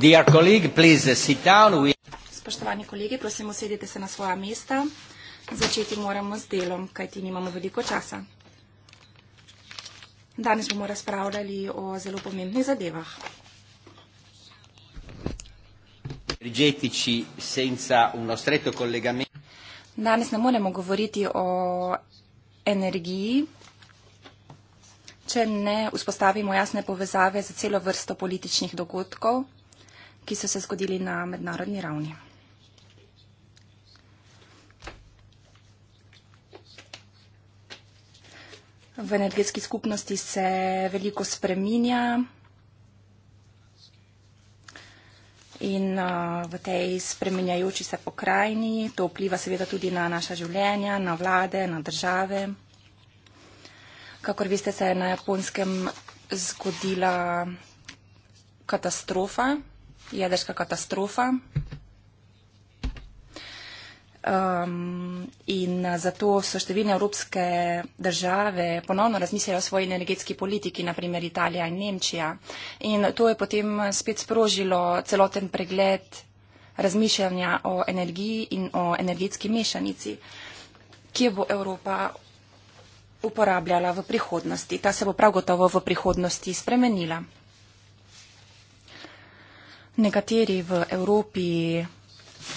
Dear colleague, please sit down. We... Spoštovani kolegi, prosim, usedite se na svoja mesta. Začeti moramo z delom, kajti nimamo veliko časa. Danes bomo razpravljali o zelo pomembnih zadevah. Danes ne moremo govoriti o energiji, če ne vzpostavimo jasne povezave za celo vrsto političnih dogodkov ki so se zgodili na mednarodni ravni. V energetski skupnosti se veliko spreminja in uh, v tej spreminjajoči se pokrajini to vpliva seveda tudi na naša življenja, na vlade, na države. Kakor veste, se je na japonskem zgodila katastrofa, jedrska katastrofa. Um, in zato so številne evropske države ponovno razmislile o svoji energetski politiki, naprimer Italija in Nemčija. In to je potem spet sprožilo celoten pregled razmišljanja o energiji in o energetski mešanici, ki bo Evropa uporabljala v prihodnosti. Ta se bo prav gotovo v prihodnosti spremenila. Nekateri v Evropi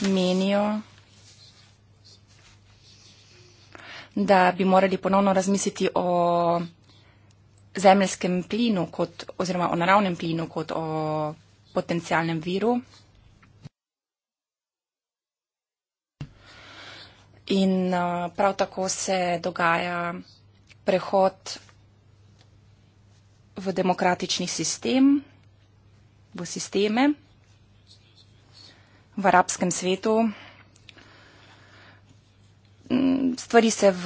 menijo, da bi morali ponovno razmisliti o zemljskem plinu kot, oziroma o naravnem plinu kot o potencialnem viru. In uh, prav tako se dogaja prehod v demokratični sistem, v sisteme v arabskem svetu. Mm, stvari se v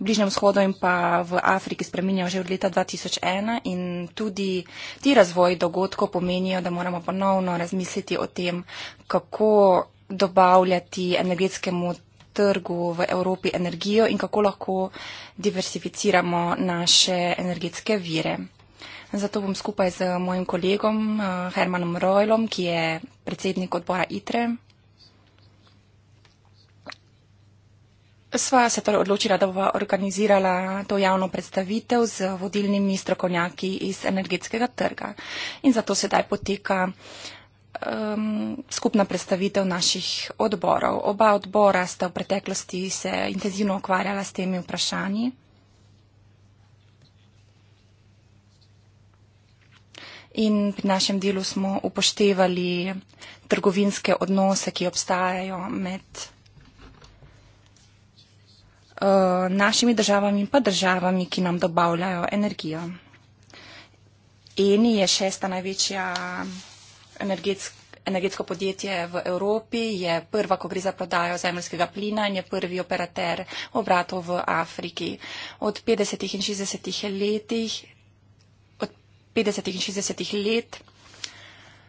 Bližnjem vzhodu in pa v Afriki spreminjajo že od leta 2001 in tudi ti razvoj dogodkov pomenijo, da moramo ponovno razmisliti o tem, kako dobavljati energetskemu trgu v Evropi energijo in kako lahko diversificiramo naše energetske vire. Zato bom skupaj z mojim kolegom eh, Hermanom Rojlom, ki je predsednik odbora ITRE, sva se torej odločila, da bova organizirala to javno predstavitev z vodilnimi strokovnjaki iz energetskega trga. In zato sedaj poteka ehm, skupna predstavitev naših odborov. Oba odbora sta v preteklosti se intenzivno ukvarjala s temi vprašanji. in pri našem delu smo upoštevali trgovinske odnose, ki obstajajo med uh, našimi državami in pa državami, ki nam dobavljajo energijo. Eni je šesta največja energetsko podjetje v Evropi, je prva, ko gre za prodajo zemljskega plina in je prvi operater obratov v Afriki. Od 50 in 60 letih 50 in 60 let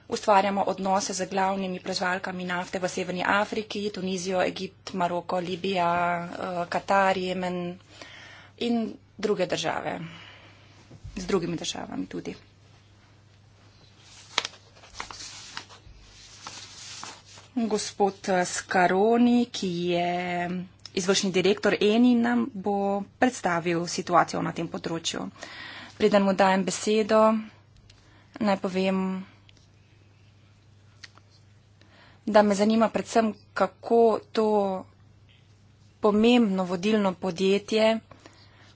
ustvarjamo odnose z glavnimi proizvalkami nafte v Severni Afriki, Tunizijo, Egipt, Maroko, Libija, eh, Katar, Jemen in druge države. Z drugimi državami tudi. Gospod eh, Skaroni, ki je izvršni direktor Eni, nam bo predstavil situacijo na tem področju. Uh, Preden mu dajem besedo, naj povem, da me zanima predvsem, kako to pomembno vodilno podjetje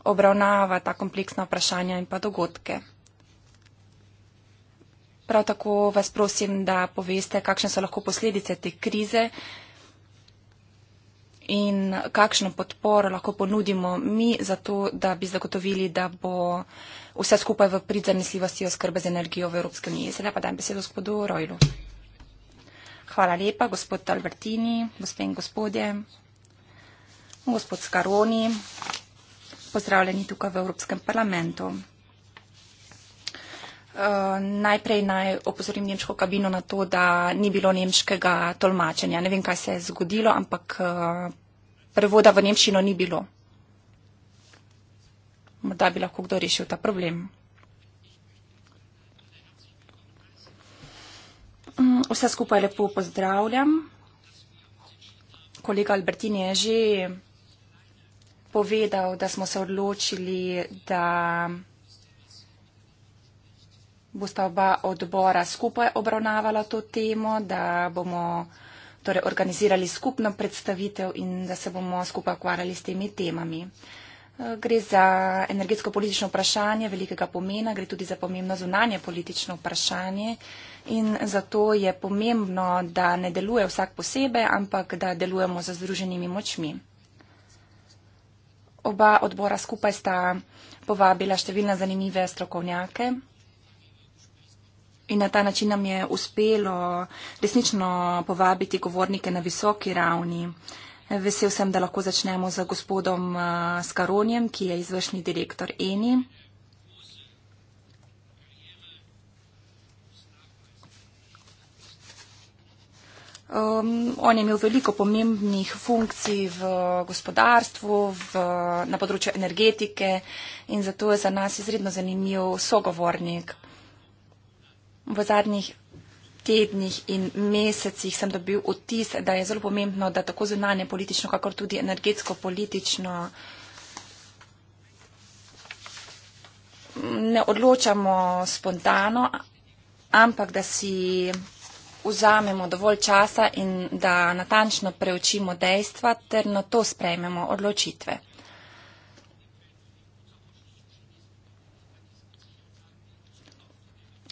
obravnava ta kompleksna vprašanja in pa dogodke. Prav tako vas prosim, da poveste, kakšne so lahko posledice te krize in kakšno podporo lahko ponudimo mi za to, da bi zagotovili, da bo vse skupaj v prid zanesljivosti oskrbe z energijo v Evropski uniji. Sedaj pa dajem besedo gospodu Rojlu. Hvala lepa, gospod Albertini, gospod in gospodje, gospod Skaroni, pozdravljeni tukaj v Evropskem parlamentu. Uh, najprej naj opozorim nemško kabino na to, da ni bilo nemškega tolmačenja. Ne vem, kaj se je zgodilo, ampak uh, prevoda v nemščino ni bilo morda bi lahko kdo rešil ta problem. Mm, vse skupaj lepo pozdravljam. Kolega Albertini je že povedal, da smo se odločili, da bosta oba odbora skupaj obravnavala to temo, da bomo torej, organizirali skupno predstavitev in da se bomo skupaj ukvarjali s temi temami. Uh, Gre za energetsko-politično vprašanje velikega pomena, gre tudi za pomembno zunanje politično vprašanje in zato je pomembno, da ne deluje vsak posebe, ampak da delujemo za združenimi močmi. Oba odbora skupaj sta povabila številne zanimive strokovnjake in na ta način nam je uspelo resnično povabiti govornike na visoki ravni. Vesel sem, da lahko začnemo z gospodom eh, Skaronjem, ki je izvršni direktor Eni. Um, on je imel veliko pomembnih funkcij v gospodarstvu, v, na področju energetike in zato je za nas izredno zanimiv sogovornik. V zadnjih tednih in mesecih sem dobil vtis, da je zelo pomembno, da tako zunanje politično, kakor tudi energetsko politično ne odločamo spontano, ampak da si vzamemo dovolj časa in da natančno preučimo dejstva ter na to sprejmemo odločitve.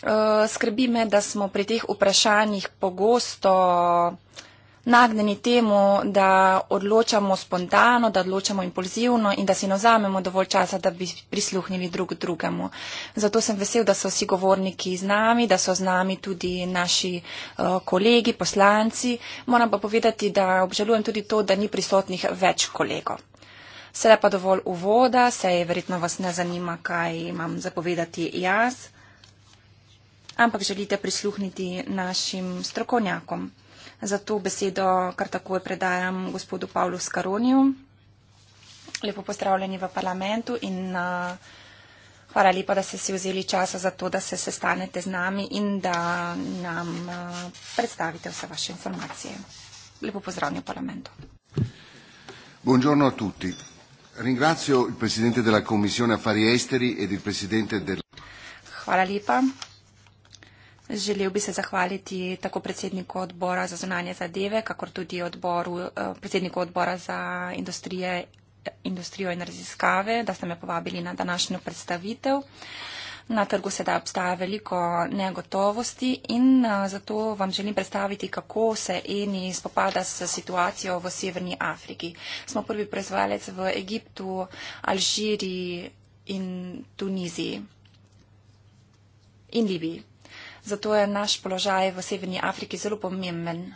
Eh, skrbi me, da smo pri teh vprašanjih pogosto nagnjeni temu, da odločamo spontano, da odločamo impulzivno in da si ne vzamemo dovolj časa, da bi prisluhnili drug drugemu. Zato sem vesel, da so vsi govorniki z nami, da so z nami tudi naši uh, kolegi, poslanci. Moram pa povedati, da obžalujem tudi to, da ni prisotnih več kolegov. Sedaj pa dovolj uvoda, se je verjetno vas ne zanima, kaj imam zapovedati jaz ampak želite prisluhniti našim strokovnjakom. Zato besedo kar takoj predajam gospodu Pavlu Skaroniju. Lepo pozdravljeni v parlamentu in hvala lepa, da ste si vzeli časa za to, da se sestanete z nami in da nam predstavite vse vaše informacije. Lepo pozdravljeni v parlamentu. Buongiorno a tutti. Ringrazio il Presidente della Commissione Affari Esteri ed il Presidente del... Hvala lepa. Želel bi se zahvaliti tako predsedniku odbora za zunanje zadeve, kakor tudi odboru, eh, predsedniku odbora za industrije, industrijo in raziskave, da ste me povabili na današnjo predstavitev. Na trgu sedaj obstaja veliko negotovosti in eh, zato vam želim predstaviti, kako se Eni spopada s situacijo v Severni Afriki. Smo prvi proizvajalec v Egiptu, Alžiriji in Tuniziji in Libiji zato je naš položaj v Severni Afriki zelo pomemben.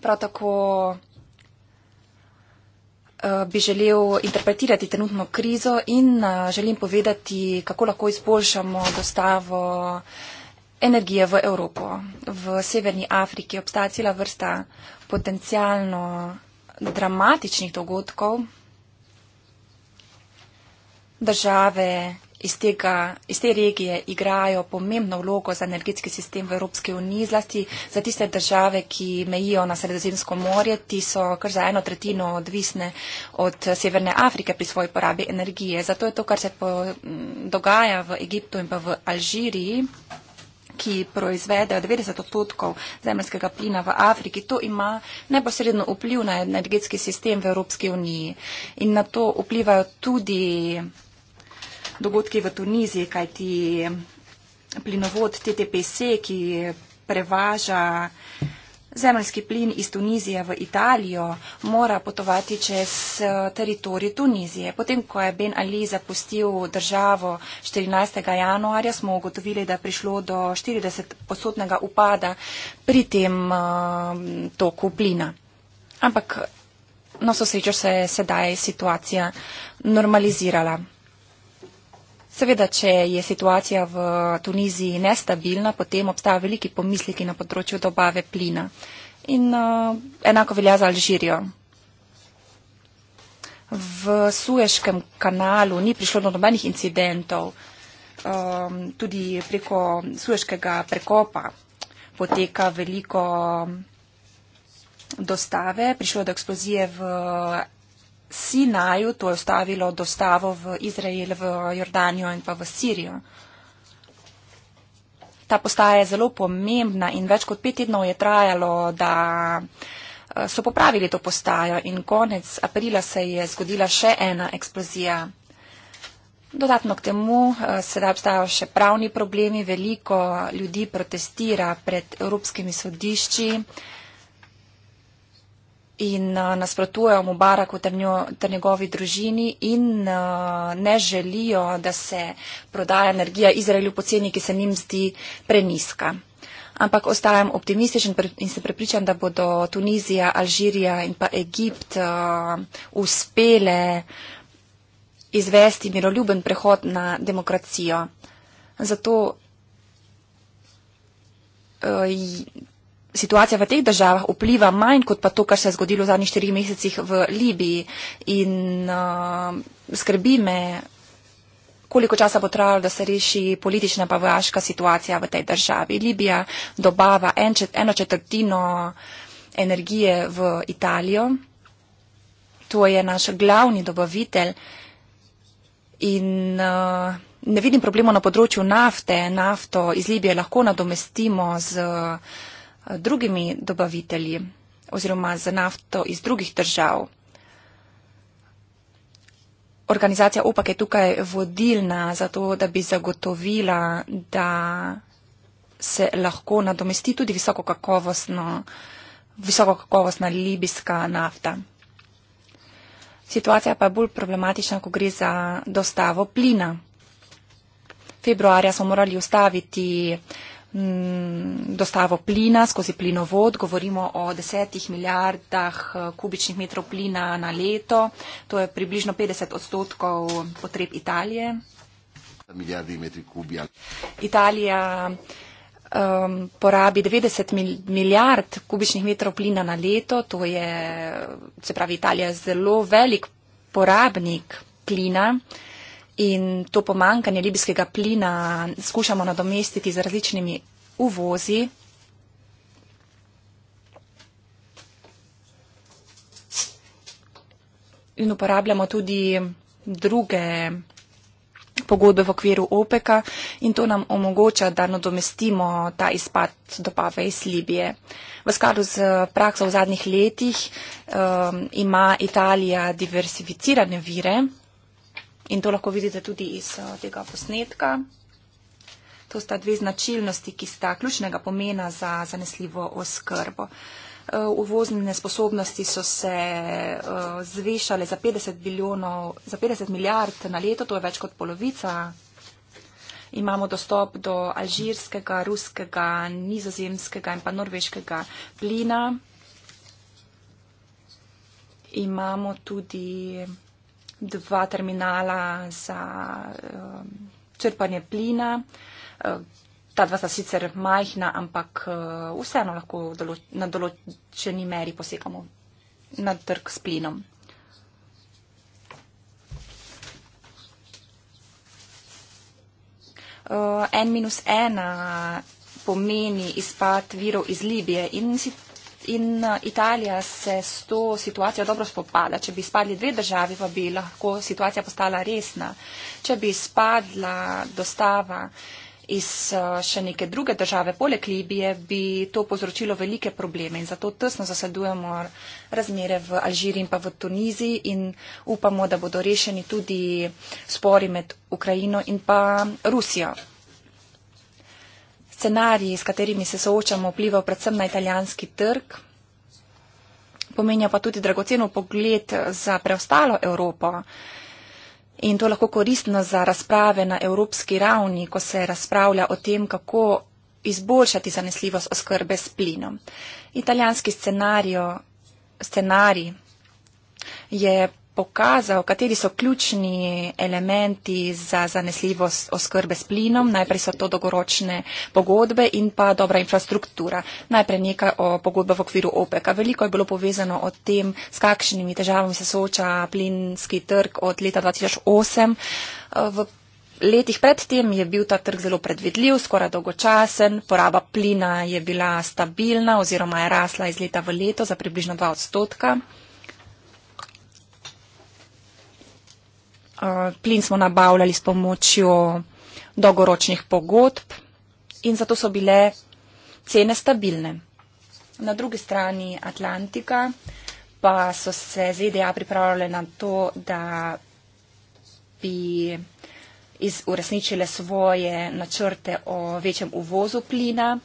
Prav tako eh, bi želel interpretirati trenutno krizo in eh, želim povedati, kako lahko izboljšamo dostavo energije v Evropo. V Severni Afriki obstaja cela vrsta potencialno dramatičnih dogodkov. Države iz, tega, iz te regije igrajo pomembno vlogo za energetski sistem v Evropski uniji, zlasti za tiste države, ki mejijo na Sredozemsko morje, ti so kar za eno tretjino odvisne od Severne Afrike pri svoji porabi energije. Zato je to, kar se po, m, mm, dogaja v Egiptu in pa v Alžiriji ki proizvedejo 90 odstotkov zemljskega plina v Afriki, to ima neposredno vpliv na energetski sistem v Evropski uniji. In na to vplivajo tudi dogodki v Tuniziji, kajti plinovod TTPC, ki prevaža zemljski plin iz Tunizije v Italijo, mora potovati čez eh, teritorij Tunizije. Potem, ko je Ben Ali zapustil državo 14. januarja, smo ugotovili, da je prišlo do 40-posotnega upada pri tem uh, toku plina. Ampak na no, sosrečo se je sedaj situacija normalizirala. Seveda, če je situacija v Tuniziji nestabilna, potem obstaja veliki pomisliki na področju dobave plina. In uh, enako velja za Alžirijo. V Suješkem kanalu ni prišlo do nobenih incidentov. Um, tudi preko Suješkega prekopa poteka veliko um, dostave. Prišlo je do eksplozije v Sinaju, to je ustavilo dostavo v Izrael, v Jordanijo in pa v Sirijo. Ta postaja je zelo pomembna in več kot pet tednov je trajalo, da eh, so popravili to postajo in konec aprila se je zgodila še ena eksplozija. Dodatno k temu eh, sedaj obstajajo še pravni problemi, veliko ljudi protestira pred evropskimi sodišči in uh, nasprotujejo mu Baraku ter, njo, ter njegovi družini in uh, ne želijo, da se prodaja energija Izraelu po ceni, ki se njim zdi preniska. Ampak ostajam optimističen in se prepričam, da bodo Tunizija, Alžirija in pa Egipt uh, uspele izvesti miroljuben prehod na demokracijo. Zato situacija v teh državah vpliva manj kot pa to, kar se je zgodilo v zadnjih štirih mesecih v Libiji. In uh, skrbi me, koliko časa bo trajalo, da se reši politična pa vojaška situacija v tej državi. Libija dobava en čet, eno četrtino energije v Italijo. To je naš glavni dobavitelj. In uh, ne vidim problemov na področju nafte. Nafto iz Libije lahko nadomestimo z. Uh, drugimi dobavitelji oziroma z nafto iz drugih držav. Organizacija OPAK je tukaj vodilna za to, da bi zagotovila, da se lahko nadomesti tudi visokokakovostna libijska nafta. Situacija pa je bolj problematična, ko gre za dostavo plina. Februarja smo morali ustaviti Mm, dostavo plina skozi plinovod, govorimo o desetih milijardah eh, kubičnih metrov plina na leto, to je približno 50 odstotkov potreb Italije. Italija um, porabi 90 milijard kubičnih metrov plina na leto, to je, se pravi, Italija je zelo velik porabnik plina in to pomankanje libijskega plina skušamo nadomestiti z različnimi uvozi. In uporabljamo tudi druge pogodbe v okviru OPEC-a in to nam omogoča, da nadomestimo ta izpad dobave iz Libije. V skladu z prakso v zadnjih letih um, ima Italija diversificirane vire. In to lahko vidite tudi iz eh, tega posnetka. To sta dve značilnosti, ki sta ključnega pomena za zanesljivo oskrbo. Eh, uvozne sposobnosti so se eh, zvešale za 50, biljonov, za 50 milijard na leto, to je več kot polovica. Imamo dostop do alžirskega, ruskega, nizozemskega in pa norveškega plina. Imamo tudi dva terminala za uh, črpanje plina. Uh, ta dva sta sicer majhna, ampak uh, vseeno lahko določ na določeni meri posekamo na trg s plinom. Uh, N minus ena pomeni izpad virov iz Libije in sicer in eh, Italija se s to situacijo dobro spopada. Če bi spadli dve državi, pa bi lahko situacija postala resna. Če bi spadla dostava iz eh, še neke druge države poleg Libije, bi to povzročilo velike probleme in zato tesno zasledujemo razmere v Alžiriji in pa v Tuniziji in upamo, da bodo rešeni tudi spori med Ukrajino in pa Rusijo. Scenariji, s katerimi se soočamo, vplivajo predvsem na italijanski trg, pomenijo pa tudi dragoceno pogled za preostalo Evropo. In to lahko koristno za razprave na evropski ravni, ko se razpravlja o tem, kako izboljšati zanesljivost oskrbe s plinom. Italijanski scenarij je pokazal, kateri so ključni elementi za zanesljivost oskrbe s plinom. Najprej so to dogoročne pogodbe in pa dobra infrastruktura. Najprej nekaj o pogodbe v okviru OPEC-a. Veliko je bilo povezano o tem, s kakšnimi težavami se sooča plinski trg od leta 2008. V letih predtem je bil ta trg zelo predvidljiv, skoraj dolgočasen, poraba plina je bila stabilna oziroma je rasla iz leta v leto za približno 2 odstotka. Eh, plin smo nabavljali s pomočjo dolgoročnih pogodb in zato so bile cene stabilne. Na drugi strani Atlantika pa so se ZDA pripravljale na to, da bi iz, uresničile svoje načrte o večjem uvozu plina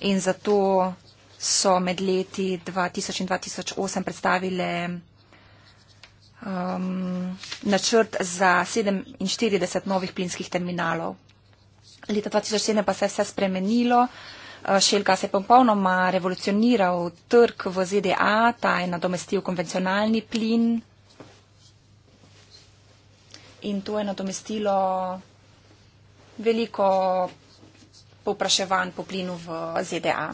in zato so med leti 2000 in 2008 predstavile um, načrt za 47 novih plinskih terminalov. Leta 2007 pa se je vse spremenilo. Uh, Šelka se je popolnoma revolucioniral trg v ZDA, ta je nadomestil konvencionalni plin in to je nadomestilo veliko popraševanj po plinu v ZDA.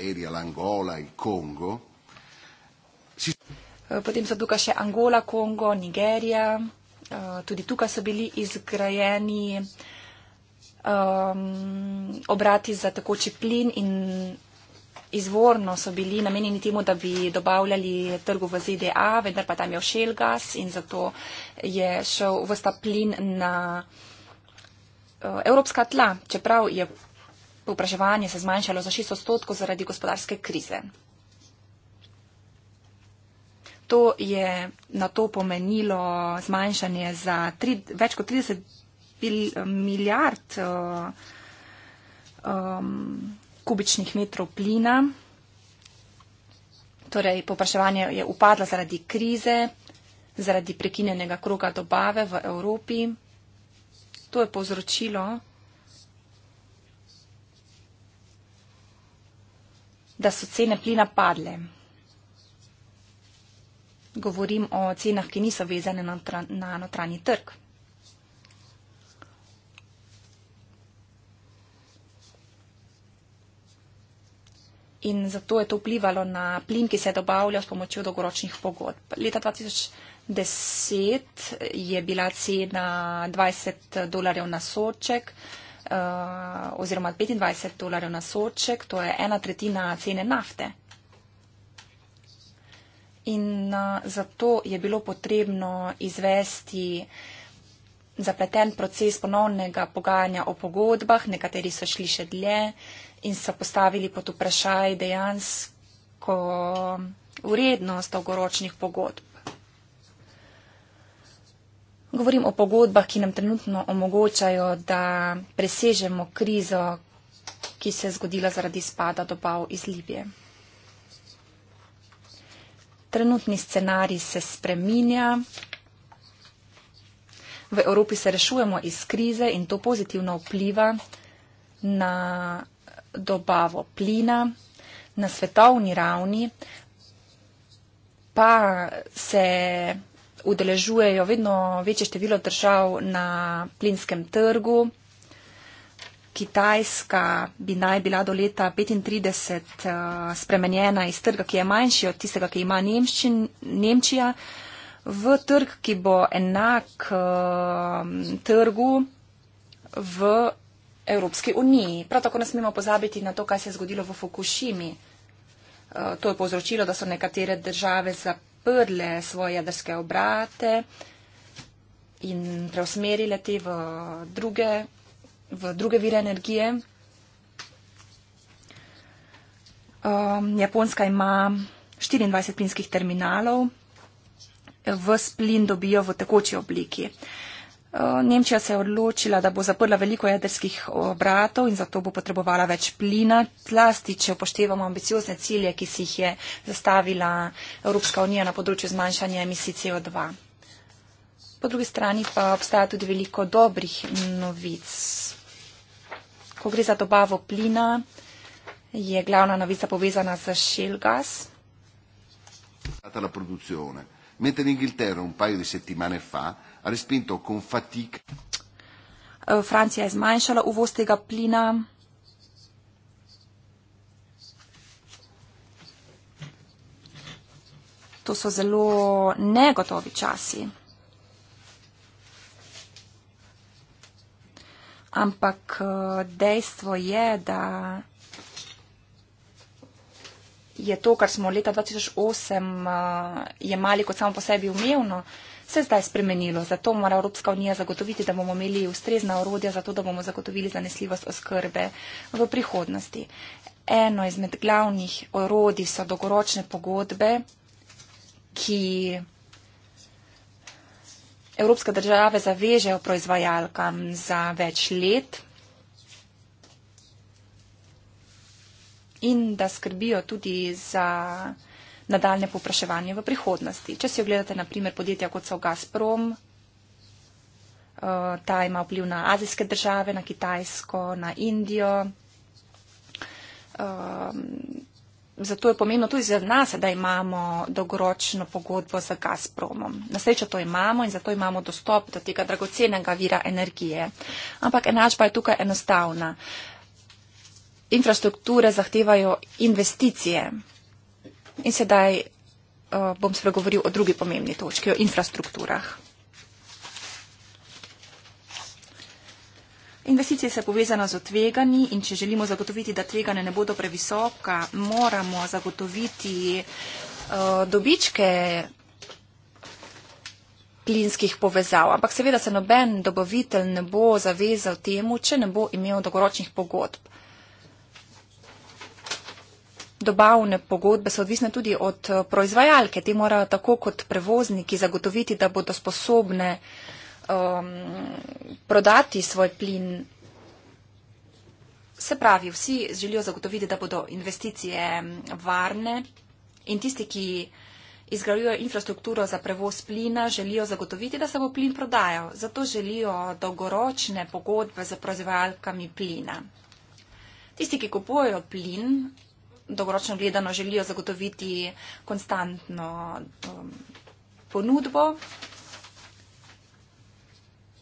ieri all'Angola, il Congo. Si... Eh, potem so tukaj še Angola, Congo, Nigerija, eh, tudi tukaj so bili izgrajeni um, obrati za tekoči plin in izvorno so bili namenjeni temu, da bi dobavljali trgu v ZDA, vendar pa tam je ošel gas in zato je šel vsta plin na. Eh, evropska tla, čeprav je Povpraševanje se zmanjšalo za 6 odstotkov zaradi gospodarske krize. To je na to pomenilo zmanjšanje za tri, več kot 30 bil, milijard uh, um, kubičnih metrov plina. Torej, popraševanje je upadlo zaradi krize, zaradi prekinjenega kroga dobave v Evropi. To je povzročilo da so cene plina padle. Govorim o cenah, ki niso vezane na, na notranji trg. In zato je to vplivalo na plin, ki se je dobavljal s pomočjo dolgoročnih pogodb. Leta 2010 je bila cena 20 dolarjev na soček, Eh, oziroma 25 dolarjev na soček, to je ena tretjina cene nafte. In eh, zato je bilo potrebno izvesti zapleten proces ponovnega pogajanja o pogodbah, nekateri so šli še dlje in so postavili pod vprašaj dejansko vrednost dolgoročnih pogodb. Govorim o pogodbah, ki nam trenutno omogočajo, da presežemo krizo, ki se je zgodila zaradi spada dobav iz Libije. Trenutni scenarij se spreminja. V Evropi se rešujemo iz krize in to pozitivno vpliva na dobavo plina. Na svetovni ravni pa se udeležujejo vedno večje število držav na plinskem trgu. Kitajska bi naj bila do leta 35 eh, spremenjena iz trga, ki je manjši od tistega, ki ima Nemščin, Nemčija, v trg, ki bo enak eh, trgu v Evropski uniji. Prav tako ne smemo pozabiti na to, kaj se je zgodilo v Fukushimi. Eh, to je povzročilo, da so nekatere države zaprli odprle svoje jedrske obrate in preusmerile te v druge, v druge vire energije. Um, Japonska ima 24 plinskih terminalov, v splin dobijo v tekoči obliki. Uh, Eh, Nemčija se je odločila, da bo zaprla veliko jedrskih obratov in zato bo potrebovala več plina, zlasti če upoštevamo ambiciozne cilje, ki si jih je zastavila Evropska unija na področju zmanjšanja emisij CO2. Po drugi strani pa obstaja tudi veliko dobrih novic. Ko gre za dobavo plina, je glavna novica povezana z Shellgas. La produzione. Mentre in Inghilterra un paio di settimane fa ha respinto con fatica. Eh, Francia è smanciata l'uvoz tega plina. To so zelo negotovi časi. Ampak eh, dejstvo je, da je to, kar smo leta 2008 eh, jemali kot samo po sebi umevno, se zdaj spremenilo. Zato mora Evropska unija zagotoviti, da bomo imeli ustrezna orodja, zato da bomo zagotovili zanesljivost oskrbe v prihodnosti. Eno izmed glavnih orodij so dogoročne pogodbe, ki Evropske države zavežejo proizvajalkam za več let. In da skrbijo tudi za nadaljne popraševanje v prihodnosti. Če si ogledate na primer podjetja kot so Gazprom, eh, ta ima vpliv na azijske države, na Kitajsko, na Indijo. Ehm, zato je pomembno tudi za nas, da imamo dolgoročno pogodbo z Gazpromom. Na srečo to imamo in zato imamo dostop do tega dragocenega vira energije. Ampak enačba je tukaj enostavna. Infrastrukture zahtevajo investicije In sedaj uh, bom spregovoril o drugi pomembni točki, o infrastrukturah. Investicije so povezane z otvegani in če želimo zagotoviti, da tvegane ne bodo previsoka, moramo zagotoviti uh, dobičke plinskih povezav. Ampak seveda se noben dobavitelj ne bo zavezal temu, če ne bo imel dolgoročnih pogodb. Dobavne pogodbe so odvisne tudi od eh, proizvajalke. Ti morajo tako kot prevozniki zagotoviti, da bodo sposobne um, prodati svoj plin. Se pravi, vsi želijo zagotoviti, da bodo investicije mm, varne in tisti, ki izgrajujejo infrastrukturo za prevoz plina, želijo zagotoviti, da se bo plin prodajal. Zato želijo dolgoročne pogodbe z proizvajalkami plina. Tisti, ki kupujejo plin, dolgoročno gledano želijo zagotoviti konstantno um, ponudbo.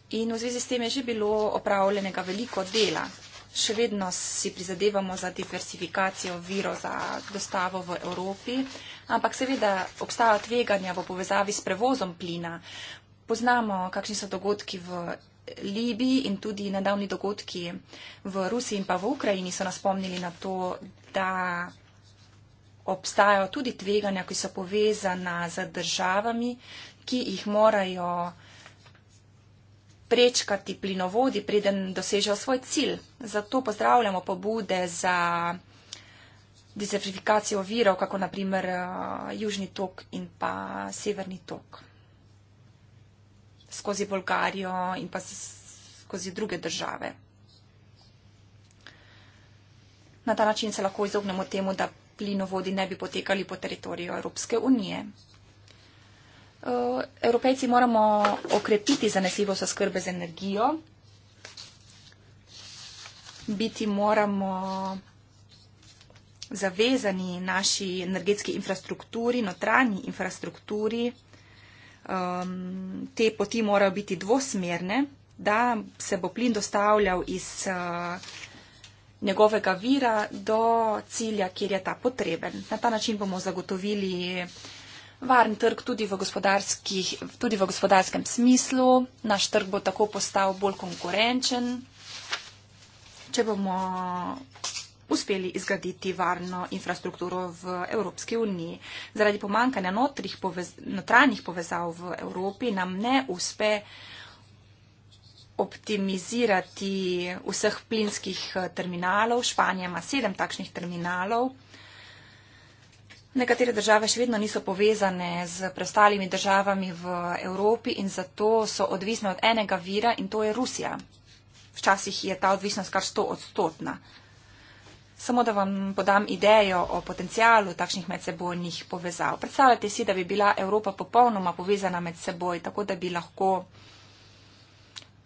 In v zvezi s tem je že bilo opravljenega veliko dela. Še vedno si prizadevamo za diversifikacijo viro za dostavo v Evropi, ampak seveda obstaja tveganja v povezavi s prevozom plina. Poznamo, kakšni so dogodki v Libiji in tudi nedavni dogodki v Rusiji in pa v Ukrajini so nas spomnili na to, da obstajajo tudi tveganja, ki so povezana z državami, ki jih morajo prečkati plinovodi, preden dosežejo svoj cilj. Zato pozdravljamo pobude za dizertifikacijo virov, kako naprimer eh, Južni tok in pa Severni tok skozi Bolgarijo in pa skozi druge države. Na ta način se lahko izognemo temu, da plinovodi ne bi potekali po teritoriju Evropske unije. Eh, Evropejci moramo okrepiti zanesljivost oskrbe z energijo. Biti moramo zavezani naši energetski infrastrukturi, notranji infrastrukturi. Te poti morajo biti dvosmerne, da se bo plin dostavljal iz eh, njegovega vira do cilja, kjer je ta potreben. Na ta način bomo zagotovili varen trg tudi v, tudi v gospodarskem smislu. Naš trg bo tako postal bolj konkurenčen, če bomo uspeli izgraditi varno infrastrukturo v Evropski uniji. Zaradi pomankanja notranjih povezav v Evropi nam ne uspe optimizirati vseh plinskih eh, terminalov. Španija ima sedem takšnih terminalov. Nekatere države še vedno niso povezane z preostalimi državami v Evropi in zato so odvisne od enega vira in to je Rusija. Včasih je ta odvisnost kar 100 odstotna. Samo da vam podam idejo o potencijalu takšnih medsebojnih povezav. Predstavljate si, da bi bila Evropa popolnoma povezana med seboj, tako da bi lahko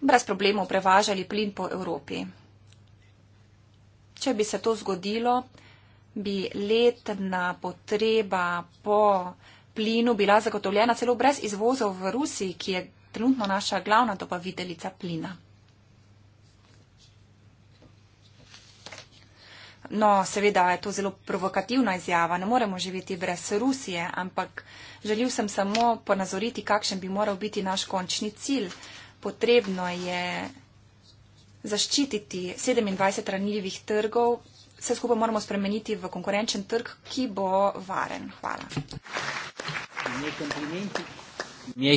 brez problemov prevažali plin po Evropi. Če bi se to zgodilo, bi letna potreba po plinu bila zagotovljena celo brez izvozov v Rusiji, ki je trenutno naša glavna dobaviteljica plina. No, seveda je to zelo provokativna izjava, ne moremo živeti brez Rusije, ampak želil sem samo ponazoriti, kakšen bi moral biti naš končni cilj potrebno je zaščititi 27 ranljivih trgov. Vse skupaj moramo spremeniti v konkurenčen trg, ki bo varen. Hvala. E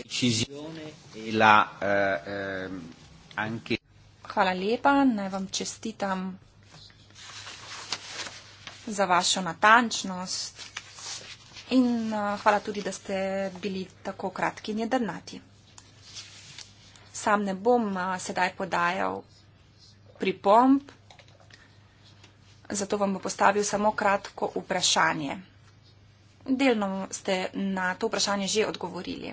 eh, ehm, hvala lepa, naj vam čestitam za vašo natančnost in eh, hvala tudi, da ste bili tako kratki in jedrnati sam ne bom sedaj podajal pripomb, zato vam bo postavil samo kratko vprašanje. Delno ste na to vprašanje že odgovorili.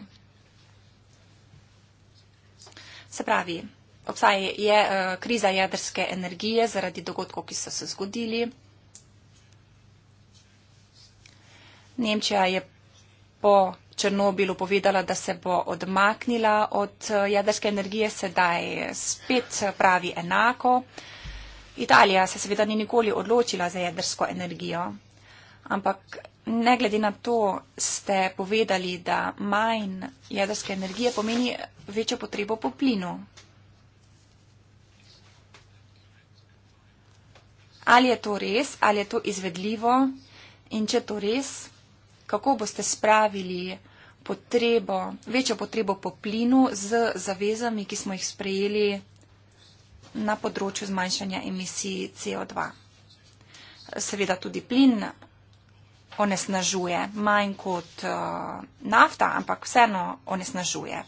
Se pravi, obstaja je e, kriza jedrske energije zaradi dogodkov, ki so se zgodili. Nemčija je po Černobilu povedala, da se bo odmaknila od eh, jedrske energije, sedaj spet eh, pravi enako. Italija se seveda ni nikoli odločila za jedrsko energijo, ampak ne glede na to ste povedali, da manj jedrske energije pomeni večjo potrebo po plinu. Ali je to res, ali je to izvedljivo in če to res, kako boste spravili potrebo, večjo potrebo po plinu z zavezami, ki smo jih sprejeli na področju zmanjšanja emisij CO2. Seveda tudi plin onesnažuje, manj kot uh, nafta, ampak vseeno onesnažuje.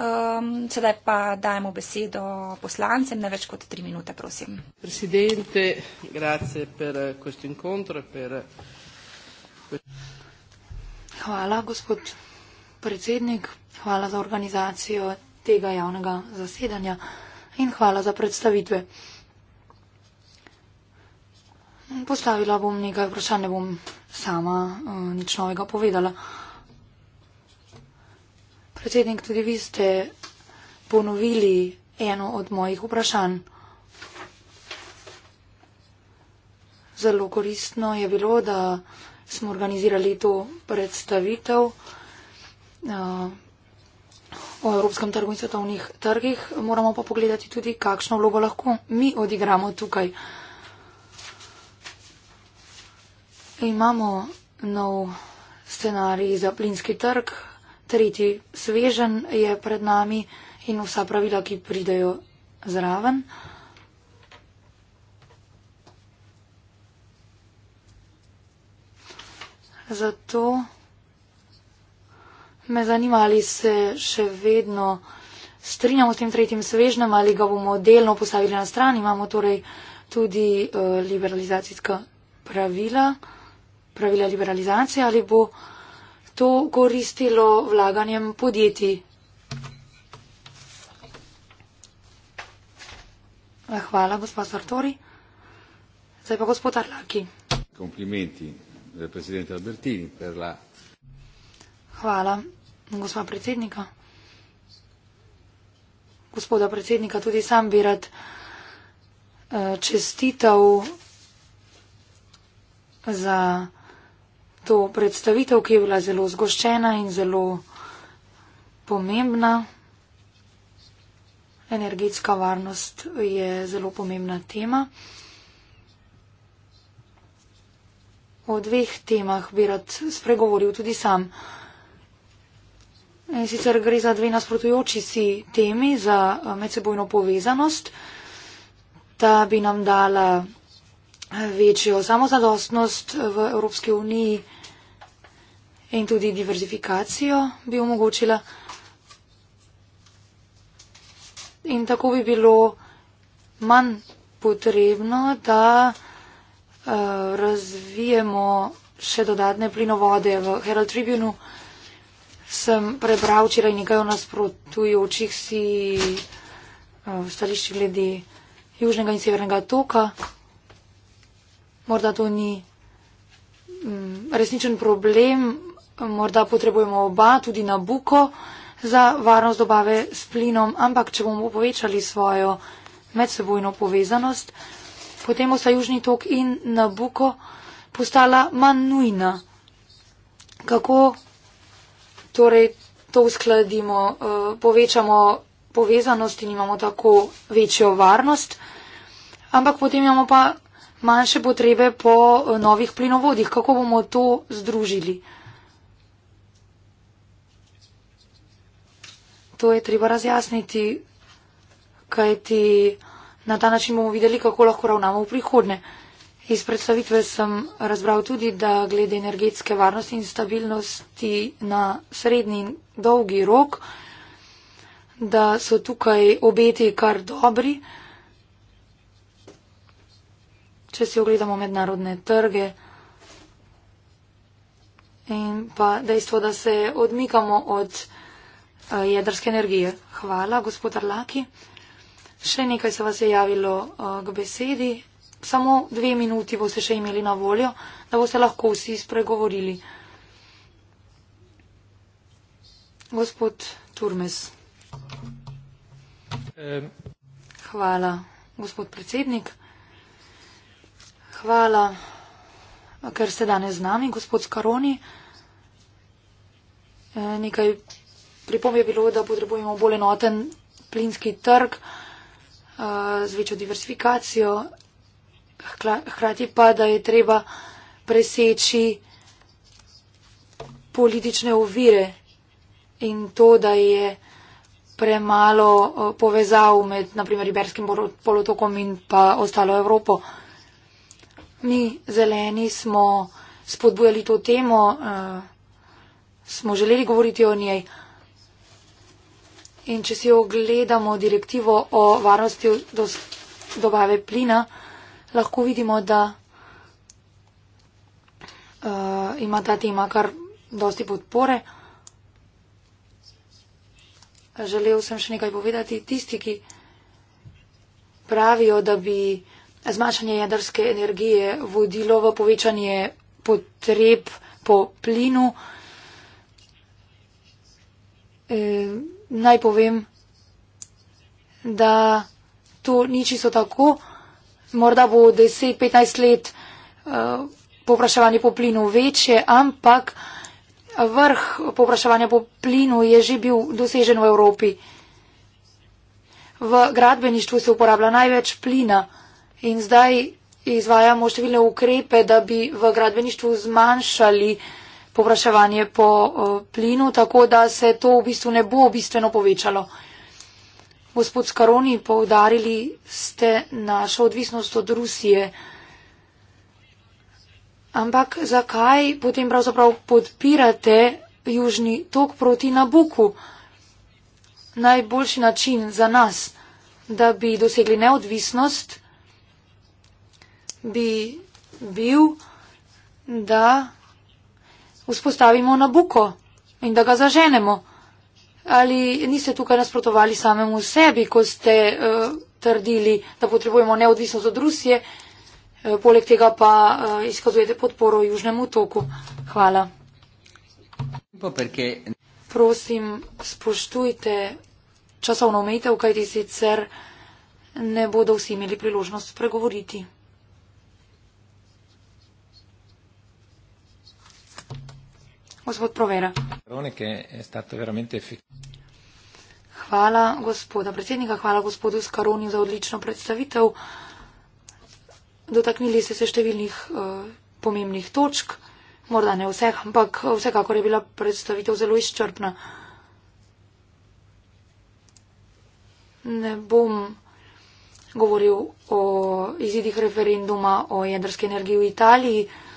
Um, sedaj pa dajemo besedo poslancem, ne več kot tri minute, prosim. Presidente, grazie per eh, questo incontro. E per... Eh, Hvala, gospod predsednik. Hvala za organizacijo tega javnega zasedanja in hvala za predstavitve. Postavila bom nekaj vprašanj, ne bom sama uh, nič novega povedala. Predsednik, tudi vi ste ponovili eno od mojih vprašanj. Zelo koristno je bilo, da smo organizirali to predstavitev eh, o Evropskem trgu in svetovnih trgih, moramo pa pogledati tudi, kakšno vlogo lahko mi odigramo tukaj. Imamo nov scenarij za plinski trg, tretji svežen je pred nami in vsa pravila, ki pridejo zraven. Zato me zanima, ali se še vedno strinjamo s tem tretjim svežnem ali ga bomo delno postavili na stran. Imamo torej tudi uh, liberalizacijska pravila, pravila liberalizacije ali bo to koristilo vlaganjem podjetij. Hvala, gospod Sartori. Zdaj pa gospod Arlaki. Komplimenti. Presidente Albertini per la. Hvala. Gospa predsednika. Gospoda predsednika, tudi sam bi rad eh, čestitev za to predstavitev, ki je bila zelo zgoščena in zelo pomembna. Energetska varnost je zelo pomembna tema. o dveh temah bi rad spregovoril tudi sam. In sicer gre za dve nasprotujoči si temi, za eh, medsebojno povezanost. Ta bi nam dala eh, večjo samozadostnost eh, v Evropski uniji in tudi diverzifikacijo bi omogočila. In tako bi bilo manj potrebno, da. Eh, razvijemo še dodatne plinovode. V Herald Tribune sem prebral včeraj nekaj o nasprotujočih si eh, stališči glede južnega in severnega toka. Morda to ni mm, resničen problem, morda potrebujemo oba, tudi na buko za varnost dobave s plinom, ampak če bomo povečali svojo medsebojno povezanost, potem bosta Južni tok in Nabuko postala manj nujna. Kako torej to uskladimo, eh, povečamo povezanost in imamo tako večjo varnost, ampak potem imamo pa manjše potrebe po eh, novih plinovodih. Kako bomo to združili? To je treba razjasniti, kaj ti. Na ta način bomo videli, kako lahko ravnamo v prihodnje. Iz predstavitve sem razbral tudi, da glede energetske varnosti in stabilnosti na srednji in dolgi rok, da so tukaj obeti kar dobri. Če si ogledamo mednarodne trge in pa dejstvo, da se odmikamo od eh, jedrske energije. Hvala, gospod Arlaki. Še nekaj se vas je javilo uh, k besedi. Samo dve minuti boste še imeli na voljo, da boste lahko vsi spregovorili. Gospod Turmes. Hvala, gospod predsednik. Hvala, ker ste danes z nami, gospod Skaroni. Eh, nekaj pripom je bilo, da potrebujemo bolj enoten plinski trg z večjo diversifikacijo, hkrati pa, da je treba preseči politične ovire in to, da je premalo povezav med, naprimer, Iberskim polotokom in pa ostalo Evropo. Mi, zeleni, smo spodbujali to temo, smo želeli govoriti o njej. In če si ogledamo direktivo o varnosti dobave plina, lahko vidimo, da uh, ima ta tema kar dosti podpore. Želel sem še nekaj povedati. Tisti, ki pravijo, da bi zmanjšanje jedrske energije vodilo v povečanje potreb po plinu, uh, naj povem, da to ni čisto tako. Morda bo 10-15 let eh, popraševanje po plinu večje, ampak vrh popraševanja po plinu je že bil dosežen v Evropi. V gradbeništvu se uporablja največ plina in zdaj izvajamo številne ukrepe, da bi v gradbeništvu zmanjšali uh, povraševanje po eh, plinu, tako da se to v bistvu ne bo bistveno povečalo. Gospod Skaroni, povdarili ste našo odvisnost od Rusije. Ampak zakaj potem pravzaprav podpirate južni tok proti Nabuku? Najboljši način za nas, da bi dosegli neodvisnost, bi bil, da vzpostavimo na buko in da ga zaženemo. Ali niste tukaj nasprotovali samemu sebi, ko ste uh, trdili, da potrebujemo neodvisnost od Rusije, uh, poleg tega pa uh, izkazujete podporo Južnemu toku? Hvala. Prosim, spoštujte časovno omejitev, kajti sicer ne bodo vsi imeli priložnost pregovoriti. Gospod Provera. Hvala, gospoda predsednika, hvala gospodu Skaroni za odlično predstavitev. Dotaknili ste se številnih uh, pomembnih točk, morda ne vseh, ampak vsekakor je bila predstavitev zelo izčrpna. Ne bom govoril o izidih referenduma o jedrski energiji v Italiji. Uh,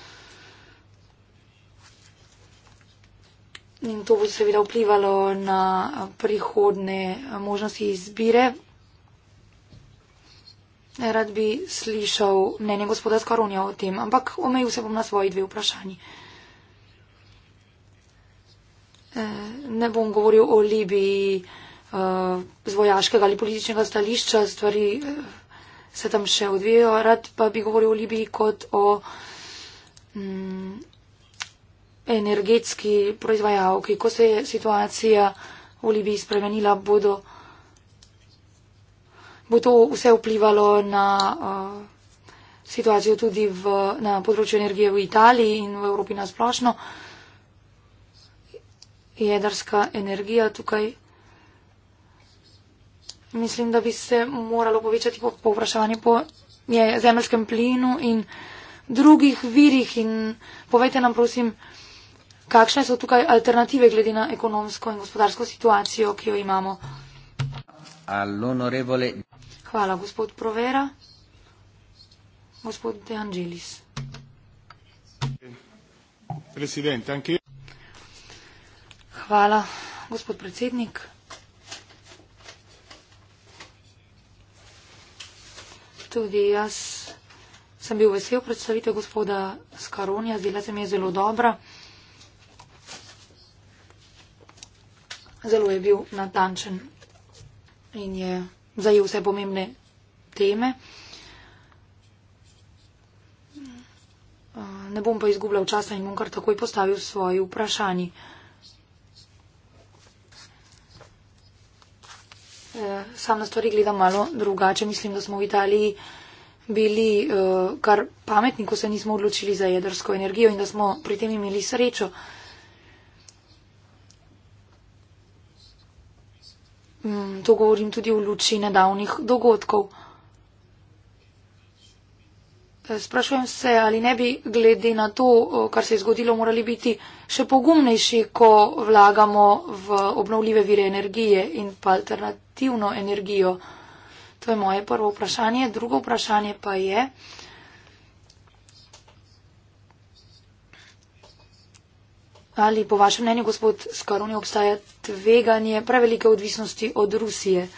in to bo seveda vplivalo na prihodne možnosti izbire. Rad bi slišal mnenje gospoda Skarunja o tem, ampak omejil se bom na svoji dve vprašanji. Eh, ne bom govoril o Libiji eh, z vojaškega ali političnega stališča, stvari eh, se tam še odvijajo. Rad pa bi govoril o Libiji kot o mm, energetski proizvajalki. Ko se je situacija v Libiji spremenila, bodo, bo to vse vplivalo na uh, situacijo tudi v, na področju energije v Italiji in v Evropi na splošno. Jedrska energija tukaj. Mislim, da bi se moralo povečati povpraševanje po zemljskem plinu in drugih virih. In povejte nam, prosim, Kakšne so tukaj alternative glede na ekonomsko in gospodarsko situacijo, ki jo imamo? All'onorevole. Hvala, gospod Provera. Gospod De Angelis. Presidente, anche io. Hvala, gospod predsednik. Tudi jaz sem bil vesel predstavitev gospoda Skaronija, zdela se mi je zelo dobra. zelo je bil natančen in je zajel vse pomembne teme. Ne bom pa izgubljal časa in bom kar takoj postavil svoje vprašanje. Sam na stvari gledam malo drugače. Mislim, da smo v Italiji bili eh, kar pametni, ko se nismo odločili za jedrsko energijo in da smo pri tem imeli srečo. Mm, to govorim tudi v luči nedavnih dogodkov. E, sprašujem se, ali ne bi glede na to, kar se je zgodilo, morali biti še pogumnejši, ko vlagamo v obnovljive vire energije in pa alternativno energijo. To je moje prvo vprašanje. Drugo vprašanje pa je, uh, Ali po vašem mnenju, gospod Skaroni, obstaja tveganje prevelike odvisnosti od Rusije?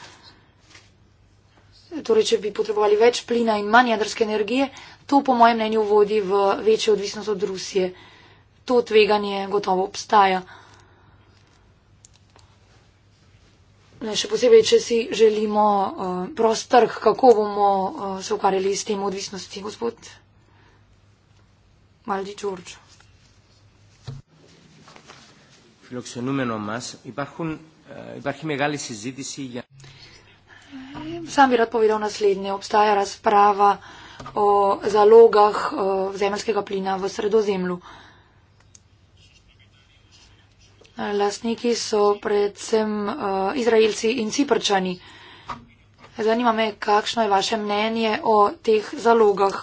Torej, če bi potrebovali več plina in manj jedrske energije, to po mojem mnenju vodi v večjo odvisnost od Rusije. To tveganje gotovo obstaja. Še posebej, če si želimo uh, prost trg, kako bomo uh, se ukvarjali s tem odvisnosti, gospod Maldi Čorčo φιλοξενούμενο μας υπάρχουν, υπάρχει μεγάλη συζήτηση για... Sam bi rad povedal naslednje. Obstaja razprava o zalogah eh, zemljskega plina v sredozemlju. Lastniki so predvsem eh, Izraelci in Ciprčani. Zanima me, kakšno je vaše mnenje o teh zalogah.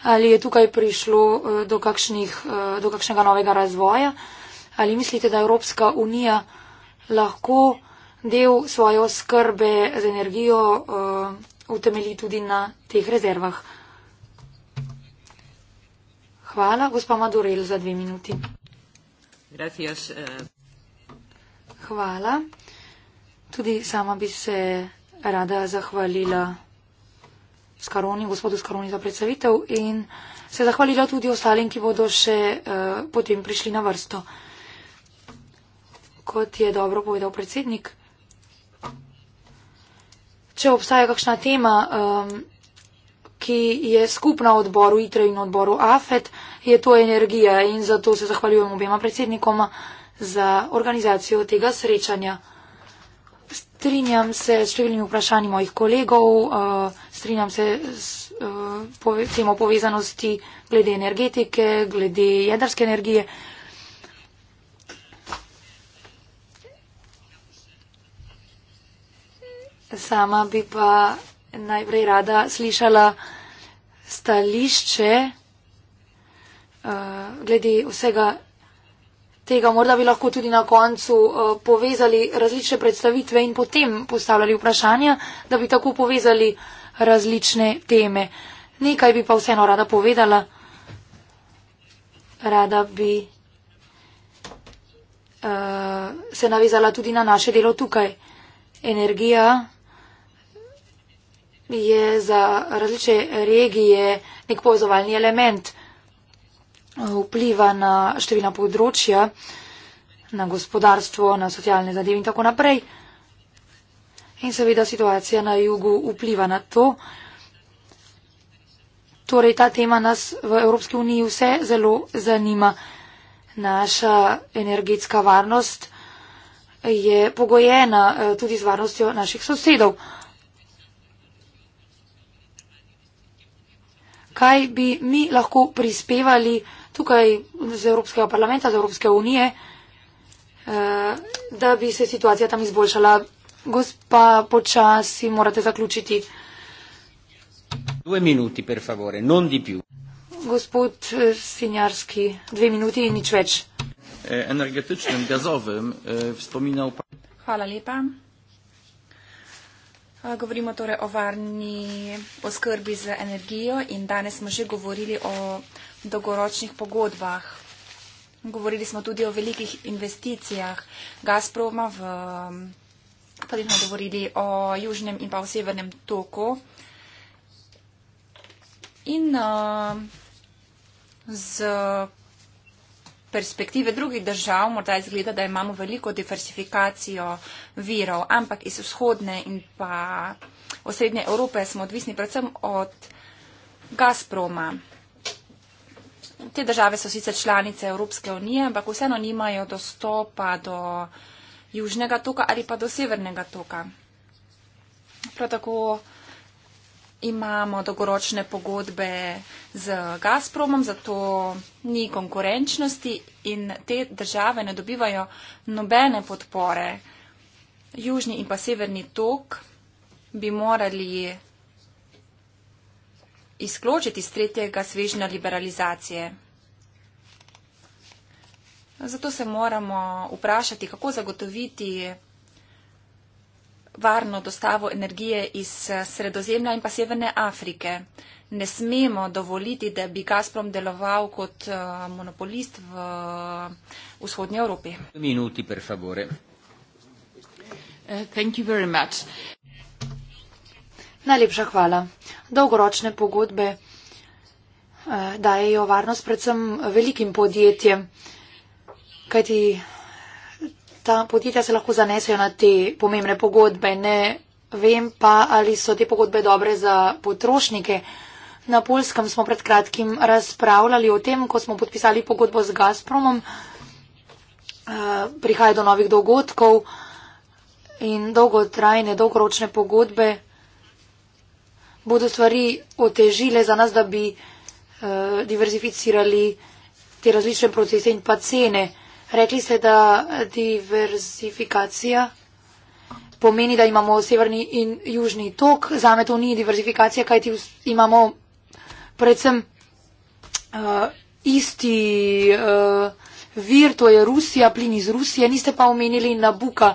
Ali je tukaj prišlo eh, do, kakšnih, eh, do kakšnega novega razvoja? Ali mislite, da Evropska unija lahko del svoje oskrbe z energijo uh, eh, utemeli tudi na teh rezervah? Hvala, gospa Madurel, za dve minuti. Gracias, uh... Hvala. Tudi sama bi se rada zahvalila. Skaroni, gospodu Skaroni za predstavitev in se zahvalila tudi ostalim, ki bodo še uh, potem prišli na vrsto. Kot je dobro povedal predsednik, če obstaja kakšna tema, um, ki je skupna odboru ITRE in odboru AFET, je to energija in zato se zahvaljujem obema predsednikoma za organizacijo tega srečanja. Strinjam se s številnimi vprašanji mojih kolegov, eh, strinjam se s eh, temo povezanosti glede energetike, glede jedrske energije. Sama bi pa najprej rada slišala stališče eh, glede vsega tega. Morda bi lahko tudi na koncu eh, povezali različne predstavitve in potem postavljali vprašanja, da bi tako povezali različne teme. Nekaj bi pa vseeno rada povedala. Rada bi uh, se navezala tudi na naše delo tukaj. Energija je za različne regije nek povezovalni element vpliva na številna področja, na gospodarstvo, na socialne zadeve in tako naprej. In seveda situacija na jugu vpliva na to. Torej, ta tema nas v Evropski uniji vse zelo zanima. Naša energetska varnost je pogojena eh, tudi z varnostjo naših sosedov. Kaj bi mi lahko prispevali? tukaj z Evropskega parlamenta, z Evropske unije, eh, da bi se situacija tam izboljšala. Gospa, počasi morate zaključiti. Dve minuti, per favore, non di più. Gospod eh, Sinjarski, dve minuti in nič več. Eh, Energetičnem gazovem, spominjal pa. Hvala lepa. Govorimo torej o varni oskrbi z energijo in danes smo že govorili o dolgoročnih pogodbah. Govorili smo tudi o velikih investicijah Gazproma, v, pa smo govorili o južnem in pa o severnem toku. In uh, z perspektive drugih držav morda izgleda, da imamo veliko diversifikacijo virov, ampak iz vzhodne in pa osrednje Evrope smo odvisni predvsem od Gazproma. Te države so sicer članice Evropske unije, ampak vseeno nimajo dostopa do južnega toka ali pa do severnega toka. Prav tako imamo dogoročne pogodbe z Gazpromom, zato ni konkurenčnosti in te države ne dobivajo nobene podpore. Južni in pa severni tok bi morali izkločiti iz tretjega svežnja liberalizacije. Zato se moramo vprašati, kako zagotoviti varno dostavo energije iz eh, Sredozemlja in pa Severne Afrike. Ne smemo dovoliti, da bi Gazprom deloval kot eh, monopolist v eh, vzhodnji Evropi. Minuti, per favore. Thank you very much. Najlepša hvala. Dolgoročne pogodbe dajejo varnost predvsem velikim podjetjem, kajti ta podjetja se lahko zanesejo na te pomembne pogodbe. Ne vem pa, ali so te pogodbe dobre za potrošnike. Na Polskem smo pred kratkim razpravljali o tem, ko smo podpisali pogodbo z Gazpromom. Eh, prihaja do novih dogodkov in dolgotrajne, dolgoročne pogodbe bodo stvari otežile za nas, da bi eh, diverzificirali te različne procese in pa cene. Rekli ste, da diversifikacija pomeni, da imamo severni in južni tok. Za me to ni diversifikacija, kajti imamo predvsem uh, isti uh, vir, to je Rusija, plin iz Rusije, niste pa omenili Nabuka.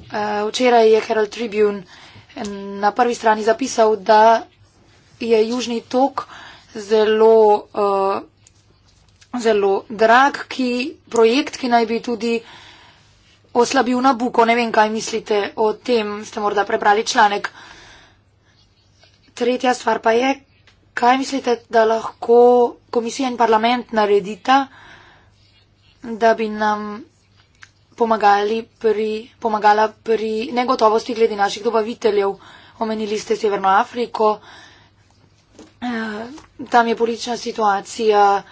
Uh, včeraj je Herald Tribune na prvi strani zapisal, da je južni tok zelo. Uh, zelo drag ki, projekt, ki naj bi tudi oslabil Nabuko. Ne vem, kaj mislite o tem, ste morda prebrali članek. Tretja stvar pa je, kaj mislite, da lahko komisija in parlament naredita, da bi nam pomagali pri, pomagala pri negotovosti glede naših dobaviteljev. Omenili ste Severno Afriko, eh, tam je politična situacija.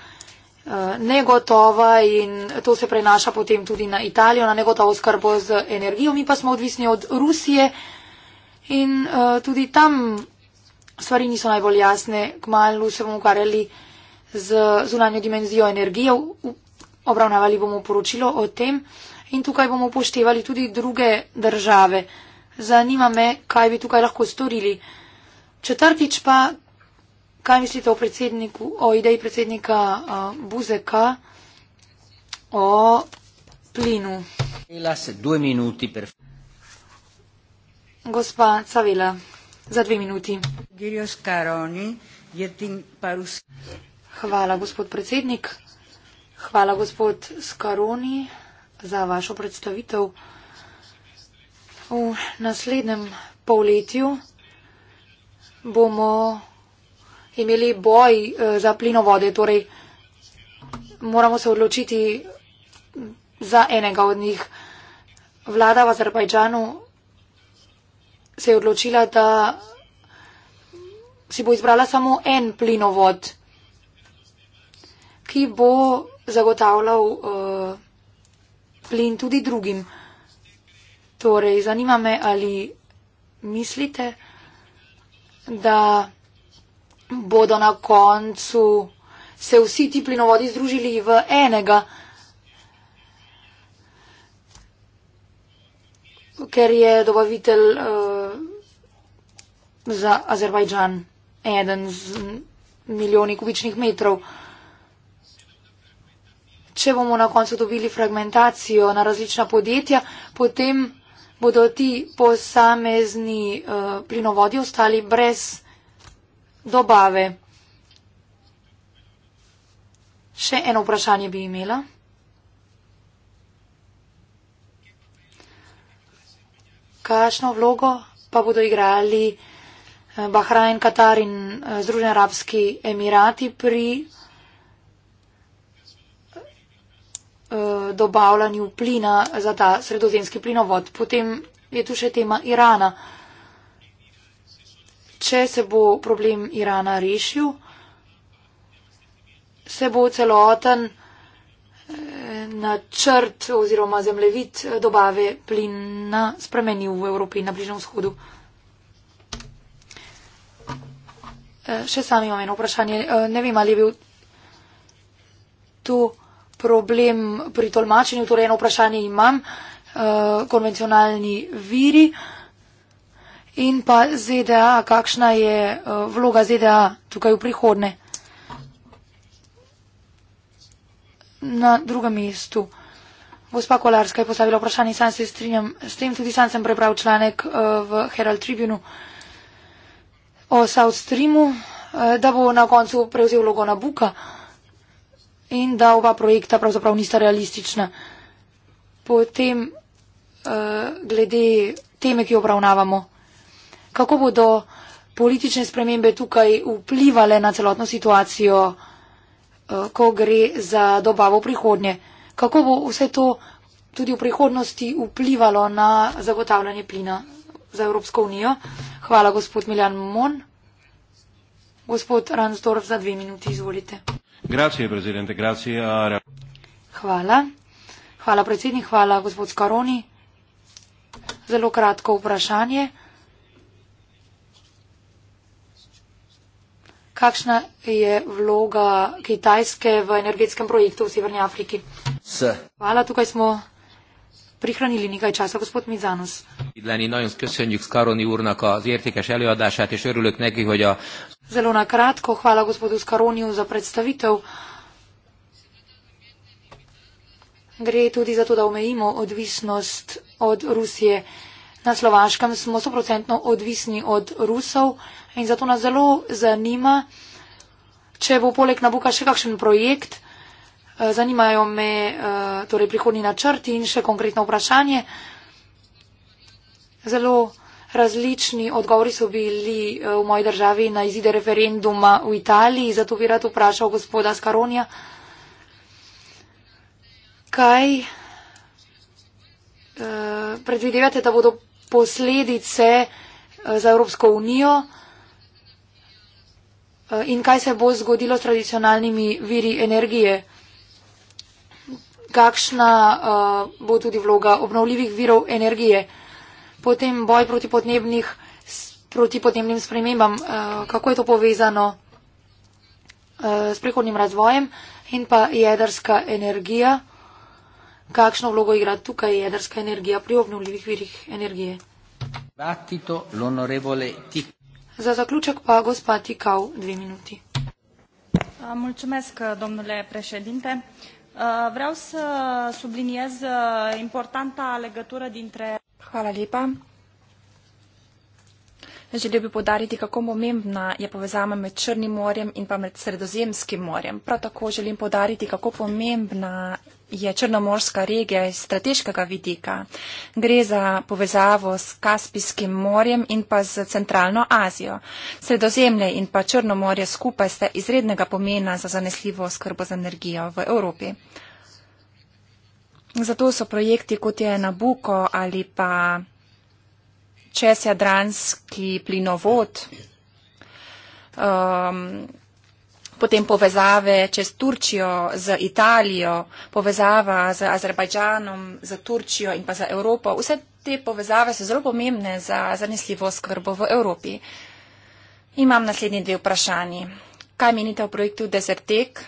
Eh, negotova in to se prenaša potem tudi na Italijo, na negotovost, kar bo z energijo. Mi pa smo odvisni od Rusije in eh, tudi tam stvari niso najbolj jasne. Kmalu se bomo ukvarjali z zunanjo dimenzijo energije, obravnavali bomo poročilo o tem in tukaj bomo upoštevali tudi druge države. Zanima me, kaj bi tukaj lahko storili. Četrtič pa, Kaj mislite o, o ideji predsednika uh, Buzeka o plinu? Gospa Cavela, za dve minuti. Hvala, gospod predsednik. Hvala, gospod Skaroni, za vašo predstavitev. V naslednjem polletju bomo imeli boj eh, za plinovode. Torej, moramo se odločiti za enega od njih. Vlada v Azerbajdžanu se je odločila, da si bo izbrala samo en plinovod, ki bo zagotavljal uh, plin tudi drugim. Torej, zanima me, ali mislite, da bodo na koncu se vsi ti plinovodi združili v enega. Ker je dobavitelj uh, za Azerbajdžan eden z milijoni kubičnih metrov. Če bomo na koncu dobili fragmentacijo na različna podjetja, potem bodo ti posamezni uh, plinovodi ostali brez dobave. Še eno vprašanje bi imela. Kakšno vlogo pa bodo igrali eh, Bahrajn, Katar in eh, Združeni arabski emirati pri eh, dobavljanju plina za ta sredozemski plinovod? Potem je tu še tema Irana če se bo problem Irana rešil, se bo celoten eh, načrt oziroma zemljevid eh, dobave plina spremenil v Evropi in na Bližnem vzhodu. Eh, še sam imam eno vprašanje. Ne vem, ali je bil tu problem pri tolmačenju. Torej, eno vprašanje imam. Konvencionalni viri. In pa ZDA, kakšna je eh, vloga ZDA tukaj v prihodne? Na drugem mestu. Gospa Kolarska je postavila vprašanje, sam se strinjam s tem, tudi sam sem prebral članek eh, v Herald Tribune o South Streamu, eh, da bo na koncu prevzel vlogo na Buka in da oba projekta pravzaprav nista realistična. Potem glede teme, ki jo obravnavamo kako bodo politične spremembe tukaj vplivale na celotno situacijo, eh, ko gre za dobavo prihodnje. Kako bo vse to tudi v prihodnosti vplivalo na zagotavljanje plina za Evropsko unijo. Hvala, gospod Miljan Mon. Gospod Ransdorf, za dve minuti izvolite. Grazie, predsednik, grazie. Hvala. Hvala, predsednik, hvala, gospod Skaroni. Zelo kratko vprašanje. Kakšna je vloga Kitajske v energetskem projektu v Severni Afriki? Se. Hvala, tukaj smo prihranili nekaj časa, gospod Mizanus. Zelo na kratko, hvala gospodu Skaroniju za predstavitev. Gre tudi za to, da omejimo odvisnost od Rusije. Na Slovaškem smo 100% odvisni od Rusov in zato nas zelo zanima, če bo poleg Nabuka še kakšen projekt. Eh, zanimajo me eh, torej, prihodni načrti in še konkretno vprašanje. Zelo različni odgovori so bili eh, v moji državi na izide referenduma v Italiji, zato bi rad vprašal gospoda Skaronja, kaj predvidevate, da bodo posledice eh, za Evropsko unijo eh, in kaj se bo zgodilo s tradicionalnimi viri energije. Kakšna eh, bo tudi vloga obnovljivih virov energije. Potem boj proti podnebnih proti podnebnim spremembam, kako je to povezano s prihodnim razvojem in pa jedrska energija kakšno vlogo igra tukaj jedrska energija pri obnovljivih virih energije. Za zaključek pa gospa Tikau dve minuti. Mulțumesc, domnule președinte. Vreau să subliniez importanta legătură dintre... Hvala lepa. Želel bi podariti, kako pomembna je povezava med Črnim morjem in pa med Sredozemskim morjem. Prav tako želim podariti, kako pomembna je Črnomorska regija iz strateškega vidika. Gre za povezavo s Kaspijskim morjem in pa z Centralno Azijo. Sredozemlje in pa Črnomorje skupaj sta izrednega pomena za zanesljivo skrbo z energijo v Evropi. Zato so projekti kot je Nabuko ali pa Česjadranski plinovod. Um, potem povezave čez Turčijo z Italijo, povezava z Azerbajdžanom, z Turčijo in pa z Evropo. Vse te povezave so zelo pomembne za zanesljivo skrbo v Evropi. Imam naslednji dve vprašanji. Kaj menite o projektu Desertek?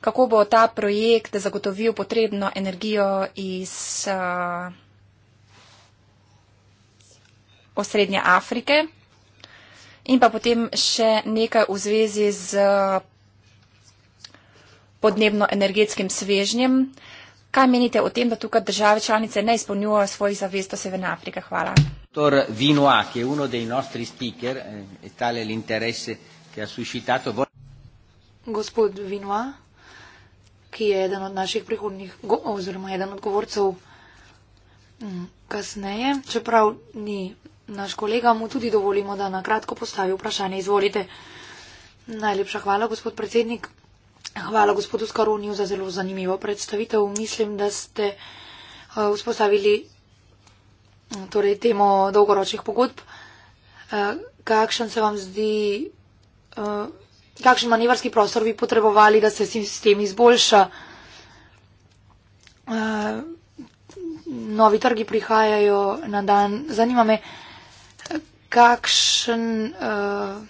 Kako bo ta projekt zagotovil potrebno energijo iz uh, osrednje Afrike? In pa potem še nekaj v zvezi z podnebno-energetskim svežnjem. Kaj menite o tem, da tukaj države članice ne izpolnjujejo svojih zavez do Severne Afrike? Hvala. Dr. Vinoa, ki je uno dei nostri speaker, eh, e tale l'interesse, ki ha suscitato. Gospod Vinoa, ki je eden od naših prihodnih, oziroma eden od govorcev mm, kasneje, čeprav ni naš kolega, mu tudi dovolimo, da na kratko postavi vprašanje. Izvolite. Najlepša hvala, gospod predsednik. Hvala gospodu Skaroniju za zelo zanimivo predstavitev. Mislim, da ste eh, vzpostavili mm, torej, temo dolgoročnih pogodb. Eh, kakšen se vam zdi, eh, kakšen manevrski prostor bi potrebovali, da se sistem izboljša? Novi trgi prihajajo na dan. Zanima me, kakšen uh,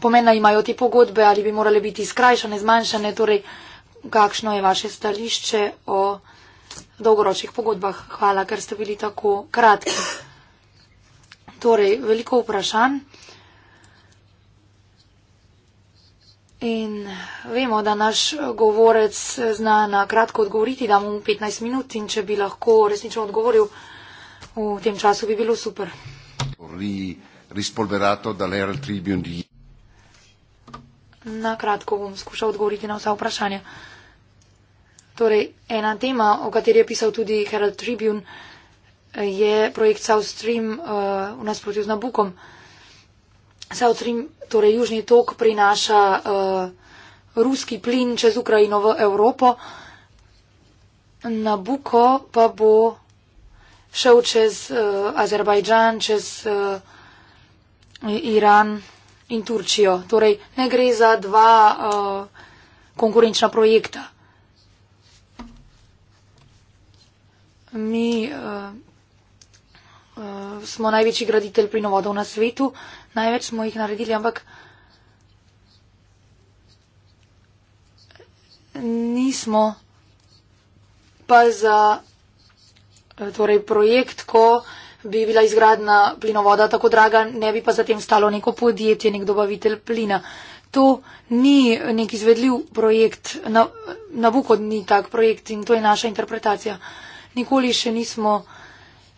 pomena imajo te pogodbe, ali bi morale biti skrajšane, zmanjšane, torej kakšno je vaše stališče o dolgoročnih pogodbah. Hvala, ker ste bili tako kratki. Torej, veliko vprašanj. In vemo, da naš govorec zna na kratko odgovoriti, da mu 15 minut in če bi lahko resnično odgovoril, v tem času bi bilo super. Torej rispolverato dall'Herald Tribune di ieri. Na kratko bom skušal odgovoriti na vsa vprašanja. Torej, ena tema, o kateri je pisal tudi Herald Tribune, je projekt South Stream uh, v nasprotju z Nabukom. South Stream, torej južni tok, prinaša uh, ruski plin čez Ukrajino v Evropo. Nabuko pa bo šel čez uh, Azerbajdžan, čez. Uh, Iran in Turčijo. Torej, ne gre za dva uh, konkurenčna projekta. Mi uh, uh, smo največji graditelj plinovodov na svetu, največ smo jih naredili, ampak nismo pa za uh, torej projekt, ko uh, bi bila izgradna plinovoda tako draga, ne bi pa zatem stalo neko podjetje, nek dobavitelj plina. To ni nek izvedljiv projekt, nabuko na ni tak projekt in to je naša interpretacija. Nikoli še nismo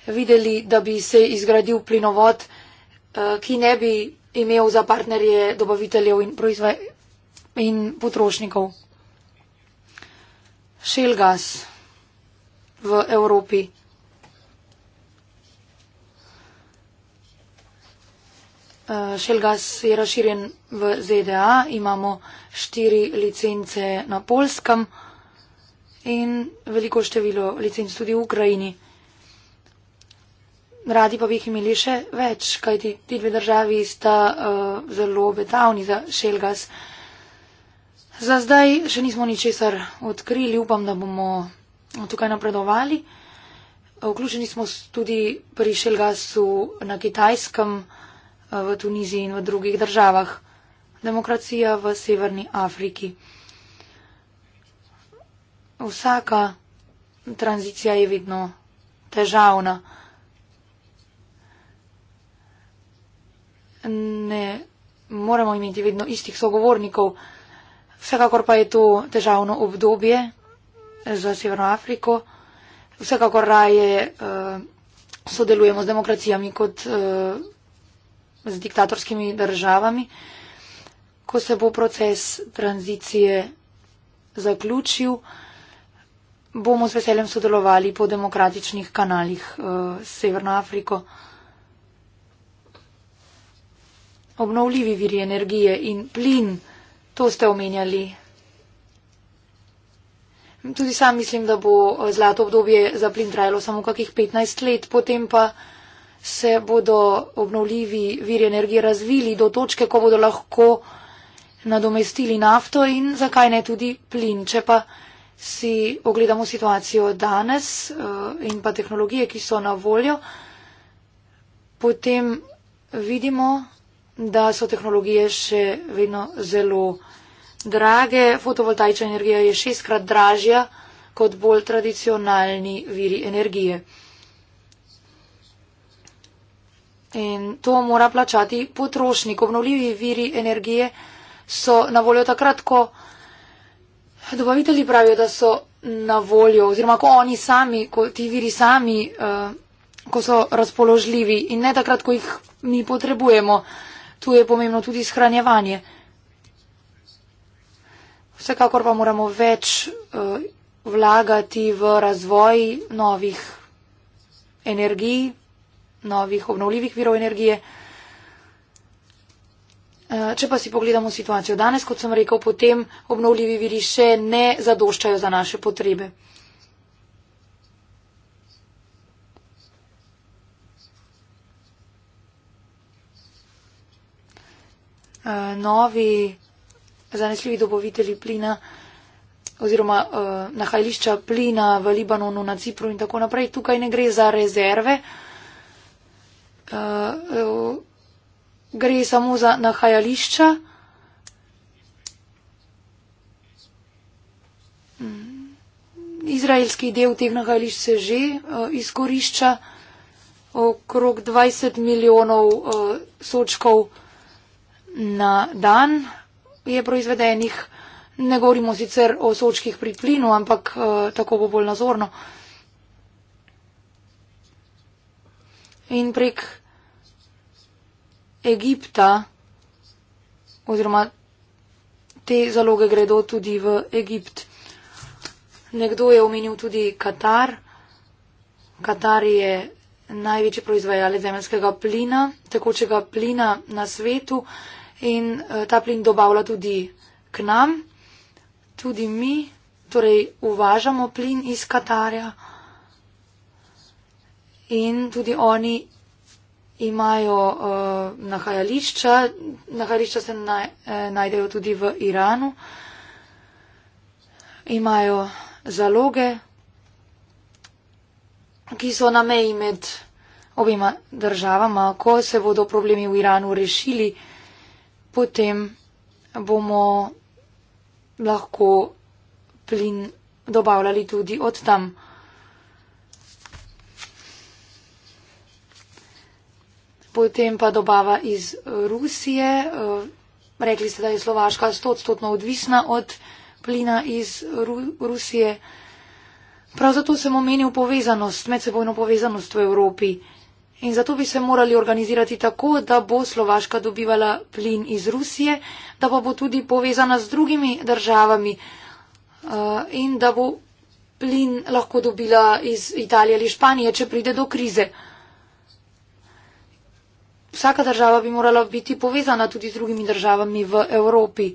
videli, da bi se izgradil plinovod, eh, ki ne bi imel za partnerje dobaviteljev in, proizve, in potrošnikov. Šelgas v Evropi. Šelgas eh, je razširjen v ZDA, imamo štiri licence na polskem in veliko število licenc tudi v Ukrajini. Radi pa bi jih imeli še več, kajti ti dve državi sta uh, zelo obetavni za Šelgas. Za zdaj še nismo ničesar odkrili, upam, da bomo tukaj napredovali. Vključeni smo tudi pri Šelgasu na kitajskem v Tuniziji in v drugih državah. Demokracija v Severni Afriki. Vsaka tranzicija je vedno težavna. Ne moremo imeti vedno istih sogovornikov. Vsekakor pa je to težavno obdobje za Severno Afriko. Vsekakor raje uh, sodelujemo z demokracijami kot. Uh, z diktatorskimi državami, ko se bo proces tranzicije zaključil, bomo z veseljem sodelovali po demokratičnih kanalih eh, s Severno Afriko. Obnovljivi viri energije in plin, to ste omenjali. Tudi sam mislim, da bo eh, zlato obdobje za plin trajalo samo kakih 15 let, potem pa se bodo obnovljivi viri energije razvili do točke, ko bodo lahko nadomestili nafto in zakaj ne tudi plin. Če pa si ogledamo situacijo danes eh, in pa tehnologije, ki so na voljo, potem vidimo, da so tehnologije še vedno zelo drage. Fotovoltaična energija je šestkrat dražja kot bolj tradicionalni viri energije. In to mora plačati potrošnik. Obnovljivi viri energije so na voljo takrat, ko dobavitelji pravijo, da so na voljo oziroma ko oni sami, ko ti viri sami, uh, ko so razpoložljivi in ne takrat, ko jih mi potrebujemo. Tu je pomembno tudi shranjevanje. Vsekakor pa moramo več uh, vlagati v razvoj novih energij, novih obnovljivih virov energije. E, če pa si pogledamo situacijo danes, kot sem rekel, potem obnovljivi viri še ne zadoščajo za naše potrebe. E, novi zanesljivi dobovitelji plina oziroma uh, nahajališča plina v Libanonu, na Cipru in tako naprej. Tukaj ne gre za rezerve, uh, uh, gre samo za nahajališča. Mm. Izraelski del teh nahajališč se že uh, izkorišča, okrog 20 milijonov uh, sočkov na dan je proizvedenih. Ne govorimo sicer o sočkih pri plinu, ampak uh, tako bo bolj nazorno. Uh, in prek Egipta, oziroma te zaloge gredo tudi v Egipt. Nekdo je omenil tudi Katar. Katar je največji proizvajalec zemljskega plina, tekočega plina na svetu in eh, ta plin dobavlja tudi k nam. Tudi mi torej uvažamo plin iz Katarja in tudi oni imajo uh, nahajališča. Nahajališča se naj, eh, najdejo tudi v Iranu. Imajo zaloge, ki so na meji med obima državama. Ko se bodo problemi v Iranu rešili, potem bomo lahko plin dobavljali tudi od tam. potem pa dobava iz Rusije. Eh, rekli ste, da je Slovaška stotstotno odvisna od plina iz Ru Rusije. Prav zato sem omenil povezanost, medsebojno povezanost v Evropi. In zato bi se morali organizirati tako, da bo Slovaška dobivala plin iz Rusije, da pa bo tudi povezana z drugimi državami eh, in da bo plin lahko dobila iz Italije ali Španije, če pride do krize vsaka država bi morala biti povezana tudi z drugimi državami v Evropi.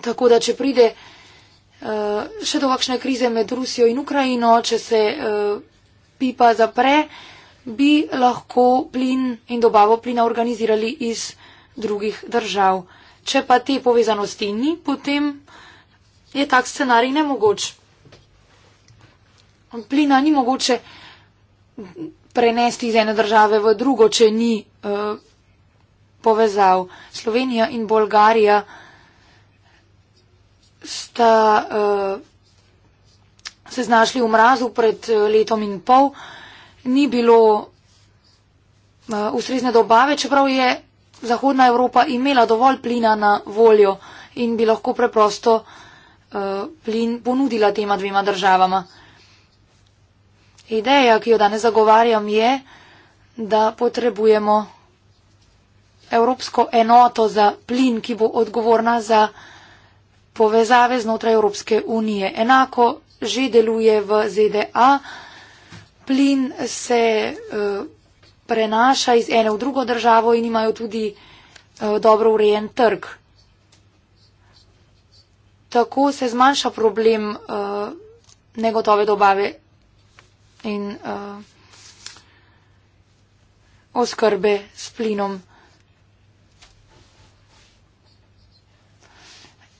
Tako da, če pride uh, še do kakšne krize med Rusijo in Ukrajino, če se uh, pipa zapre, bi lahko plin in dobavo plina organizirali iz drugih držav. Če pa te povezanosti ni, potem je tak scenarij nemogoč. Plina ni mogoče prenesti iz ene države v drugo, če ni uh, povezav. Slovenija in Bolgarija sta uh, se znašli v mrazu pred eh, letom in pol. Ni bilo uh, ustrezne dobave, čeprav je Zahodna Evropa imela dovolj plina na voljo in bi lahko preprosto uh, plin ponudila tema dvema državama. Ideja, ki jo danes zagovarjam, je, da potrebujemo Evropsko enoto za plin, ki bo odgovorna za povezave znotraj Evropske unije. Enako že deluje v ZDA. Plin se uh, prenaša iz ene v drugo državo in imajo tudi uh, dobro urejen trg. Tako se zmanjša problem uh, negotove dobave in uh, oskrbe s plinom.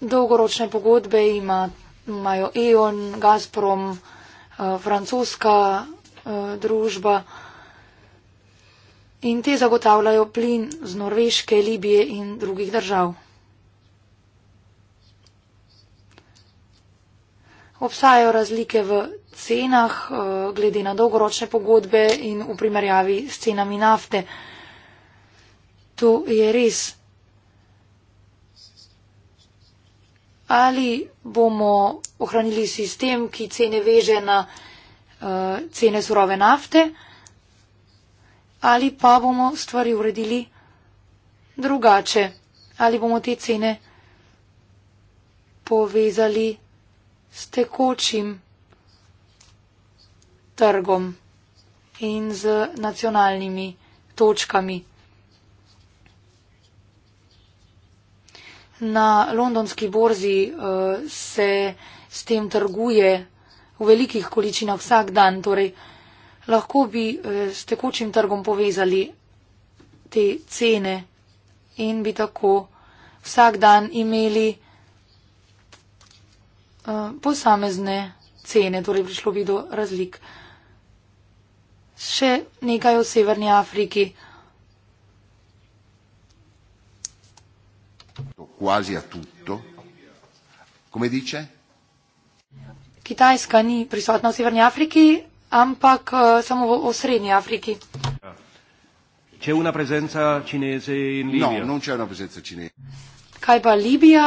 Dolgoročne pogodbe ima, imajo Eon, Gazprom, uh, francoska uh, družba in te zagotavljajo plin z Norveške, Libije in drugih držav. Obstajajo razlike v cenah eh, glede na dolgoročne pogodbe in v primerjavi s cenami nafte. To je res. Ali bomo ohranili sistem, ki cene veže na eh, cene surove nafte, ali pa bomo stvari uredili drugače, ali bomo te cene povezali s tekočim trgom in z nacionalnimi točkami. Na londonski borzi uh, se s tem trguje v velikih količinah vsak dan, torej lahko bi uh, s tekočim trgom povezali te cene in bi tako vsak dan imeli Eh, posamezne cene, torej prišlo bi do razlik. Še nekaj v Severni Afriki. Kitajska ni prisotna v Severni Afriki, ampak uh, samo v, v Srednji Afriki. Una in no, non una Kaj pa Libija?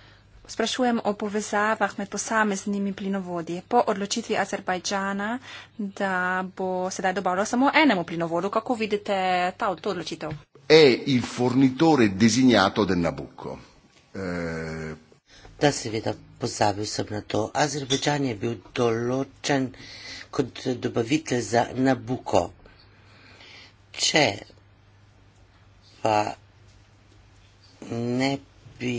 sprašujem o povezavah med posameznimi plinovodi. Po odločitvi Azerbajdžana, da bo sedaj dobavljal samo enemu plinovodu, kako vidite ta to odločitev? E il fornitore designato del Nabucco. Eh, da seveda pozabil sem na to. Azerbajdžan je bil določen kot dobavitelj za Nabuko. Če pa ne bi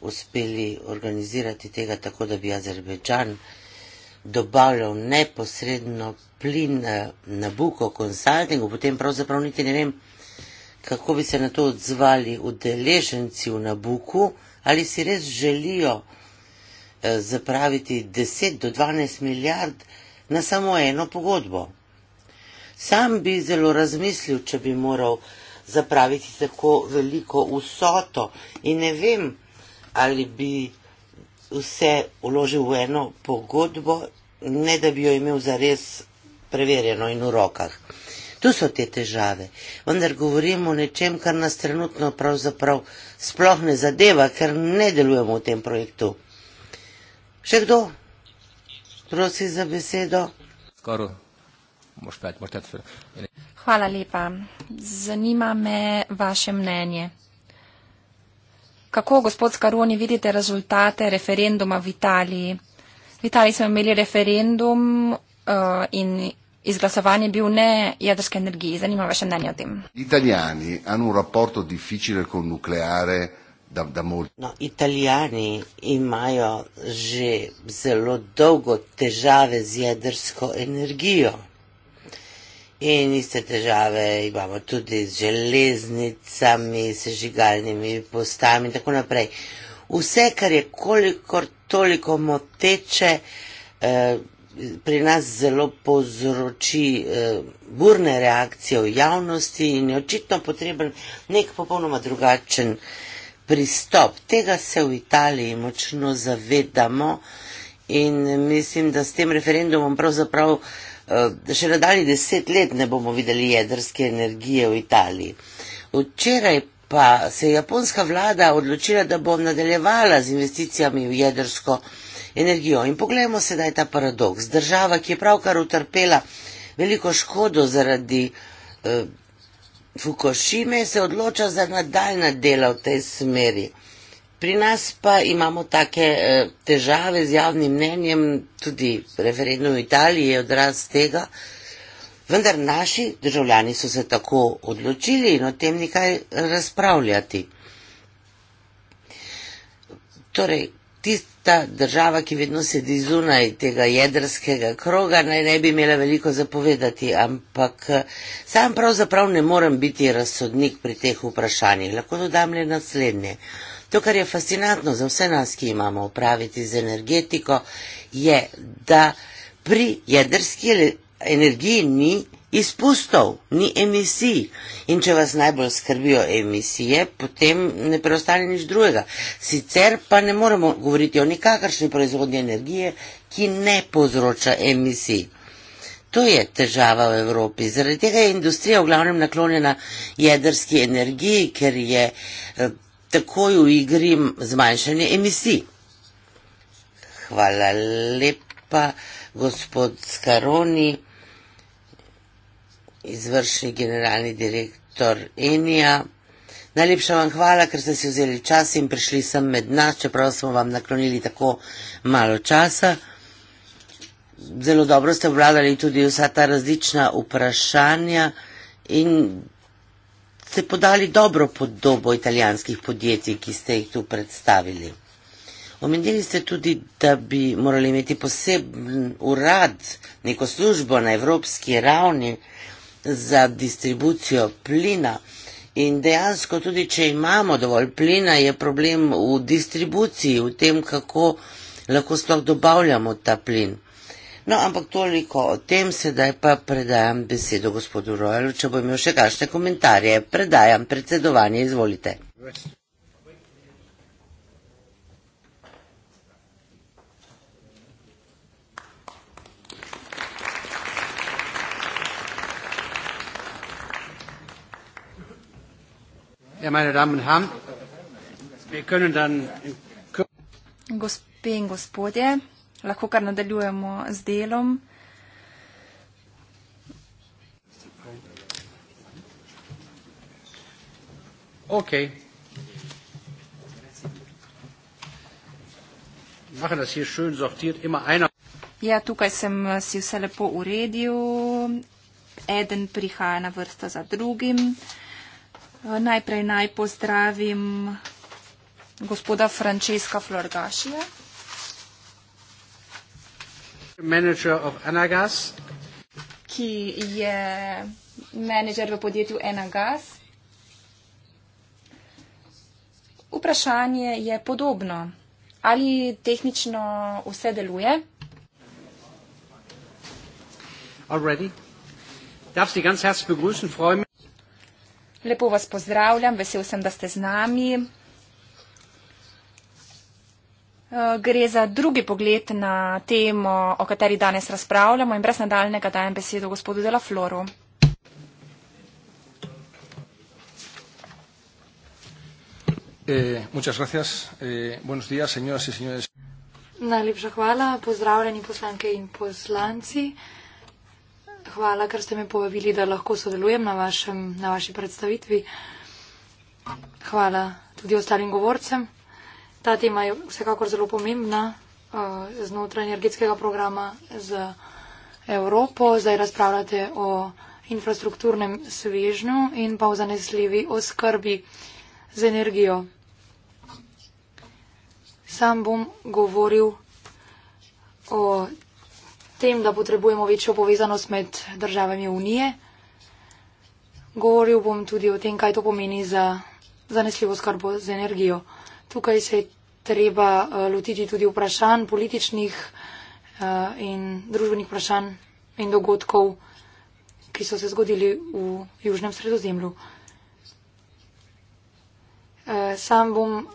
uspeli organizirati tega tako, da bi Azerbejdžan dobavljal neposredno plin eh, na Buko konsultingu, potem pravzaprav niti ne vem, kako bi se na to odzvali udeleženci v Nabuku, ali si res želijo eh, zapraviti 10 do 12 milijard na samo eno pogodbo. Sam bi zelo razmislil, če bi moral zapraviti tako veliko vsoto in ne vem, ali bi vse uložil v eno pogodbo, ne da bi jo imel zares preverjeno in v rokah. Tu so te težave. Vendar govorimo o nečem, kar nas trenutno pravzaprav sploh ne zadeva, ker ne delujemo v tem projektu. Še kdo? Prosi za besedo. Skoro. Hvala lepa. Zanima me vaše mnenje. Kako, gospod Skaroni, vidite rezultate referenduma v Italiji? V Italiji smo imeli referendum uh, in izglasovanje bil ne jedrske energije. Zanima vaše mnenje o tem. Italijani imajo raporto difficile con nucleare da, da molti. No, Italijani imajo že zelo dolgo težave z jedrsko energijo. In iste težave imamo tudi z železnicami, sežigalnimi postami in tako naprej. Vse, kar je kolikor toliko moteče, eh, pri nas zelo povzroči eh, burne reakcije v javnosti in je očitno potreben nek popolnoma drugačen pristop. Tega se v Italiji močno zavedamo in mislim, da s tem referendumom pravzaprav. Eh, Eh, še nadalje deset let ne bomo videli jedrske energije v Italiji. Včeraj pa se je japonska vlada odločila, da bo nadaljevala z investicijami v jedrsko energijo. In poglejmo sedaj ta paradoks. Država, ki je pravkar utrpela veliko škodo zaradi eh, Fukushime, se odloča za nadaljna dela v tej smeri. Pri nas pa imamo take eh, težave z javnim mnenjem, tudi referendum v Italiji je odraz tega, vendar naši državljani so se tako odločili in o tem nekaj razpravljati. Torej, tista država, ki vedno sedi zunaj tega jedrskega kroga, naj ne bi imela veliko zapovedati, ampak eh, sam pravzaprav ne morem biti razsodnik pri teh vprašanjih. Lahko dodam le naslednje. To, kar je fascinantno za vse nas, ki imamo upraviti z energetiko, je, da pri jedrski energiji ni izpustov, ni emisij. In če vas najbolj skrbijo emisije, potem ne preostane nič drugega. Sicer pa ne moremo govoriti o nikakršni proizvodnji energije, ki ne povzroča emisij. To je težava v Evropi. Zaradi tega je industrija v glavnem naklonjena jedrski energiji, ker je eh, takoj v igri zmanjšanje emisij. Hvala lepa, gospod Skaroni, izvršni generalni direktor Enija. Najlepša vam hvala, ker ste si vzeli čas in prišli sem med nas, čeprav smo vam naklonili tako malo časa. Zelo dobro ste obvladali tudi vsa ta različna vprašanja in ste podali dobro podobo italijanskih podjetij, ki ste jih tu predstavili. Omenili ste tudi, da bi morali imeti poseben urad, neko službo na evropski ravni za distribucijo plina. In dejansko, tudi če imamo dovolj plina, je problem v distribuciji, v tem, kako lahko sploh dobavljamo ta plin. No, ampak toliko o tem, sedaj pa predajam besedo gospodu Rojlu, če bo imel še kakšne komentarje. Predajam predsedovanje, izvolite. Ja, Gospe in gospodje, lahko kar nadaljujemo z delom. Ok. Ja, tukaj sem eh, si vse lepo uredil. Eden prihaja na vrsto za drugim. Eh, najprej naj pozdravim gospoda Francesca Florgašija manager of Enagas. Ki je menedžer v podjetju Enagas. Vprašanje je podobno. Ali tehnično vse deluje? Lepo vas pozdravljam, vesel sem, da ste z nami. Gre za drugi pogled na temo, o kateri danes razpravljamo in brez nadaljnega dajem besedo gospodu Dela Floru. Eh, eh, Najlepša hvala, pozdravljeni poslanke in poslanci. Hvala, ker ste me povabili, da lahko sodelujem na, vašem, na vaši predstavitvi. Hvala tudi ostalim govorcem. Ta tema je vsekakor zelo pomembna uh, znotraj energetskega programa z Evropo. Zdaj razpravljate o infrastrukturnem svežnju in pa v zanesljivi oskrbi z energijo. Sam bom govoril o tem, da potrebujemo večjo povezanost med državami Unije. Govoril bom tudi o tem, kaj to pomeni za zanesljivo oskrbo z energijo tukaj se je treba eh, lotiti tudi vprašanj političnih eh, in družbenih vprašanj in dogodkov, ki so se zgodili v Južnem sredozemlju. Eh, sam bom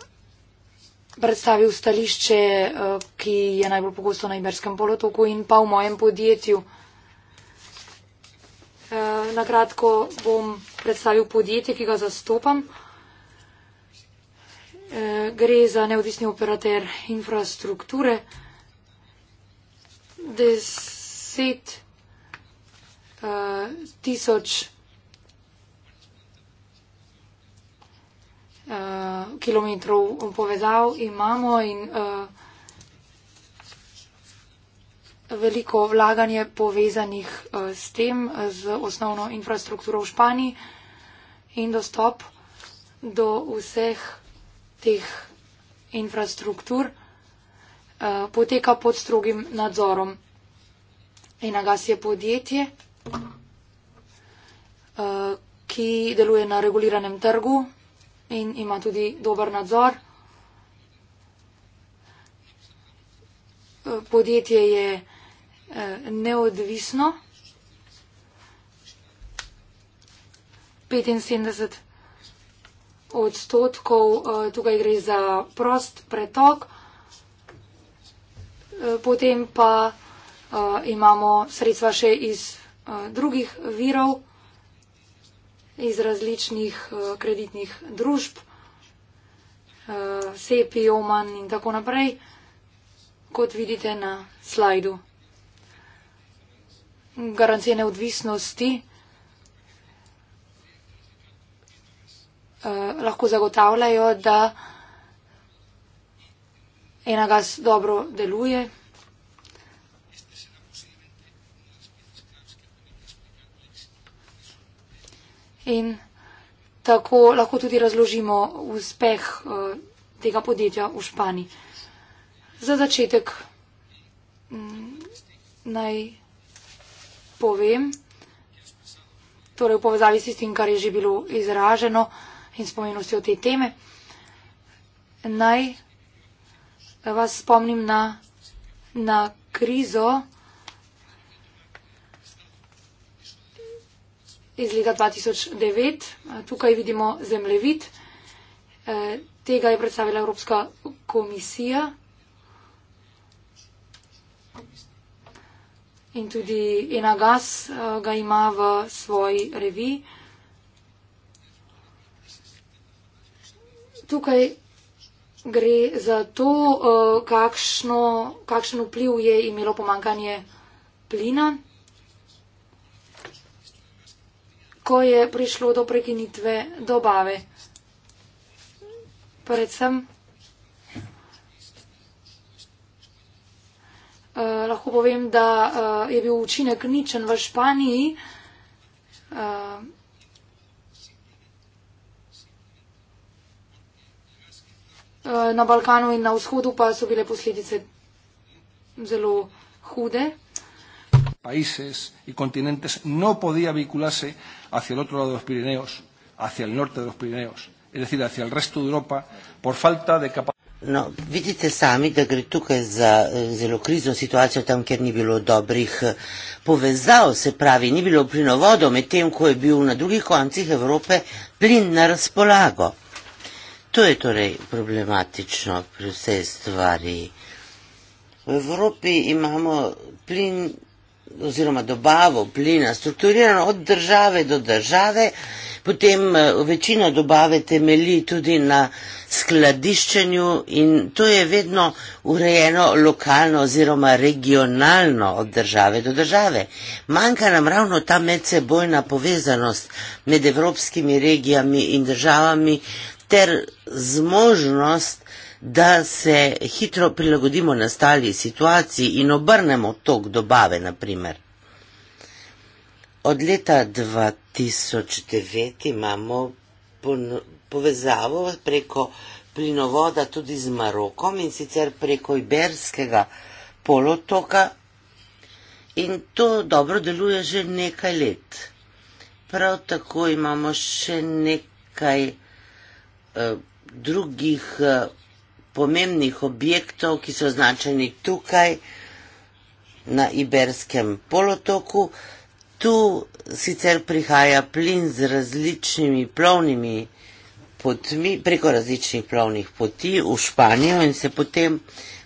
predstavil stališče, ki je najbolj pogosto na Iberskem polotoku in pa v mojem podjetju. Nakratko bom predstavil podjetje, ki ga zastopam. Eh, gre za neodvisni operater infrastrukture. Deset uh, tisoč uh, kilometrov povezav imamo in uh, veliko vlaganje povezanih uh, s tem, z osnovno infrastrukturo v Španiji in dostop do vseh teh infrastruktur eh, poteka pod strogim nadzorom. Enega si je podjetje, eh, ki deluje na reguliranem trgu in ima tudi dober nadzor. Eh, podjetje je neodvisno. 75 odstotkov, eh, tukaj gre za prost pretok. Eh, potem pa eh, imamo sredstva še iz drugih virov, iz različnih kreditnih družb, SEPI, OMAN in tako naprej, kot vidite na slajdu. Garancije neodvisnosti. Eh, lahko zagotavljajo, da ena gas dobro deluje. In tako lahko tudi razložimo uspeh eh, tega podjetja v Španiji. Za začetek mm, naj povem, torej v povezavi s tistim, kar je že bilo izraženo, in spomenosti o tej teme. Naj vas spomnim na, na krizo iz leta 2009. Tukaj vidimo zemljevid. Eh, tega je predstavila Evropska komisija. In tudi Enagas eh, ga ima v svoji reviji. tukaj gre za to, eh, kakšno, kakšen vpliv je imelo pomankanje plina, ko je prišlo do prekinitve dobave. Predvsem eh, lahko povem, da eh, je bil učinek ničen v Španiji. na Balkanu in na vzhodu pa so bile posledice zelo hude. Países y continentes no podía vincularse hacia el otro lado de los Pirineos, hacia el norte de los Pirineos, es decir, hacia el resto de Europa, por falta de capacidad. No, vidite sami, da gre tukaj za eh, zelo krizno situacijo tam, kjer ni bilo dobrih eh, povezav, se pravi, ni bilo plinovodov, medtem ko je bil na drugih koncih Evrope plin na razpolago. To je torej problematično pri vsej stvari. V Evropi imamo plin oziroma dobavo plina strukturirano od države do države, potem eh, večina dobave temelji tudi na skladiščenju in to je vedno urejeno lokalno oziroma regionalno od države do države. Manjka nam ravno ta medsebojna povezanost med evropskimi regijami in državami, ter zmožnost, da se hitro prilagodimo nastali situaciji in obrnemo tok dobave, naprimer. Od leta 2009 imamo povezavo preko plinovoda tudi z Marokom in sicer preko Iberskega polotoka in to dobro deluje že nekaj let. Prav tako imamo še nekaj nekaj Eh, drugih eh, pomembnih objektov, ki so označeni tukaj na Iberskem polotoku. Tu sicer prihaja plin z različnimi plovnimi potmi, preko različnih plovnih poti v Španijo in se potem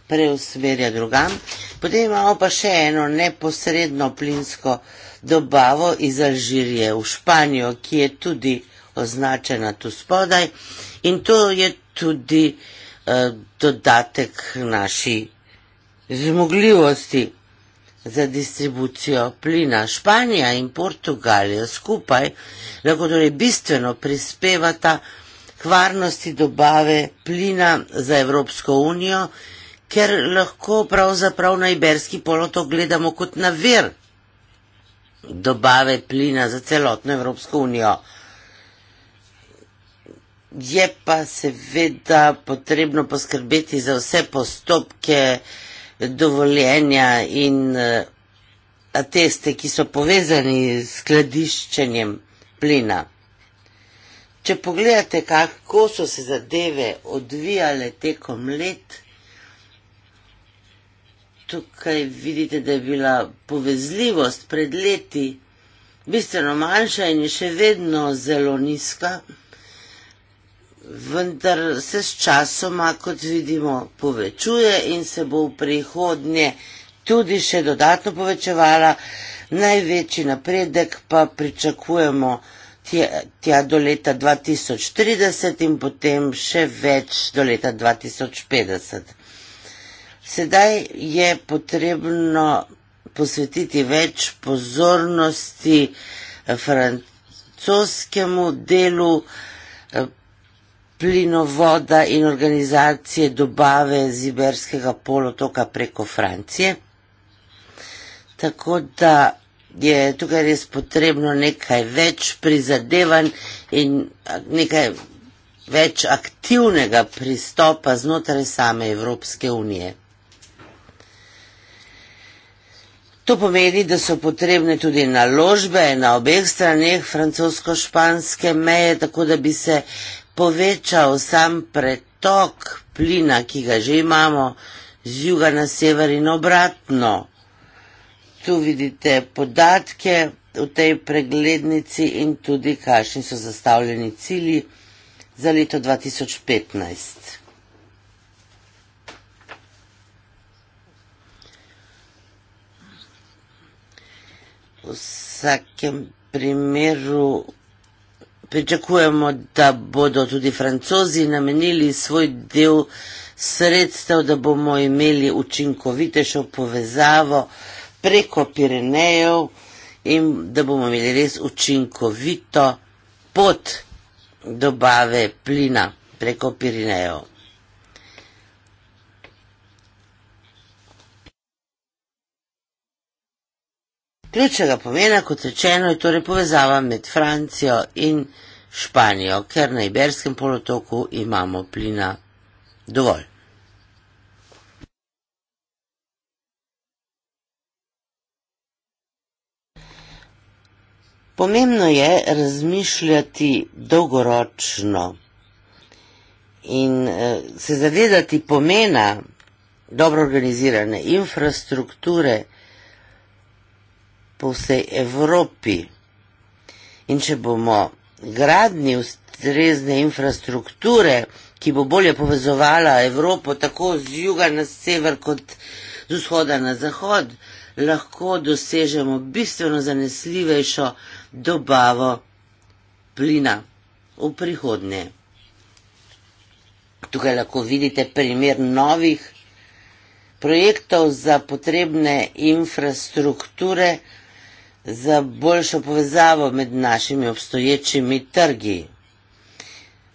preusmerja drugam. Potem imamo pa še eno neposredno plinsko dobavo iz Alžirije v Španijo, ki je tudi označena tu spodaj in to je tudi eh, dodatek naši zmogljivosti za distribucijo plina. Španija in Portugalija skupaj lahko torej bistveno prispevata k varnosti dobave plina za Evropsko unijo, ker lahko pravzaprav na Iberski poloto gledamo kot na ver dobave plina za celotno Evropsko unijo. Je pa seveda potrebno poskrbeti za vse postopke, dovoljenja in eh, ateste, ki so povezani s skladiščenjem plina. Če pogledate, kako so se zadeve odvijale tekom let, tukaj vidite, da je bila povezljivost pred leti bistveno manjša in še vedno zelo nizka vendar se s časoma, kot vidimo, povečuje in se bo v prihodnje tudi še dodatno povečevala. Največji napredek pa pričakujemo tja, tja do leta 2030 in potem še več do leta 2050. Sedaj je potrebno posvetiti več pozornosti francoskemu delu plinovoda in organizacije dobave z Iberskega polotoka preko Francije. Tako da je tukaj res potrebno nekaj več prizadevan in nekaj več aktivnega pristopa znotraj same Evropske unije. To pomeni, da so potrebne tudi naložbe na obeh straneh francosko-španske meje, tako da bi se povečal sam pretok plina, ki ga že imamo z juga na sever in obratno. Tu vidite podatke v tej preglednici in tudi, kakšni so zastavljeni cilji za leto 2015. V vsakem primeru pričakujemo, da bodo tudi francozi namenili svoj del sredstev, da bomo imeli učinkovitejšo povezavo preko Pirenejev in da bomo imeli res učinkovito pot dobave plina preko Pirenejev. Ključnega pomena, kot rečeno, je torej povezava med Francijo in Španijo, ker na Iberskem polotoku imamo plina dovolj. Pomembno je razmišljati dolgoročno in eh, se zavedati pomena dobro organizirane infrastrukture, po vsej Evropi. In če bomo gradni ustrezne infrastrukture, ki bo bolje povezovala Evropo tako z juga na sever kot z vzhoda na zahod, lahko dosežemo bistveno zanesljivejšo dobavo plina v prihodnje. Tukaj lahko vidite primer novih projektov za potrebne infrastrukture, za boljšo povezavo med našimi obstoječimi trgi.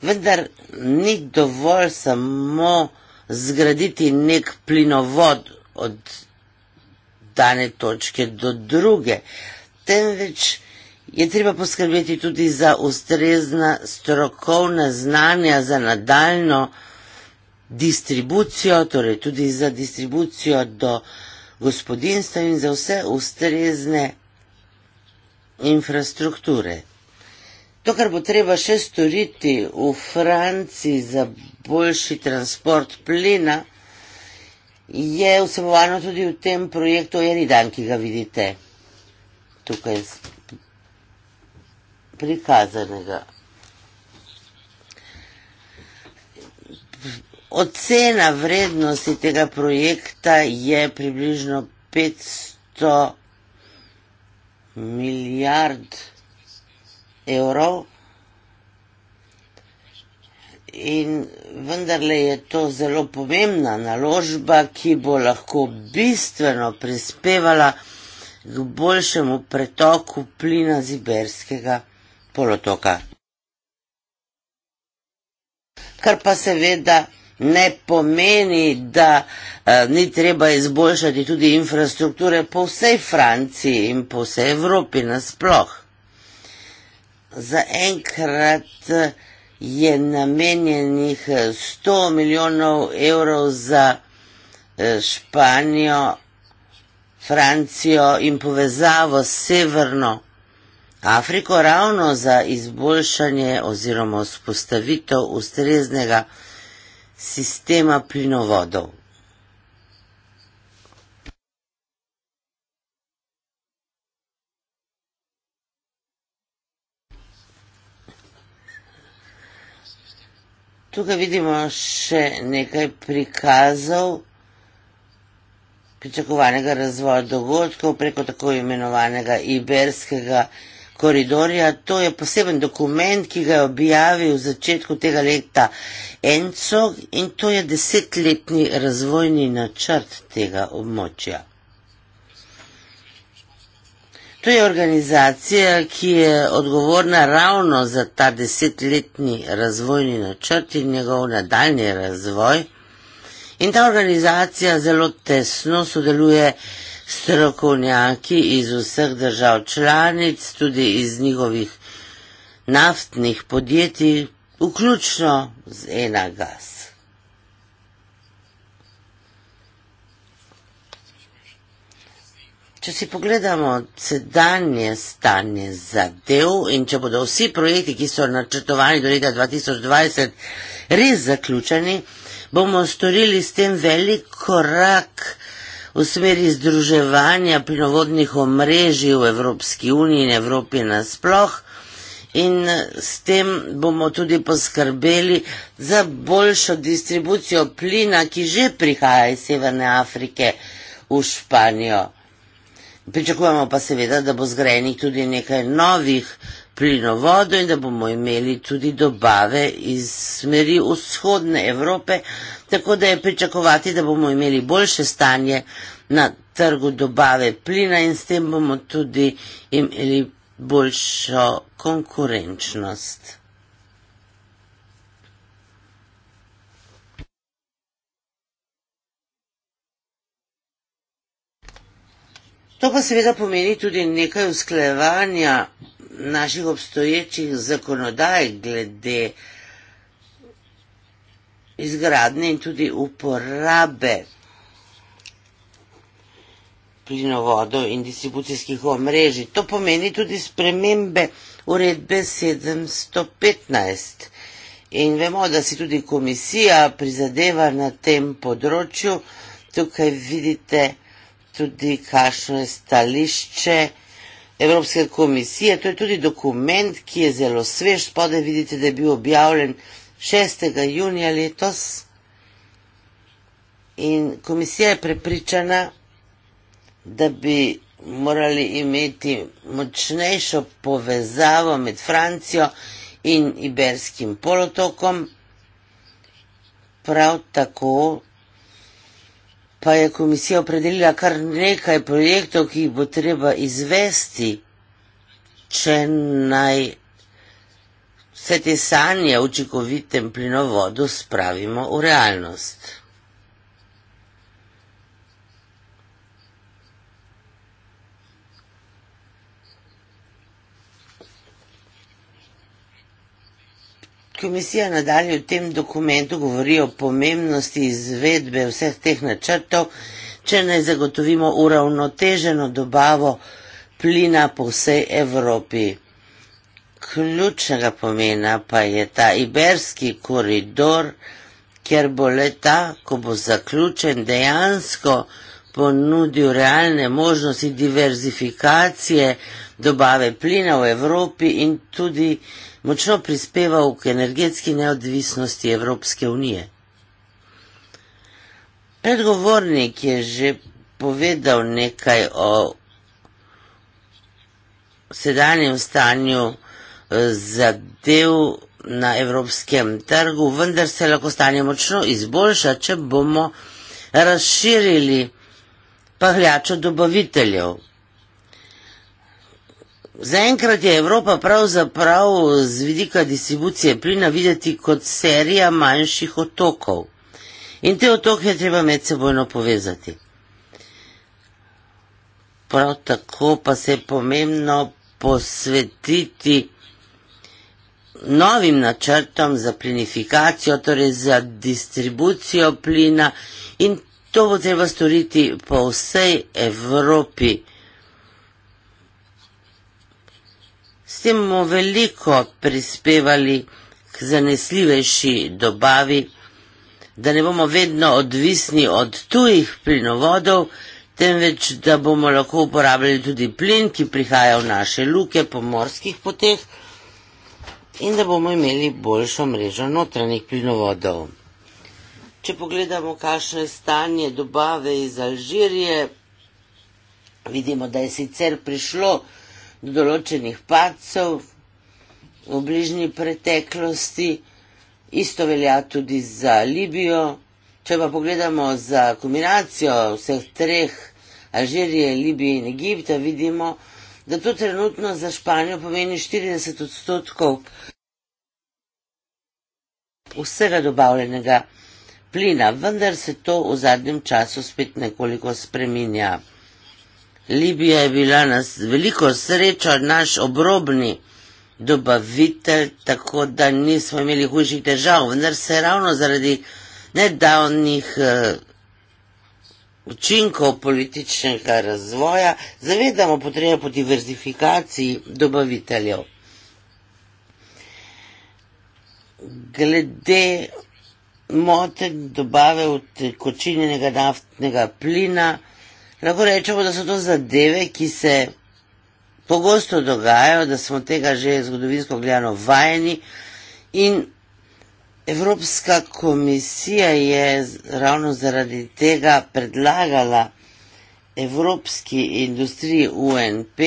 Vendar ni dovolj samo zgraditi nek plinovod od dane točke do druge, temveč je treba poskrbeti tudi za ustrezna strokovna znanja za nadaljno distribucijo, torej tudi za distribucijo do gospodinstva in za vse ustrezne infrastrukture. To, kar bo treba še storiti v Franciji za boljši transport plina, je vsebovano tudi v tem projektu Eridan, ki ga vidite tukaj prikazanega. Ocena vrednosti tega projekta je približno 500 milijard evrov in vendarle je to zelo pomembna naložba, ki bo lahko bistveno prispevala k boljšemu pretoku plina z Iberskega polotoka. Kar pa seveda ne pomeni, da eh, ni treba izboljšati tudi infrastrukture po vsej Franciji in po vsej Evropi nasploh. Zaenkrat eh, je namenjenih 100 eh, milijonov evrov za Španijo, Francijo in povezavo s Severno Afriko ravno za izboljšanje oziroma spostavitev ustreznega vsega sistema plinovodov. Tukaj vidimo še nekaj prikazov pričakovanega razvoja dogodkov preko tako imenovanega iberskega plinovodov koridorja. To je poseben dokument, ki ga je objavil v začetku tega leta Enco in to je desetletni razvojni načrt tega območja. To je organizacija, ki je odgovorna ravno za ta desetletni razvojni načrt in njegov nadaljni razvoj. In ta organizacija zelo tesno sodeluje strokovnjaki iz vseh držav članic, tudi iz njihovih naftnih podjetij, vključno z ena gas. Če si pogledamo sedanje stanje zadev in če bodo vsi projekti, ki so načrtovani do leta 2020, res zaključeni, bomo storili s tem velik korak v smeri združevanja plinovodnih omrežij v Evropski uniji in Evropi nasploh in s tem bomo tudi poskrbeli za boljšo distribucijo plina, ki že prihaja iz Severne Afrike v Španijo. Pričakujemo pa seveda, da bo zgrajenih tudi nekaj novih plinov, plinovodo in da bomo imeli tudi dobave iz smeri vzhodne Evrope, tako da je pričakovati, da bomo imeli boljše stanje na trgu dobave plina in s tem bomo tudi imeli boljšo konkurenčnost. To pa seveda pomeni tudi nekaj usklejevanja naših obstoječih zakonodaj glede izgradnje in tudi uporabe plinovodo in distribucijskih omrežij. To pomeni tudi spremembe uredbe 715. In vemo, da si tudi komisija prizadeva na tem področju. Tukaj vidite tudi, kakšno je stališče. Evropske komisije. To je tudi dokument, ki je zelo svež, spodaj vidite, da je bil objavljen 6. junija letos. In komisija je prepričana, da bi morali imeti močnejšo povezavo med Francijo in Iberskim polotokom. Prav tako pa je komisija opredelila kar nekaj projektov, ki jih bo treba izvesti, če naj vse te sanje o učinkovitem plinovodu spravimo v realnost. komisija nadalje v tem dokumentu govori o pomembnosti izvedbe vseh teh načrtov, če naj zagotovimo uravnoteženo dobavo plina po vsej Evropi. Ključnega pomena pa je ta iberski koridor, ker bo leta, ko bo zaključen, dejansko ponudil realne možnosti diverzifikacije dobave plina v Evropi in tudi močno prispeval k energetski neodvisnosti Evropske unije. Predgovornik je že povedal nekaj o sedanjem stanju eh, zadev na evropskem trgu, vendar se lahko stanje močno izboljša, če bomo razširili pahljačo dobaviteljev. Zaenkrat je Evropa pravzaprav z vidika distribucije plina videti kot serija manjših otokov in te otoke je treba med sebojno povezati. Prav tako pa se je pomembno posvetiti novim načrtom za plinifikacijo, torej za distribucijo plina in to bo treba storiti po vsej Evropi. temu veliko prispevali k zanesljivejši dobavi, da ne bomo vedno odvisni od tujih plinovodov, temveč da bomo lahko uporabljali tudi plin, ki prihaja v naše luke po morskih poteh in da bomo imeli boljšo mrežo notranjih plinovodov. Če pogledamo, kakšno je stanje dobave iz Alžirije, vidimo, da je sicer prišlo določenih pacov v bližnji preteklosti, isto velja tudi za Libijo. Če pa pogledamo za kombinacijo vseh treh, Alžirije, Libije in Egipta, vidimo, da to trenutno za Španijo pomeni 40 odstotkov vsega dobavljenega plina, vendar se to v zadnjem času spet nekoliko spreminja. Libija je bila nas veliko sreča, naš obrobni dobavitelj, tako da nismo imeli hujših težav, vendar se ravno zaradi nedavnih eh, učinkov političnega razvoja zavedamo potrebe po diverzifikaciji dobaviteljev. Glede motenj dobave utekočinjenega naftnega plina, Lahko rečemo, da so to zadeve, ki se pogosto dogajajo, da smo tega že zgodovinsko gledano vajeni. In Evropska komisija je ravno zaradi tega predlagala Evropski industriji UNP,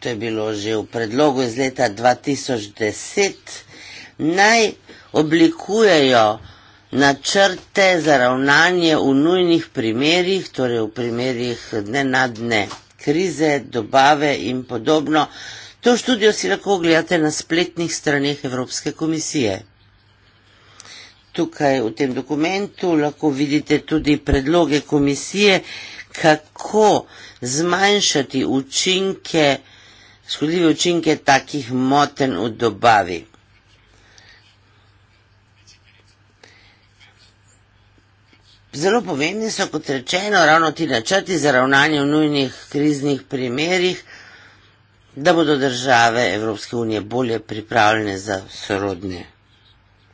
to je bilo že v predlogu iz leta 2010, naj oblikujejo načrte za ravnanje v nujnih primerjih, torej v primerjih nenadne krize, dobave in podobno. To študijo si lahko ogledate na spletnih straneh Evropske komisije. Tukaj v tem dokumentu lahko vidite tudi predloge komisije, kako zmanjšati učinke, škodljive učinke takih moten v dobavi. Zelo pomembni so, kot rečeno, ravno ti načrti za ravnanje v nujnih kriznih primerjih, da bodo države Evropske unije bolje pripravljene za sorodne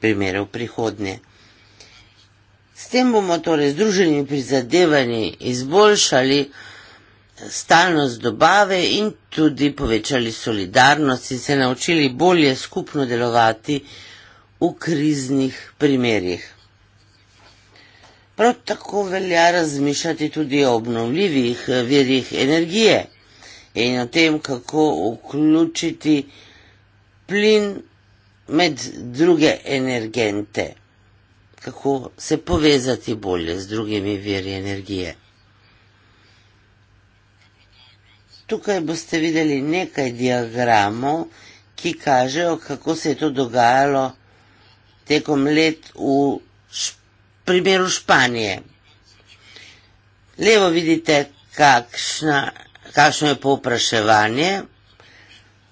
primere v prihodnje. S tem bomo torej združeni prizadevanji izboljšali stalnost dobave in tudi povečali solidarnost in se naučili bolje skupno delovati v kriznih primerjih. Prav tako velja razmišljati tudi o obnovljivih eh, verjih energije in o tem, kako vključiti plin med druge energente, kako se povezati bolje z drugimi verji energije. Tukaj boste videli nekaj diagramov, ki kažejo, kako se je to dogajalo tekom let v primeru Španije. Levo vidite kakšna, kakšno je popraševanje,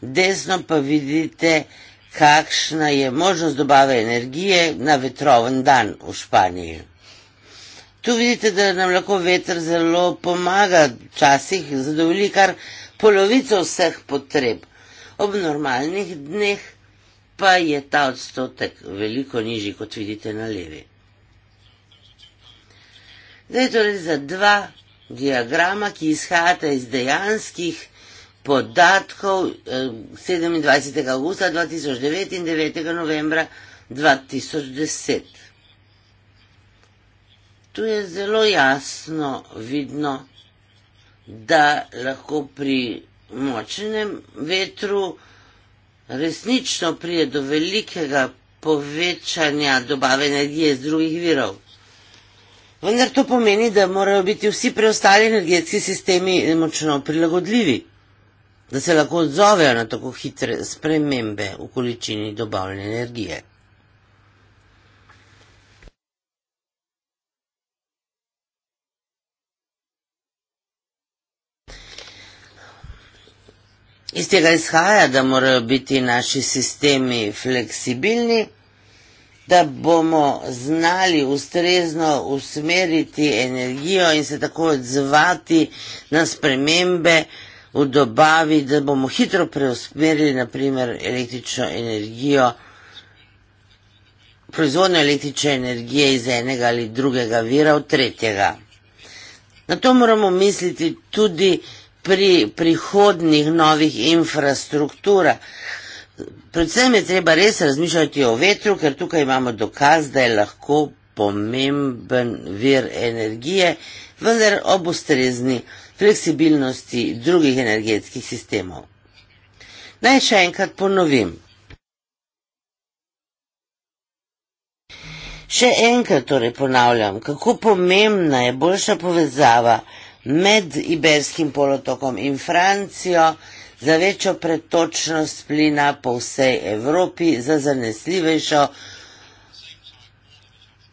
desno pa vidite kakšna je možnost dobave energije na vetroven dan v Španiji. Tu vidite, da nam lahko veter zelo pomaga, včasih zadovolji kar polovico vseh potreb. Ob normalnih dneh pa je ta odstotek veliko nižji, kot vidite na levi. Zdaj torej za dva diagrama, ki izhajata iz dejanskih podatkov 27. augusta 2009 in 9. novembra 2010. Tu je zelo jasno vidno, da lahko pri močnem vetru resnično prije do velikega povečanja dobave energije iz drugih virov. Vendar to pomeni, da morajo biti vsi preostali energetski sistemi močno prilagodljivi, da se lahko odzovejo na tako hitre spremembe v količini dobavljene energije. Iz tega izhaja, da morajo biti naši sistemi fleksibilni da bomo znali ustrezno usmeriti energijo in se tako odzvati na spremembe v dobavi, da bomo hitro preusmerili naprimer električno energijo, proizvodno električne energije iz enega ali drugega vira v tretjega. Na to moramo misliti tudi pri prihodnih novih infrastrukturah, Predvsem je treba res razmišljati o vetru, ker tukaj imamo dokaz, da je lahko pomemben vir energije, vendar ob ustrezni fleksibilnosti drugih energetskih sistemov. Naj še enkrat ponovim. Še enkrat torej ponavljam, kako pomembna je boljša povezava med Iberskim polotokom in Francijo, za večjo pretočnost plina po vsej Evropi, za zanesljivejšo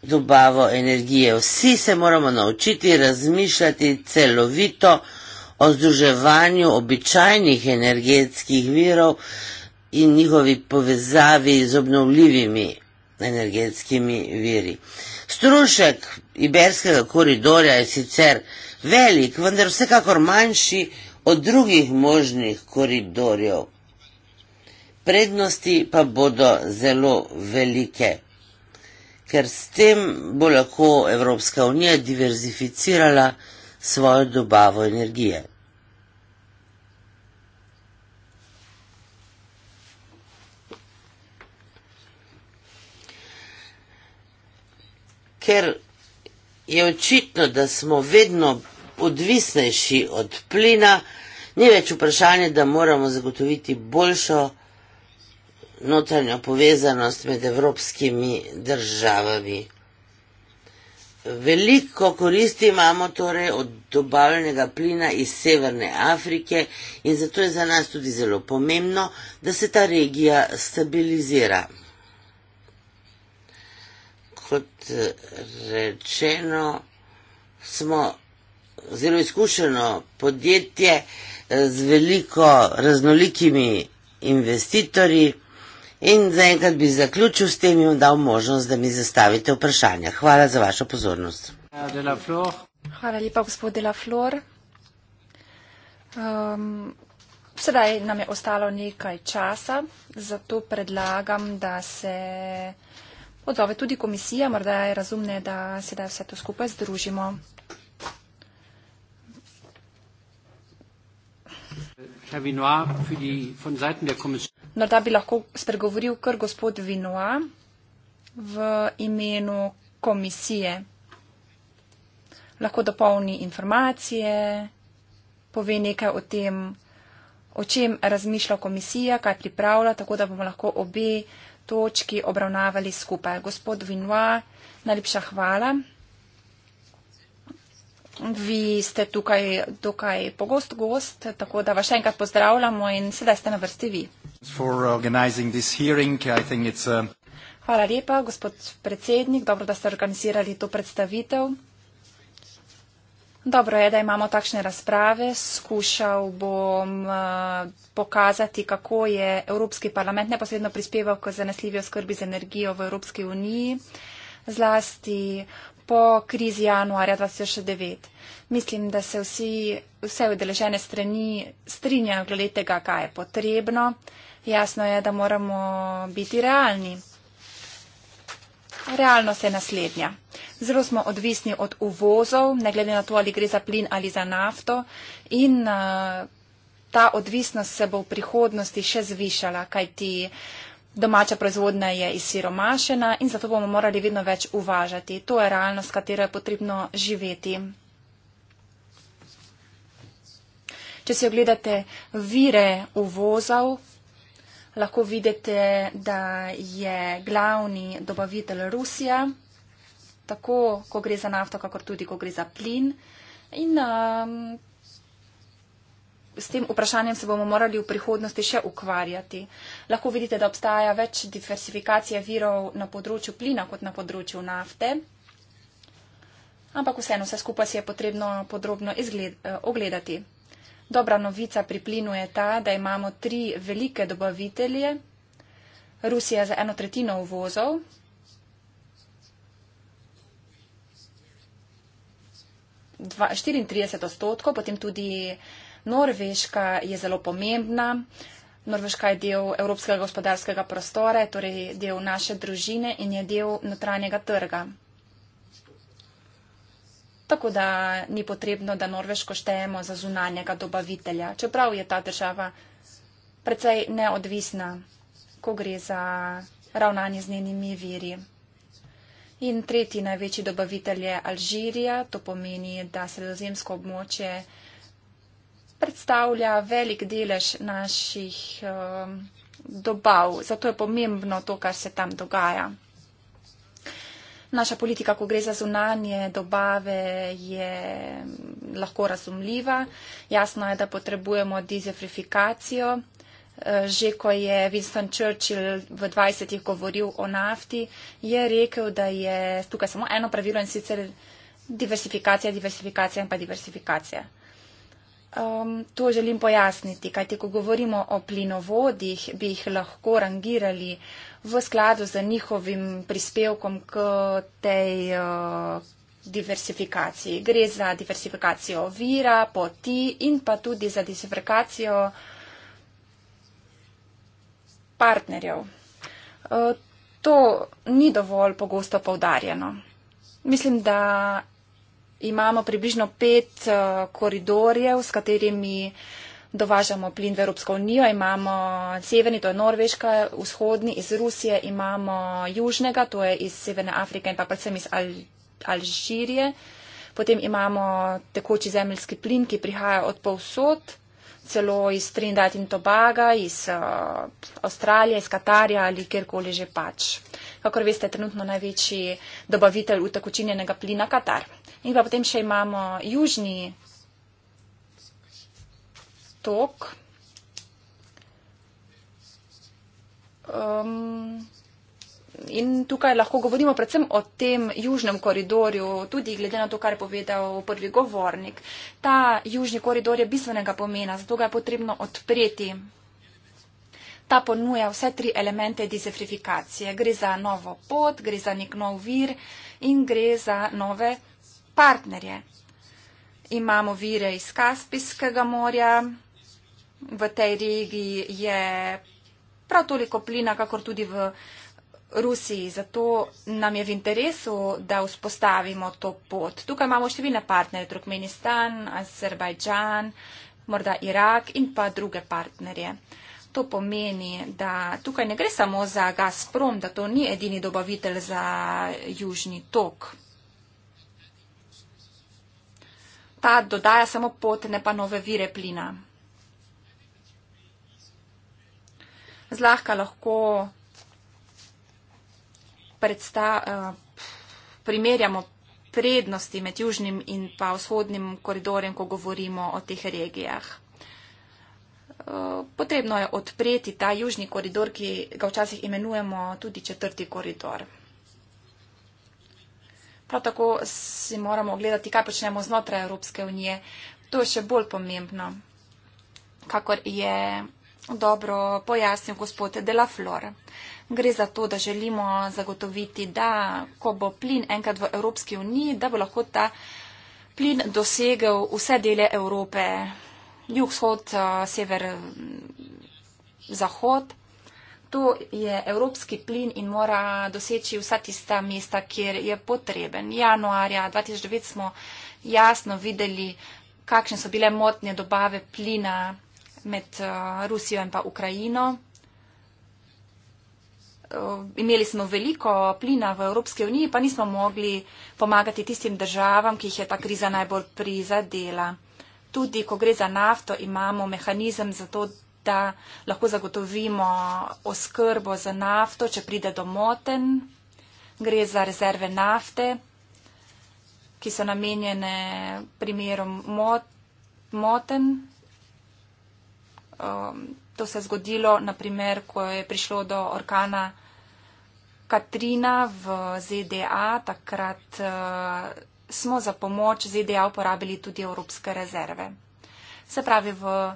dobavo energije. Vsi se moramo naučiti razmišljati celovito o združevanju običajnih energetskih virov in njihovi povezavi z obnovljivimi energetskimi viri. Strušek Iberskega koridorja je sicer velik, vendar vsekakor manjši, od drugih možnih koridorjev. Prednosti pa bodo zelo velike, ker s tem bo lahko Evropska unija diverzificirala svojo dobavo energije. Ker je očitno, da smo vedno odvisnejši od plina, ni več vprašanje, da moramo zagotoviti boljšo notranjo povezanost med evropskimi državami. Veliko koristi imamo torej od dobavljenega plina iz Severne Afrike in zato je za nas tudi zelo pomembno, da se ta regija stabilizira. Kot eh, rečeno, smo zelo izkušeno podjetje eh, z veliko raznolikimi investitorji in zaenkrat bi zaključil s tem in dal možnost, da mi zastavite vprašanja. Hvala za vašo pozornost. Hvala lepa, gospod De La Flor. Um, sedaj nam je ostalo nekaj časa, zato predlagam, da se odzove tudi komisija, morda je razumne, da sedaj vse to skupaj združimo. Morda bi lahko spregovoril kar gospod Vinoa v imenu komisije. Lahko dopolni informacije, pove nekaj o tem, o čem razmišlja komisija, kaj pripravlja, tako da bomo lahko obe točki obravnavali skupaj. Gospod Vinoa, najlepša hvala. Vi ste tukaj dokaj pogost gost, tako da vas še enkrat pozdravljamo in sedaj ste na vrsti vi. Hvala lepa, gospod predsednik, dobro, da ste organizirali to predstavitev. Dobro je, da imamo takšne razprave. Skušal bom uh, pokazati, kako je Evropski parlament neposredno prispeval k zanesljivi oskrbi z energijo v Evropski uniji. Zlasti po krizi januarja 2009. Mislim, da se vsi, vse udeležene strani strinjajo glede tega, kaj je potrebno. Jasno je, da moramo biti realni. Realnost je naslednja. Zelo smo odvisni od uvozov, ne glede na to, ali gre za plin ali za nafto. In uh, ta odvisnost se bo v prihodnosti še zvišala, kajti uh, Domača proizvodnja je izsiromašena in zato bomo morali vedno več uvažati. To je realnost, katero je potrebno živeti. Če si ogledate vire uvozov, lahko vidite, da je glavni dobavitelj Rusija, tako ko gre za nafto, kakor tudi ko gre za plin. In um, s tem vprašanjem se bomo morali v prihodnosti še ukvarjati. Lahko vidite, da obstaja več diversifikacije virov na področju plina kot na področju nafte. Ampak vseeno, vse skupaj si je potrebno podrobno izgled, eh, ogledati. Dobra novica pri plinu je ta, da imamo tri velike dobavitelje. Rusija za eno tretjino uvozov. Dva, 34 odstotkov, potem tudi. Eh, Norveška je zelo pomembna. Norveška je del evropskega gospodarskega prostora, torej del naše družine in je del notranjega trga. Tako da ni potrebno, da Norveško štejemo za zunanjega dobavitelja, čeprav je ta država precej neodvisna, ko gre za ravnanje z njenimi viri. In tretji največji dobavitelj je Alžirija, to pomeni, da sredozemsko območje predstavlja velik delež naših um, dobav. Zato je pomembno to, kar se tam dogaja. Naša politika, ko gre za zunanje dobave, je mm, lahko razumljiva. Jasno je, da potrebujemo dizefrifikacijo. E, že ko je Winston Churchill v 20-ih govoril o nafti, je rekel, da je tukaj samo eno pravilo in sicer diversifikacija, diversifikacija in pa diversifikacija um, to želim pojasniti, kajti ko govorimo o plinovodih, bi jih lahko rangirali v skladu z njihovim prispevkom k tej uh, diversifikaciji. Gre za diversifikacijo vira, poti in pa tudi za diversifikacijo partnerjev. Uh, to ni dovolj pogosto povdarjeno. Mislim, da imamo približno pet uh, koridorjev, s katerimi dovažamo plin v Evropsko unijo. Imamo severni, to je Norveška, vzhodni iz Rusije, imamo južnega, to je iz Severne Afrike in pa predvsem iz Al Alžirije. Potem imamo tekoči zemljski plin, ki prihaja od povsod, celo iz Trinidad in Tobaga, iz uh, Avstralije, iz Katarja ali kjerkoli že pač kakor veste, trenutno največji dobavitelj utekočinjenega plina Katar. In pa potem še imamo južni tok. Um, in tukaj lahko govorimo predvsem o tem južnem koridorju, tudi glede na to, kar je povedal prvi govornik. Ta južni koridor je bistvenega pomena, zato ga je potrebno odpreti. Ta ponuja vse tri elemente dizefrifikacije. Gre za novo pot, gre za nek nov vir in gre za nove partnerje. Imamo vire iz Kaspijskega morja, v tej regiji je prav toliko plina, kakor tudi v Rusiji. Zato nam je v interesu, da vzpostavimo to pot. Tukaj imamo številne partnerje, Turkmenistan, Azerbajdžan, morda Irak in pa druge partnerje to pomeni, da tukaj ne gre samo za Gazprom, da to ni edini dobavitelj za južni tok. Ta dodaja samo potne pa nove vire plina. Zlahka lahko predsta, eh, primerjamo prednosti med južnim in pa vzhodnim koridorjem, ko govorimo o teh regijah potrebno je odpreti ta južni koridor, ki ga včasih imenujemo tudi četrti koridor. Prav tako si moramo ogledati, kaj počnemo znotraj Evropske unije. To je še bolj pomembno, kakor je dobro pojasnil gospod Dela Flor. Gre za to, da želimo zagotoviti, da ko bo plin enkrat v Evropski uniji, da bo lahko ta plin dosegel vse dele Evrope jug, vzhod, eh, sever, mm, zahod. To je evropski plin in mora doseči vsa tista mesta, kjer je potreben. Januarja 2009 smo jasno videli, kakšne so bile motnje dobave plina med eh, Rusijo in pa Ukrajino. Eh, imeli smo veliko plina v Evropski uniji, pa nismo mogli pomagati tistim državam, ki jih je ta kriza najbolj prizadela tudi, ko gre za nafto, imamo mehanizem za to, da lahko zagotovimo oskrbo za nafto, če pride do moten. Gre za rezerve nafte, ki so namenjene primerom mot, moten. Um, to se je zgodilo, naprimer, ko je prišlo do orkana Katrina v ZDA, takrat. Uh, smo za pomoč ZDA uporabili tudi evropske rezerve. Se pravi, v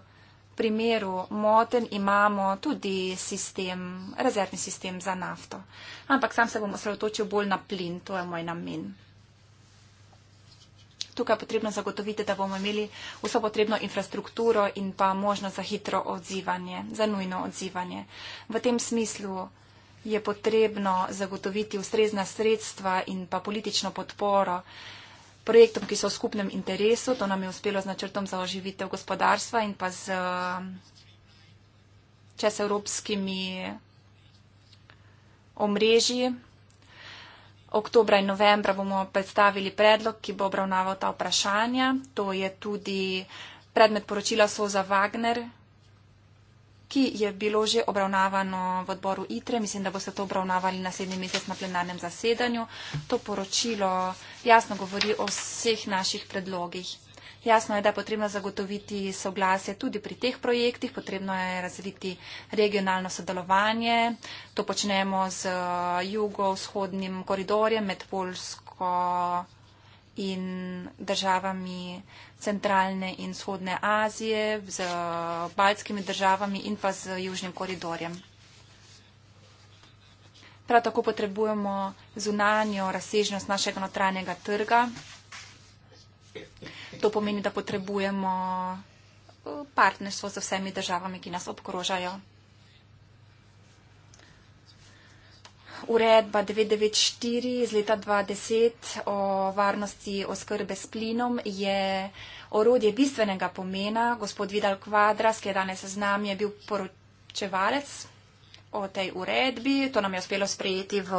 primeru moten imamo tudi sistem, rezervni sistem za nafto. Ampak sam se bom osredotočil bolj na plin, to je moj namen. Tukaj je potrebno zagotoviti, da bomo imeli vso potrebno infrastrukturo in pa možnost za hitro odzivanje, za nujno odzivanje. V tem smislu je potrebno zagotoviti ustrezna sredstva in pa politično podporo, projektom, ki so v skupnem interesu. To nam je uspelo z načrtom za oživitev gospodarstva in pa z um, čez evropskimi omrežji. Oktobra in novembra bomo predstavili predlog, ki bo obravnaval ta vprašanja. To je tudi predmet poročila Soza Wagner, ki je bilo že obravnavano v odboru ITRE. Mislim, da boste to obravnavali naslednji mesec na plenarnem zasedanju. To poročilo jasno govori o vseh naših predlogih. Jasno je, da je potrebno zagotoviti soglasje tudi pri teh projektih, potrebno je razviti regionalno sodelovanje. To počnemo z jugovzhodnim koridorjem med Polsko in državami centralne in vzhodne Azije, z baltskimi državami in pa z južnim koridorjem. Prav tako potrebujemo zunanjo razsežnost našega notranjega trga. To pomeni, da potrebujemo eh, partnerstvo z vsemi državami, ki nas obkrožajo. uredba 994 iz leta 2010 o varnosti oskrbe s plinom je orodje bistvenega pomena. Gospod Vidal Kvadras, ki je danes z nami, je bil poročevalec o tej uredbi. To nam je uspelo sprejeti v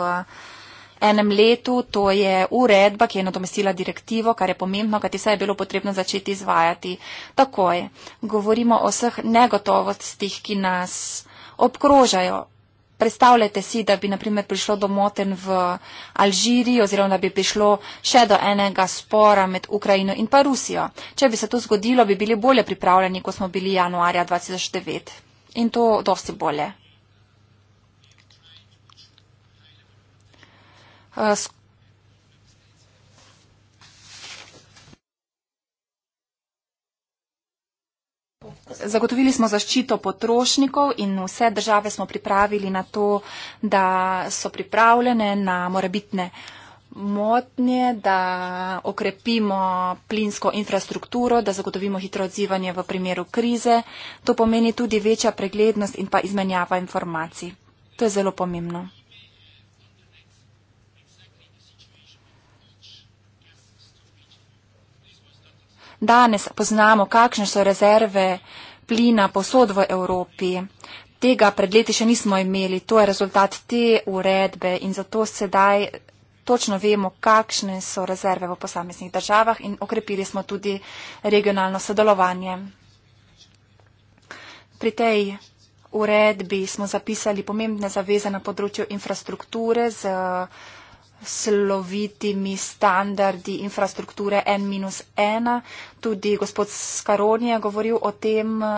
enem letu. To je uredba, ki je nadomestila direktivo, kar je pomembno, kajti vse je bilo potrebno začeti izvajati takoj. Govorimo o vseh negotovostih, ki nas obkrožajo predstavljajte si, da bi naprimer prišlo do moten v Alžiriji oziroma da bi prišlo še do enega spora med Ukrajino in pa Rusijo. Če bi se to zgodilo, bi bili bolje pripravljeni, kot smo bili januarja 2009 in to dosti bolje. Uh, Zagotovili smo zaščito potrošnikov in vse države smo pripravili na to, da so pripravljene na morebitne motnje, da okrepimo plinsko infrastrukturo, da zagotovimo hitro odzivanje v primeru krize. To pomeni tudi večja preglednost in pa izmenjava informacij. To je zelo pomembno. Danes poznamo, kakšne so rezerve plina posod v Evropi. Tega pred leti še nismo imeli. To je rezultat te uredbe in zato sedaj točno vemo, kakšne so rezerve v posameznih državah in okrepili smo tudi regionalno sodelovanje. Pri tej uredbi smo zapisali pomembne zaveze na področju infrastrukture z. Uh, slovitimi standardi infrastrukture N-1. Tudi gospod Skaroni je govoril o tem, eh,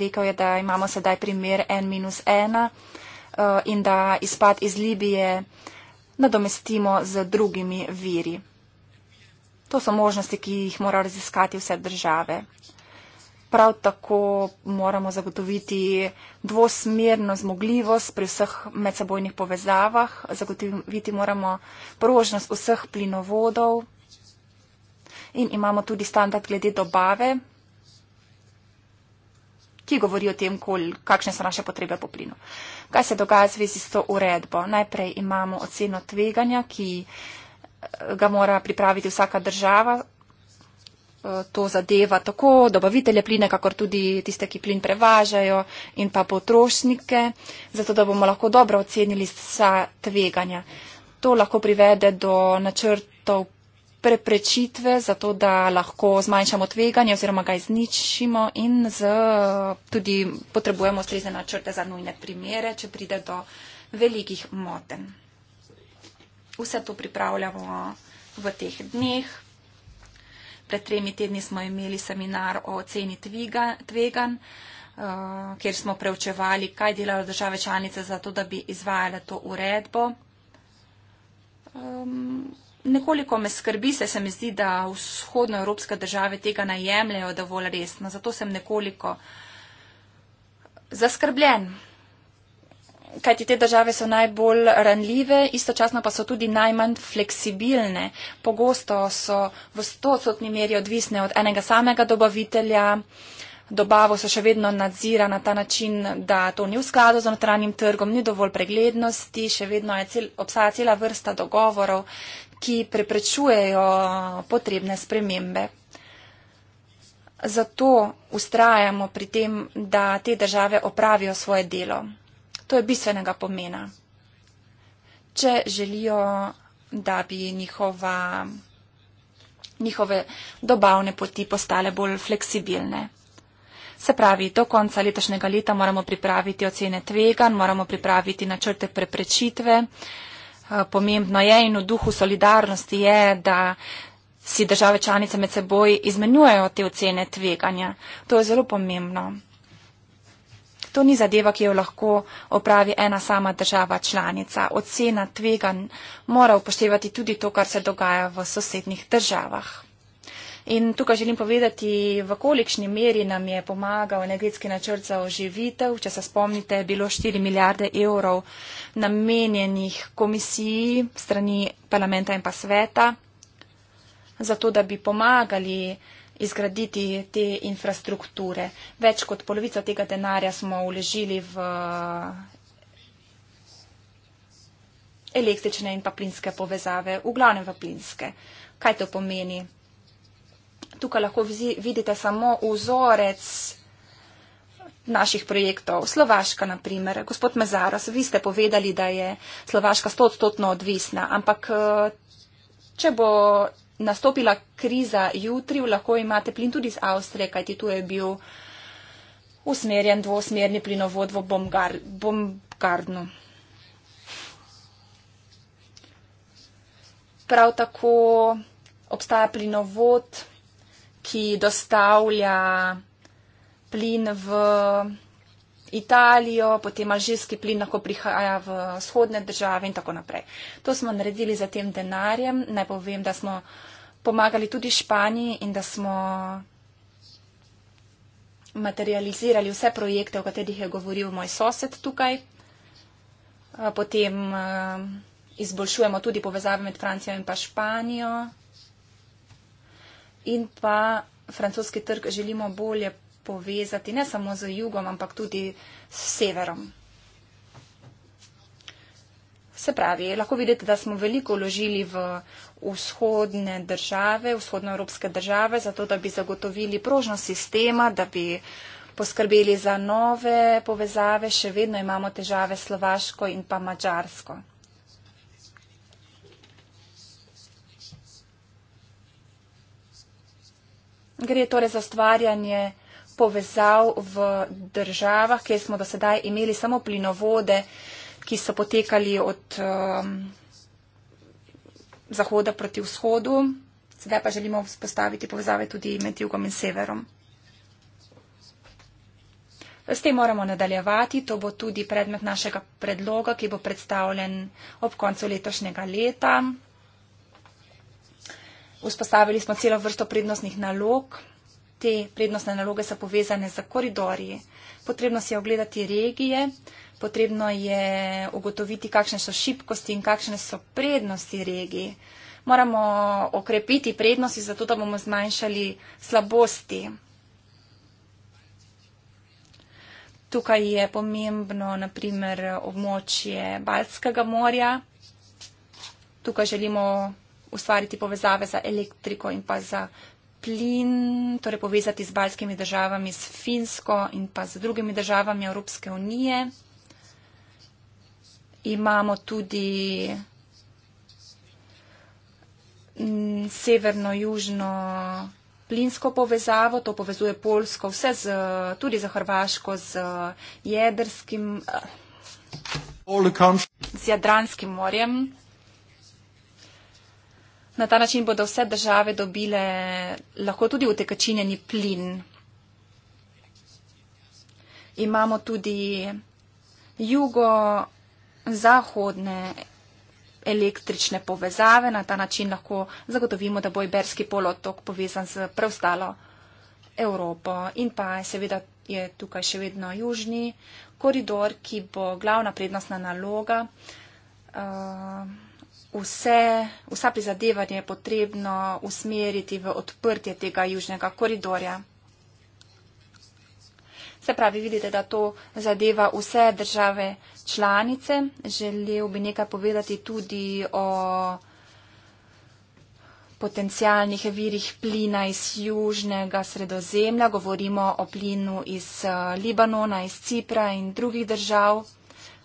rekel je, da imamo sedaj primer N-1 eh, in da izpad iz Libije nadomestimo z drugimi viri. To so možnosti, ki jih mora raziskati vse države. Prav tako moramo zagotoviti dvosmerno zmogljivost pri vseh medsebojnih povezavah, zagotoviti moramo prožnost vseh plinovodov in imamo tudi standard glede dobave, ki govori o tem, kol, kakšne so naše potrebe po plinu. Kaj se dogaja v zvezi s to uredbo? Najprej imamo oceno tveganja, ki eh, ga mora pripraviti vsaka država Eh, to zadeva tako dobavitelje plina, kakor tudi tiste, ki plin prevažajo in pa potrošnike, zato da bomo lahko dobro ocenili vsa tveganja. To lahko privede do načrtov preprečitve, zato da lahko zmanjšamo tveganje oziroma ga izničimo in z, tudi potrebujemo ustrezne načrte za nujne primere, če pride do velikih moten. Vse to pripravljamo v teh dneh pred tremi tedni smo imeli seminar o ceni tvegan, eh, kjer smo preučevali, kaj delajo države članice za to, da bi izvajale to uredbo. Nekoliko me skrbi, se, se mi zdi, da vzhodnoevropske države tega najemljajo dovolj resno, zato sem nekoliko zaskrbljen kajti te države so najbolj ranljive, istočasno pa so tudi najmanj fleksibilne. Pogosto so v stotni meri odvisne od enega samega dobavitelja, dobavo se še vedno nadzira na ta način, da to ni v skladu z notranjim trgom, ni dovolj preglednosti, še vedno je cel, obstaja cela vrsta dogovorov, ki preprečujejo potrebne spremembe. Zato ustrajamo pri tem, da te države opravijo svoje delo. To je bistvenega pomena. Če želijo, da bi njihova, njihove dobavne poti postale bolj fleksibilne. Se pravi, do konca letošnjega leta moramo pripraviti ocene tvegan, moramo pripraviti načrte preprečitve. Eh, pomembno je in v duhu solidarnosti je, da si države članice med seboj izmenjujejo te ocene tveganja. To je zelo pomembno. To ni zadeva, ki jo lahko opravi ena sama država članica. Ocena tvegan mora upoštevati tudi to, kar se dogaja v sosednih državah. In tukaj želim povedati, v kolikšni meri nam je pomagal energetski načrt za oživitev. Če se spomnite, je bilo 4 milijarde evrov namenjenih komisiji strani parlamenta in pa sveta, zato da bi pomagali izgraditi te infrastrukture. Več kot polovico tega denarja smo uležili v električne in pa plinske povezave, v glavnem v plinske. Kaj to pomeni? Tukaj lahko vidite samo vzorec naših projektov. Slovaška, na primer. Gospod Mezaras, vi ste povedali, da je Slovaška stotstotno odvisna, ampak eh, če bo nastopila kriza jutri, lahko imate plin tudi iz Avstrije, kajti tu je bil usmerjen dvosmerni plinovod v bombgar, bombgardno. Prav tako obstaja plinovod, ki dostavlja plin v Italijo, potem alžirski plin lahko prihaja v shodne države in tako naprej. To smo naredili za tem denarjem. Naj povem, da smo pomagali tudi Španiji in da smo materializirali vse projekte, o katerih je govoril moj sosed tukaj. Potem izboljšujemo tudi povezave med Francijo in pa Španijo. In pa francoski trg želimo bolje povezati ne samo z jugom, ampak tudi s severom. Se pravi, lahko vidite, da smo veliko vložili v vzhodne države, vzhodnoevropske države, zato da bi zagotovili prožnost sistema, da bi poskrbeli za nove povezave. Še vedno imamo težave s Slovaško in pa Mačarsko. Gre torej za stvarjanje povezav v državah, kjer smo do sedaj imeli samo plinovode, ki so potekali od um, zahoda proti vzhodu, sedaj pa želimo vzpostaviti povezave tudi med jugom in severom. S tem moramo nadaljevati, to bo tudi predmet našega predloga, ki bo predstavljen ob koncu letošnjega leta. Vzpostavili smo celo vrsto prednostnih nalog. Te prednostne naloge so povezane z koridorji. Potrebno si je ogledati regije, Potrebno je ugotoviti, kakšne so šibkosti in kakšne so prednosti regiji. Moramo okrepiti prednosti, zato da bomo zmanjšali slabosti. Tukaj je pomembno naprimer območje Balskega morja. Tukaj želimo ustvariti povezave za elektriko in pa za plin, torej povezati z balskimi državami, s Finsko in pa z drugimi državami Evropske unije imamo tudi mm, severno-južno plinsko povezavo, to povezuje Polsko, vse z, tudi za Hrvaško z jedrskim, z Jadranskim morjem. Na ta način bodo vse države dobile lahko tudi utekačinjeni plin. Imamo tudi jugo zahodne električne povezave. Na ta način lahko zagotovimo, da bo Iberski polotok povezan z preostalo Evropo. In pa seveda je tukaj še vedno južni koridor, ki bo glavna prednostna naloga. Eh, vse, vsa prizadevanje je potrebno usmeriti v odprtje tega južnega koridorja. Se pravi, vidite, da to zadeva vse države članice. Želel bi nekaj povedati tudi o potencijalnih virih plina iz južnega sredozemlja. Govorimo o plinu iz eh, Libanona, iz Cipra in drugih držav.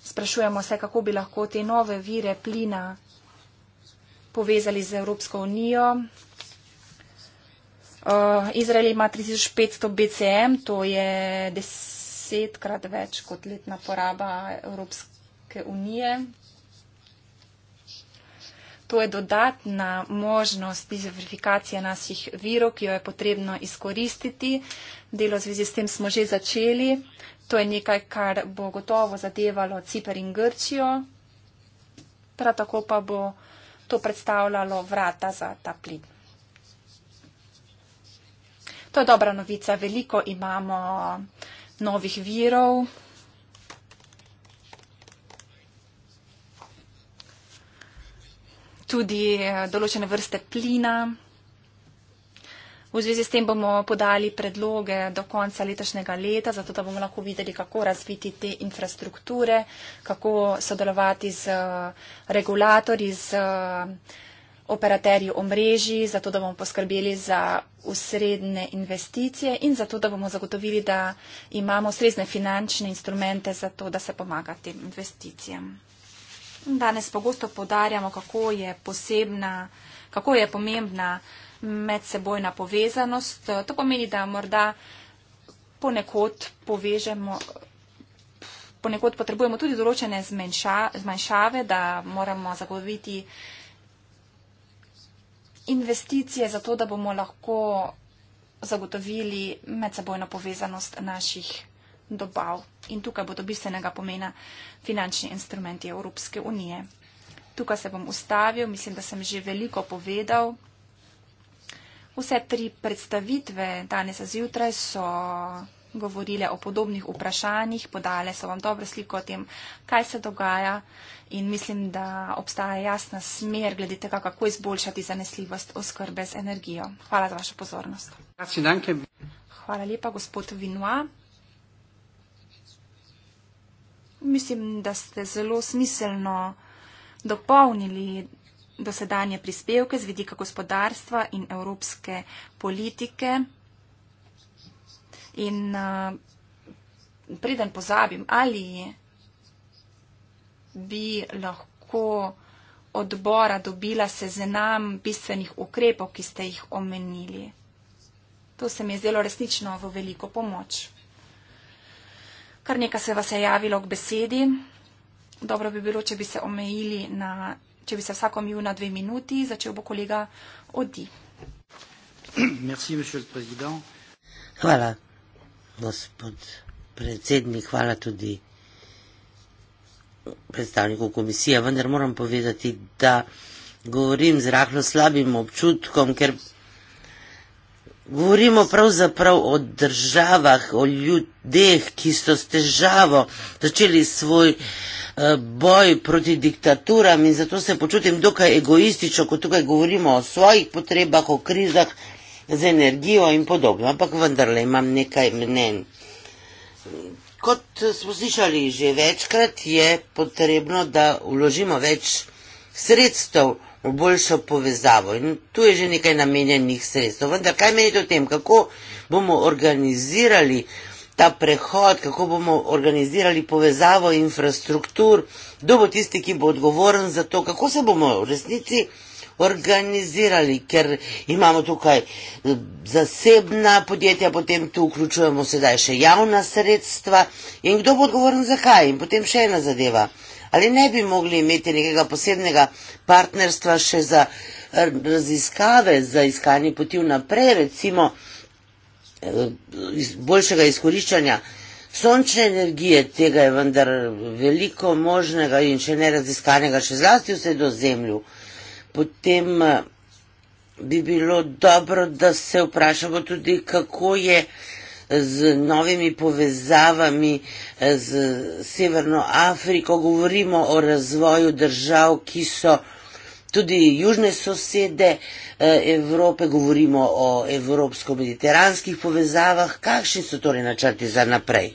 Sprašujemo se, kako bi lahko te nove vire plina povezali z Evropsko unijo. Uh, Izrael ima 3500 BCM, to je 10 desetkrat več kot letna poraba Evropske unije. To je dodatna možnost izverifikacije naših virov, ki jo je potrebno izkoristiti. Delo v zvezi s tem smo že začeli. To je nekaj, kar bo gotovo zadevalo Cipr in Grčijo. Prav tako pa bo to predstavljalo vrata za ta plin. To je dobra novica. Veliko imamo uh, novih virov. Tudi eh, določene vrste plina. V zvezi s tem bomo podali predloge do konca letošnjega leta, zato da bomo lahko videli, kako razviti te infrastrukture, kako sodelovati z eh, regulatorji, z uh, operaterji omrežji, zato da bomo poskrbeli za usredne investicije in zato da bomo zagotovili, da imamo ustrezne finančne instrumente za to, da se pomaga tem investicijam. Danes pogosto podarjamo, kako je posebna, kako je pomembna medsebojna povezanost. To pomeni, da morda ponekod povežemo. Ponekod potrebujemo tudi določene zmanjšave, da moramo zagotoviti uh, investicije za to, da bomo lahko zagotovili medsebojno povezanost naših dobav. In tukaj bo do bistvenega pomena finančni instrumenti Evropske unije. Tukaj se bom ustavil, mislim, da sem že veliko povedal. Vse tri predstavitve danes zjutraj so govorile o podobnih vprašanjih, podale so vam dobro sliko o tem, kaj se dogaja in mislim, da obstaja jasna smer glede tega, kako izboljšati zanesljivost oskrbe z energijo. Hvala za vašo pozornost. Hvala lepa, gospod Vinoa. Mislim, da ste zelo smiselno dopolnili dosedanje prispevke z vidika gospodarstva in evropske politike. In uh, preden pozabim, ali bi lahko odbora dobila seznam bistvenih ukrepov, ki ste jih omenili. To se mi je zdelo resnično v veliko pomoč. Kar nekaj se vas je javilo k besedi. Dobro bi bilo, če bi se omejili na, če bi se vsako mil na dve minuti, začel bo kolega Odi. Merci, Hvala, gospod predsednik, hvala tudi predstavniku komisije, vendar moram povedati, da govorim z rahlo slabim občutkom, ker govorimo pravzaprav o državah, o ljudeh, ki so s težavo začeli svoj eh, boj proti diktaturam in zato se počutim dokaj egoistično, ko tukaj govorimo o svojih potrebah, o krizah, z energijo in podobno, ampak vendarle imam nekaj mnen. Kot smo slišali že večkrat, je potrebno, da vložimo več sredstev v boljšo povezavo in tu je že nekaj namenjenih sredstev. Vendar kaj menite o tem, kako bomo organizirali ta prehod, kako bomo organizirali povezavo infrastruktur, kdo bo tisti, ki bo odgovoren za to, kako se bomo v resnici organizirali, ker imamo tukaj eh, zasebna podjetja, potem tu vključujemo sedaj še javna sredstva in kdo bo odgovoren za kaj in potem še ena zadeva. Ali ne bi mogli imeti nekega posebnega partnerstva še za eh, raziskave, za iskanje poti vnaprej, recimo eh, boljšega izkoriščanja sončne energije, tega je vendar veliko možnega in še ne raziskanega, še zlasti vse do zemlju potem eh, bi bilo dobro, da se vprašamo tudi, kako je z novimi povezavami eh, z Severno Afriko. Govorimo o razvoju držav, ki so tudi južne sosede eh, Evrope, govorimo o evropsko-mediteranskih povezavah. Kakšni so torej načrti za naprej?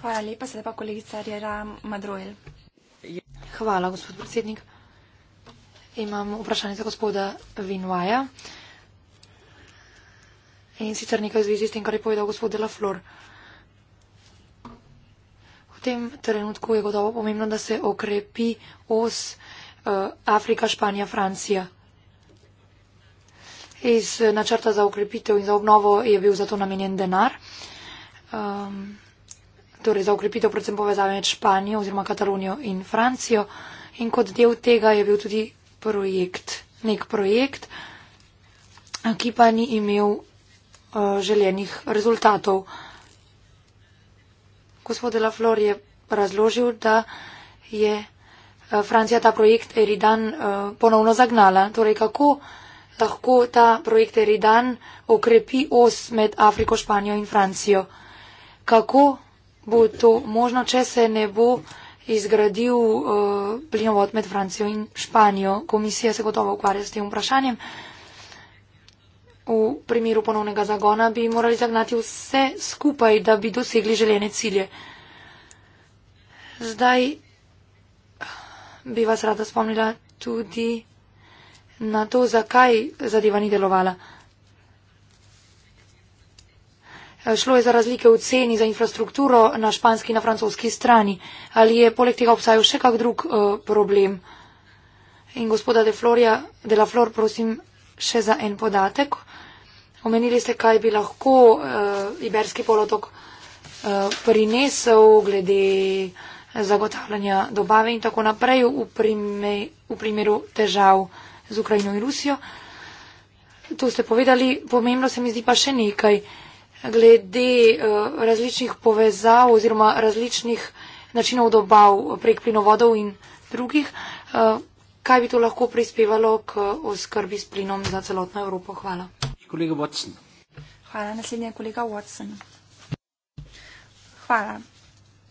Hvala lepa, sedaj pa kolegica Rjera Madroel. Hvala, gospod predsednik. Imam vprašanje za gospoda Vinvaja. In sicer nekaj zvezi s tem, kar je povedal gospod De La Flor. V tem trenutku je gotovo pomembno, da se okrepi os eh, Afrika, Španija, Francija. Iz eh, načrta za okrepitev in za obnovo je bil zato namenjen denar. Um, torej za okrepitev predvsem povezave med Španijo oziroma Katalonijo in Francijo. In kot del tega je bil tudi projekt, nek projekt, ki pa ni imel uh, željenih rezultatov. Gospod Laflor je razložil, da je eh, Francija ta projekt Eridan uh, ponovno zagnala. Torej, kako lahko ta projekt Eridan okrepi os med Afriko, Španijo in Francijo? Kako bo to možno, če se ne bo. Uh, izgradil uh, plinovod med Francijo in Španijo. Komisija se gotovo ukvarja s tem vprašanjem. V primeru ponovnega zagona bi morali zagnati vse skupaj, da bi dosegli želene cilje. Zdaj eh, bi vas rada spomnila tudi na to, zakaj zadeva ni delovala. Eh, šlo je za razlike v ceni za infrastrukturo na španski in na francoski strani. Ali je poleg tega obstajal še kak drug uh, problem? In gospoda de, Floria, de la Flor, prosim, še za en podatek. Omenili ste, kaj bi lahko uh, Iberski polotok uh, prinesel glede zagotavljanja dobave in tako naprej v, prime, v primeru težav z Ukrajino in Rusijo. To ste povedali, pomembno se mi zdi pa še nekaj. Uh, glede uh, različnih povezav oziroma različnih načinov dobav prek plinovodov in drugih. Uh, kaj bi to lahko prispevalo k oskrbi s plinom za celotno Evropo? Hvala. Kolega Watson. Hvala. Naslednji je kolega Watson. Hvala,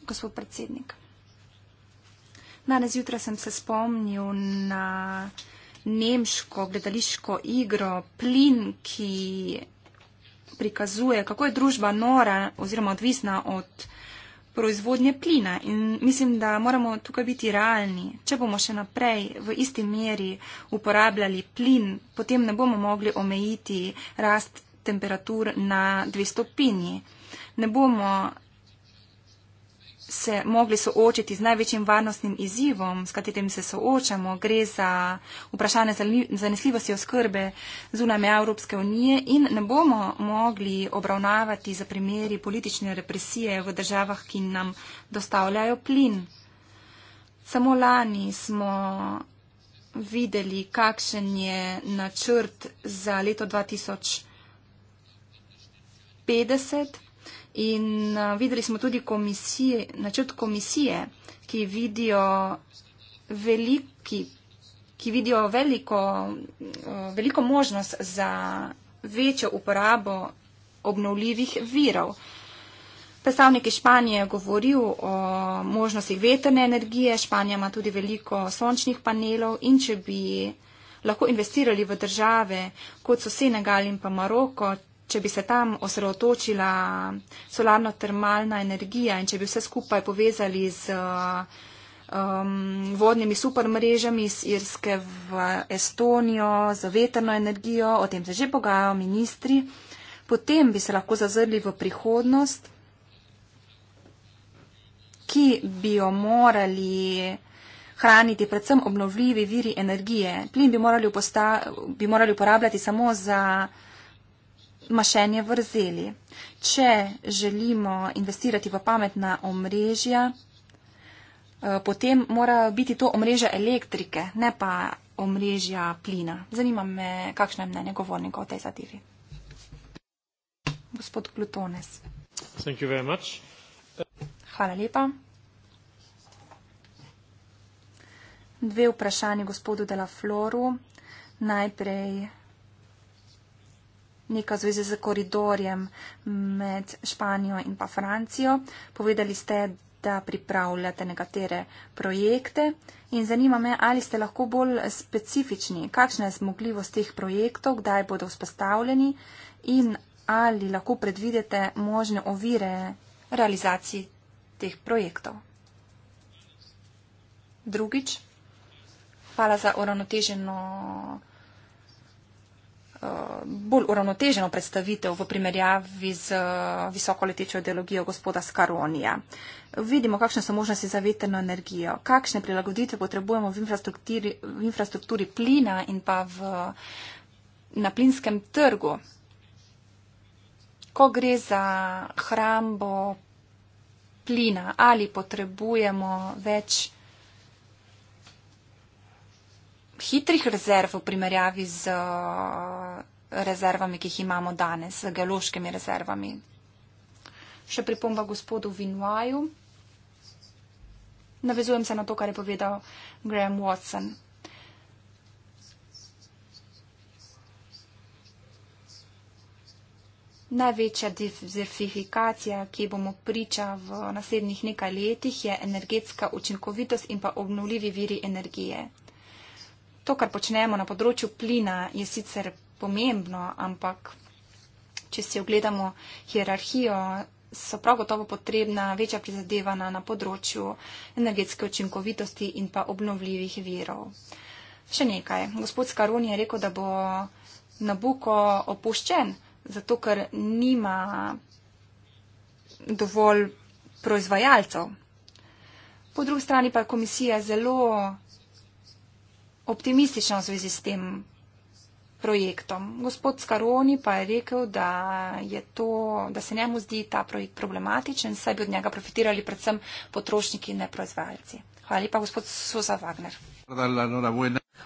gospod predsednik. Danes jutra sem se spomnil na nemško gledališko igro Plin, ki prikazuje, kako je družba nora oziroma odvisna od proizvodnje plina. In mislim, da moramo tukaj biti realni. Če bomo še naprej v isti meri uporabljali plin, potem ne bomo mogli omejiti rast temperatur na dve stopinji. Ne bomo se mogli soočiti z največjim varnostnim izzivom, s katerim se soočamo, gre za vprašanje zanesljivosti oskrbe zunaj meja Evropske unije in ne bomo mogli obravnavati za primeri politične represije v državah, ki nam dostavljajo plin. Samo lani smo videli, kakšen je načrt za leto 2050. In uh, videli smo tudi načrt komisije, ki vidijo, veliki, ki vidijo veliko, uh, veliko možnost za večjo uporabo obnovljivih virov. Predstavnik Španije je govoril o možnostih veterne energije. Španija ima tudi veliko sončnih panelov in če bi lahko investirali v države kot so Senegal in pa Maroko, če bi se tam osredotočila solarno-termalna energija in če bi vse skupaj povezali z um, vodnimi supermrežami iz Irske v Estonijo, z veterno energijo, o tem se že pogajajo ministri, potem bi se lahko zazrli v prihodnost, ki bi jo morali hraniti predvsem obnovljivi viri energije. Plin bi morali, uporabljati samo za mašenje vrzeli. Če želimo investirati v pametna omrežja, eh, potem mora biti to omrežja elektrike, ne pa omrežja plina. Zanima me, kakšno je mnenje govornika o tej zadevi. Gospod Plutones. Thank you very much. Hvala lepa. Dve vprašanje gospodu Dela Floru. Najprej neka zveze z koridorjem med Španijo in pa Francijo. Povedali ste, da pripravljate nekatere projekte in zanima me, ali ste lahko bolj specifični, kakšna je zmogljivost teh projektov, kdaj bodo vzpostavljeni in ali lahko predvidite možne ovire realizaciji teh projektov. Drugič, hvala za uravnoteženo Eh, bolj uravnoteženo predstavitev v primerjavi z eh, visokoletečo ideologijo gospoda Skaronija. Vidimo, kakšne so možnosti za veterno energijo, kakšne prilagoditve potrebujemo v infrastrukturi, v infrastrukturi plina in pa v, na plinskem trgu. Ko gre za hrambo plina, ali potrebujemo več hitrih rezerv v primerjavi z eh, rezervami, ki jih imamo danes, z geološkimi rezervami. Še pripomba gospodu Vinuaju. Navezujem se na to, kar je povedal Graham Watson. Največja diversifikacija, ki bomo priča v naslednjih nekaj letih, je energetska učinkovitost in pa obnovljivi viri energije to, kar počnemo na področju plina, je sicer pomembno, ampak če si ogledamo hierarhijo, so prav gotovo potrebna večja prizadevana na področju energetske učinkovitosti in pa obnovljivih verov. Še nekaj. Gospod Skaron je rekel, da bo Nabuko opuščen, zato ker nima dovolj proizvajalcev. Po drugi strani pa komisija zelo optimistična v zvezi s tem projektom. Gospod Skaroni pa je rekel, da, je to, da se njemu zdi ta projekt problematičen, saj bi od njega profitirali predvsem potrošniki in ne proizvajalci. Hvala lepa, gospod Suza Wagner.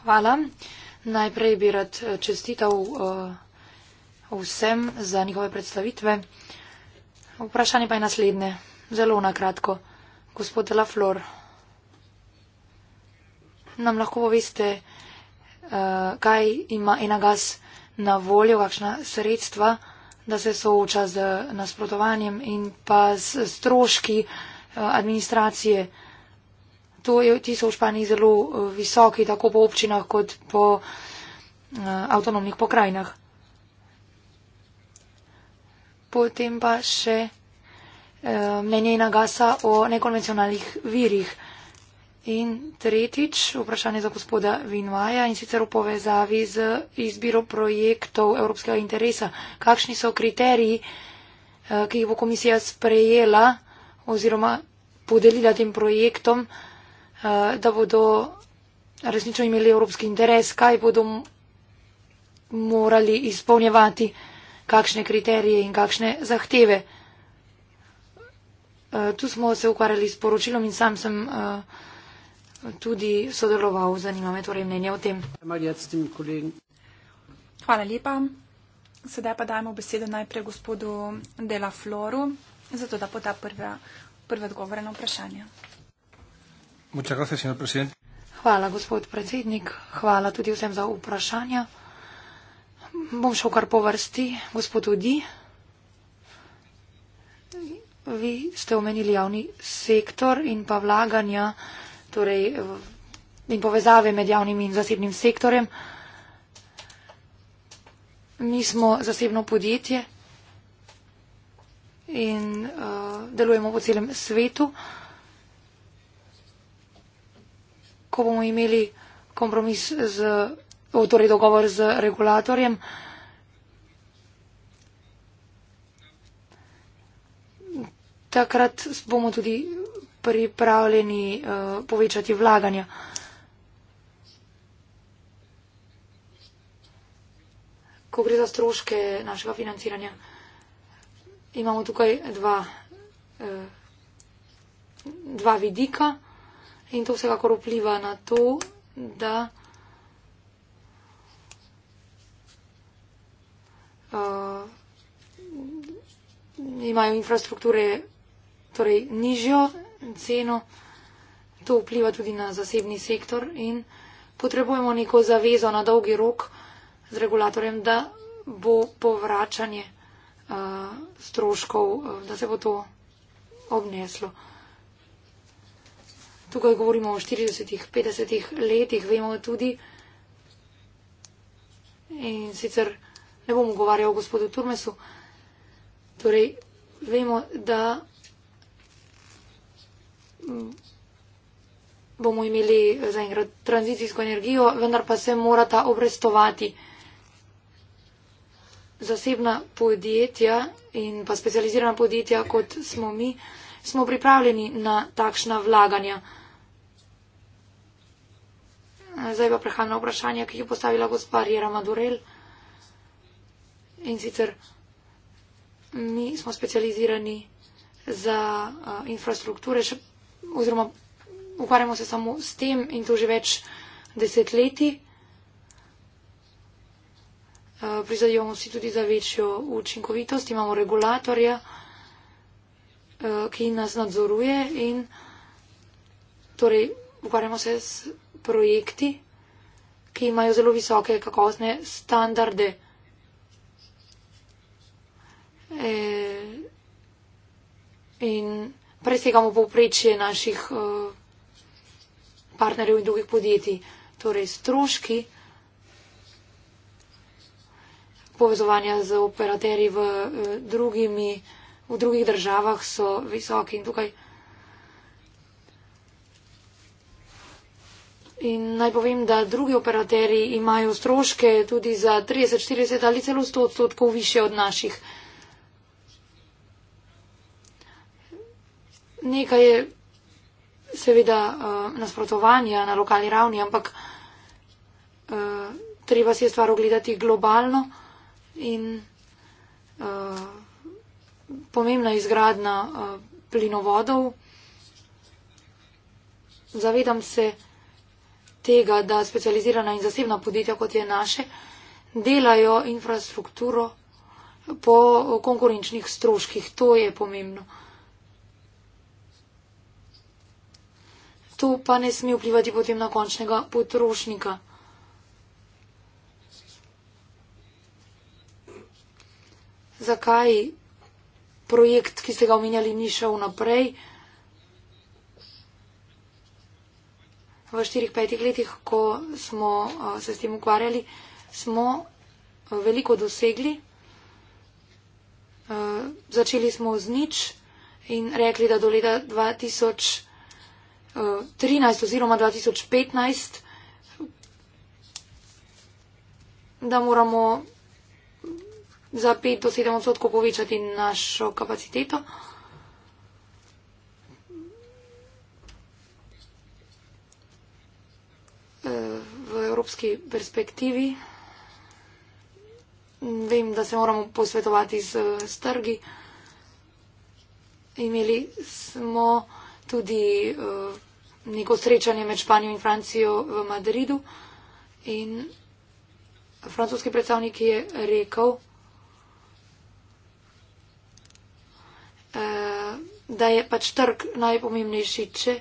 Hvala. Najprej bi rad eh, čestital eh, vsem za njihove predstavitve. Vprašanje pa je naslednje, zelo nakratko. Gospod Delaflor nam lahko poveste, uh, kaj ima ena gas na voljo, kakšna sredstva, da se sooča z nasprotovanjem in pa z stroški uh, administracije. To je, ti so v Španiji zelo eh, visoki, tako po občinah kot po uh, avtonomnih pokrajinah. Potem pa še uh, mnenje Nagasa o nekonvencionalnih virih. In tretjič, vprašanje za gospoda Vinvaja in sicer v povezavi z izbiro projektov evropskega interesa. Kakšni so kriteriji, eh, ki jih bo komisija sprejela oziroma podelila tem projektom, eh, da bodo resnično imeli evropski interes, kaj bodo morali izpolnjevati, kakšne kriterije in kakšne zahteve. Eh, tu smo se ukvarjali s poročilom in sam sem tudi sodeloval. Zanima me torej mnenje o tem. Hvala lepa. Sedaj pa dajmo besedo najprej gospodu Dela Floru, zato da poda prve, prve odgovore na vprašanje. Hvala, gospod predsednik. Hvala tudi vsem za vprašanja. Bom šel kar po vrsti, gospod Udi. Vi ste omenili javni sektor in pa vlaganja torej in povezave med javnim in zasebnim sektorjem. Mi smo zasebno podjetje in uh, delujemo po celem svetu. Ko bomo imeli kompromis, z, torej dogovor z regulatorjem, takrat bomo tudi pripravljeni uh, povečati vlaganja. Ko gre za stroške našega financiranja, imamo tukaj dva, uh, dva vidika in to vsekakor vpliva na to, da. Uh, imajo infrastrukture torej nižjo ceno, to vpliva tudi na zasebni sektor in potrebujemo neko zavezo na dolgi rok z regulatorjem, da bo povračanje uh, stroškov, uh, da se bo to obneslo. Tukaj govorimo o 40-50 letih, vemo tudi in sicer ne bom govarjal o gospodu Turmesu, torej vemo, da bomo imeli zaenkrat tranzicijsko energijo, vendar pa se morata obrestovati zasebna podjetja in pa specializirana podjetja, kot smo mi, smo pripravljeni na takšna vlaganja. Zdaj pa prehajamo na vprašanje, ki je postavila gospa Riera Madurel. In sicer mi smo specializirani za eh, infrastrukture, še oziroma ukvarjamo se samo s tem in to že več desetletij. Eh, prizadevamo si tudi za večjo učinkovitost, imamo regulatorja, eh, ki nas nadzoruje in torej ukvarjamo se s projekti, ki imajo zelo visoke kakovostne standarde. E, in presegamo povprečje naših eh, partnerjev in drugih podjetij. Torej, stroški povezovanja z operaterji v, eh, drugimi, v drugih državah so visoki in tukaj. In naj povem, da drugi operaterji imajo stroške tudi za 30, 40 ali celo 100 odstotkov više od naših. nekaj je seveda eh, nasprotovanja na lokalni ravni, ampak eh, treba si je stvar ogledati globalno in eh, pomembna izgradna plinovodov. Zavedam se tega, da specializirana in zasebna podjetja, kot je naše, delajo infrastrukturo po konkurenčnih stroških. To je pomembno. to pa ne sme vplivati potem na končnega potrošnika. Zakaj projekt, ki ste ga omenjali, ni šel naprej? V štirih, petih letih, ko smo se s tem ukvarjali, smo veliko dosegli. Začeli smo z nič in rekli, da do leta 2000. 2013 oziroma 2015, da moramo za 5 do 7 odstotkov povečati našo kapaciteto. V evropski perspektivi vem, da se moramo posvetovati z trgi. Imeli smo tudi uh, neko srečanje med Španijo in Francijo v Madridu. In francoski predstavnik je rekel, uh, da je pač trg najpomembnejši, če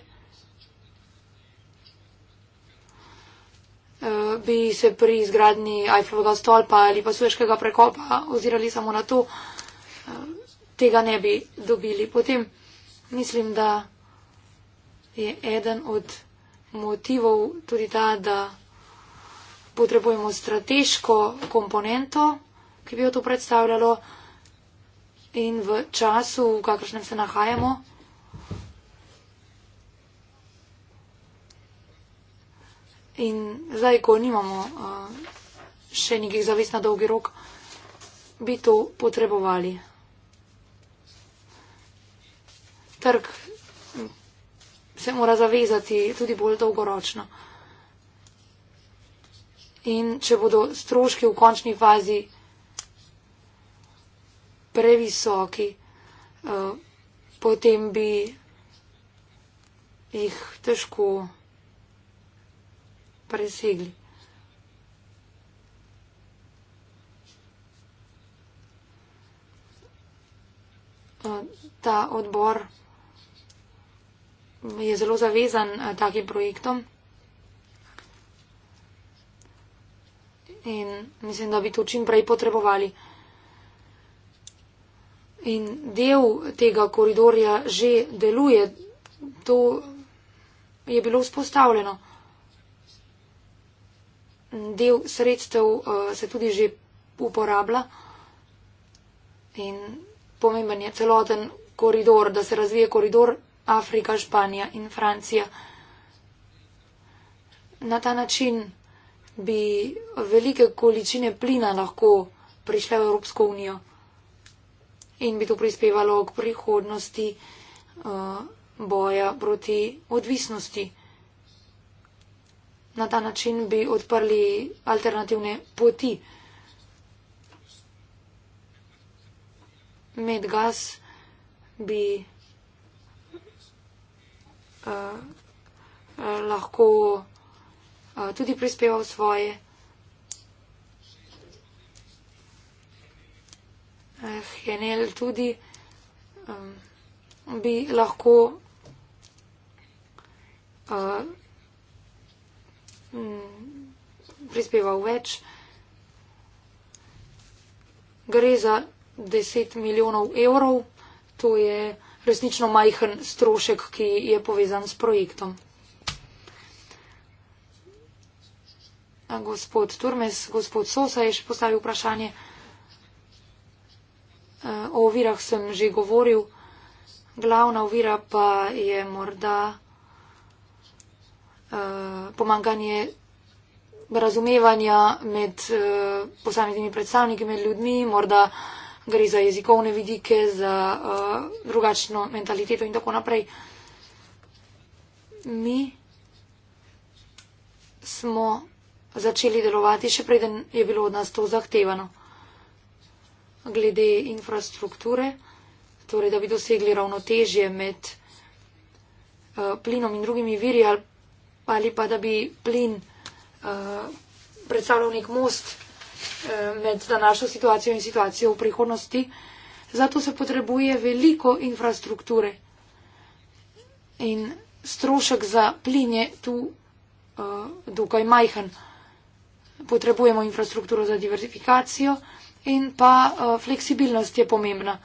eh, bi se pri izgradni Eiffelovega stolpa ali pa Sueškega prekopa ozirali samo na to, tega ne bi dobili. Potem mislim, da je eden od motivov tudi ta, da potrebujemo strateško komponento, ki bi jo to predstavljalo in v času, v kakršnem se nahajamo. In zdaj, ko nimamo eh, še nekih zavest na dolgi rok, bi to potrebovali. Trg se mora zavezati tudi bolj dolgoročno. In če bodo stroški v končni fazi previsoki, eh, potem bi jih težko presegli. Eh, ta odbor je zelo zavezan uh, takim projektom. In mislim, da bi to čim prej potrebovali. In del tega koridorja že deluje, to je bilo vzpostavljeno. Del sredstev uh, se tudi že uporablja in pomemben je celoten koridor, da se razvije koridor, Afrika, Španija in Francija. Na ta način bi velike količine plina lahko prišle v Evropsko unijo in bi to prispevalo k prihodnosti uh, boja proti odvisnosti. Na ta način bi odprli alternativne poti. Medgas bi Eh, eh, lahko uh, tudi prispeval svoje. Uh, Henel tudi um, bi lahko uh, prispeval več. Gre za 10 milijonov evrov, to je resnično majhen strošek, ki je povezan s projektom. Gospod Turmes, gospod Sosa je še postavil vprašanje. E, o ovirah sem že govoril. Glavna ovira pa je morda e, pomankanje razumevanja med e, posameznimi predstavniki, med ljudmi, morda gre za jezikovne vidike, za uh, drugačno mentaliteto in tako naprej. Mi smo začeli delovati, še preden je bilo od nas to zahtevano, glede infrastrukture, torej da bi dosegli ravnotežje med uh, plinom in drugimi viri ali, ali pa da bi plin uh, predstavljal nek most Eh, med današnjo situacijo in situacijo v prihodnosti. Zato se potrebuje veliko infrastrukture in strošek za plin je tu uh, dokaj majhen. Potrebujemo infrastrukturo za diversifikacijo in pa uh, fleksibilnost je pomembna.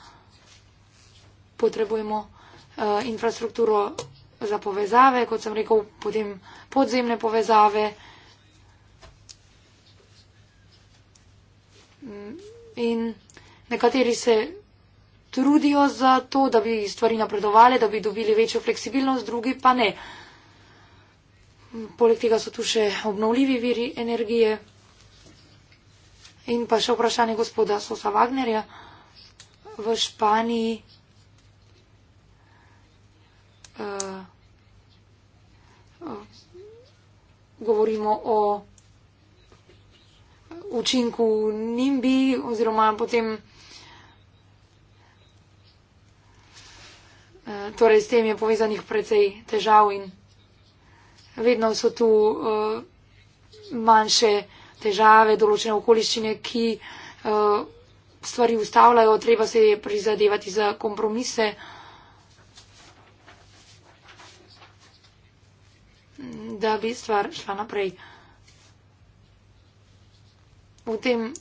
Potrebujemo uh, infrastrukturo za povezave, kot sem rekel, potem podzemne povezave. Uh, in nekateri se trudijo za to, da bi stvari napredovali, da bi dobili večjo fleksibilnost, drugi pa ne. Poleg tega so tu še obnovljivi viri energije in pa še vprašanje gospoda Sosa Wagnerja v Španiji. Uh, uh, govorimo o učinku nimbi oziroma potem. Eh, torej, s tem je povezanih precej težav in vedno so tu eh, manjše težave, določene okoliščine, ki eh, stvari ustavljajo, treba se je prizadevati za kompromise. da bi stvar šla naprej v tem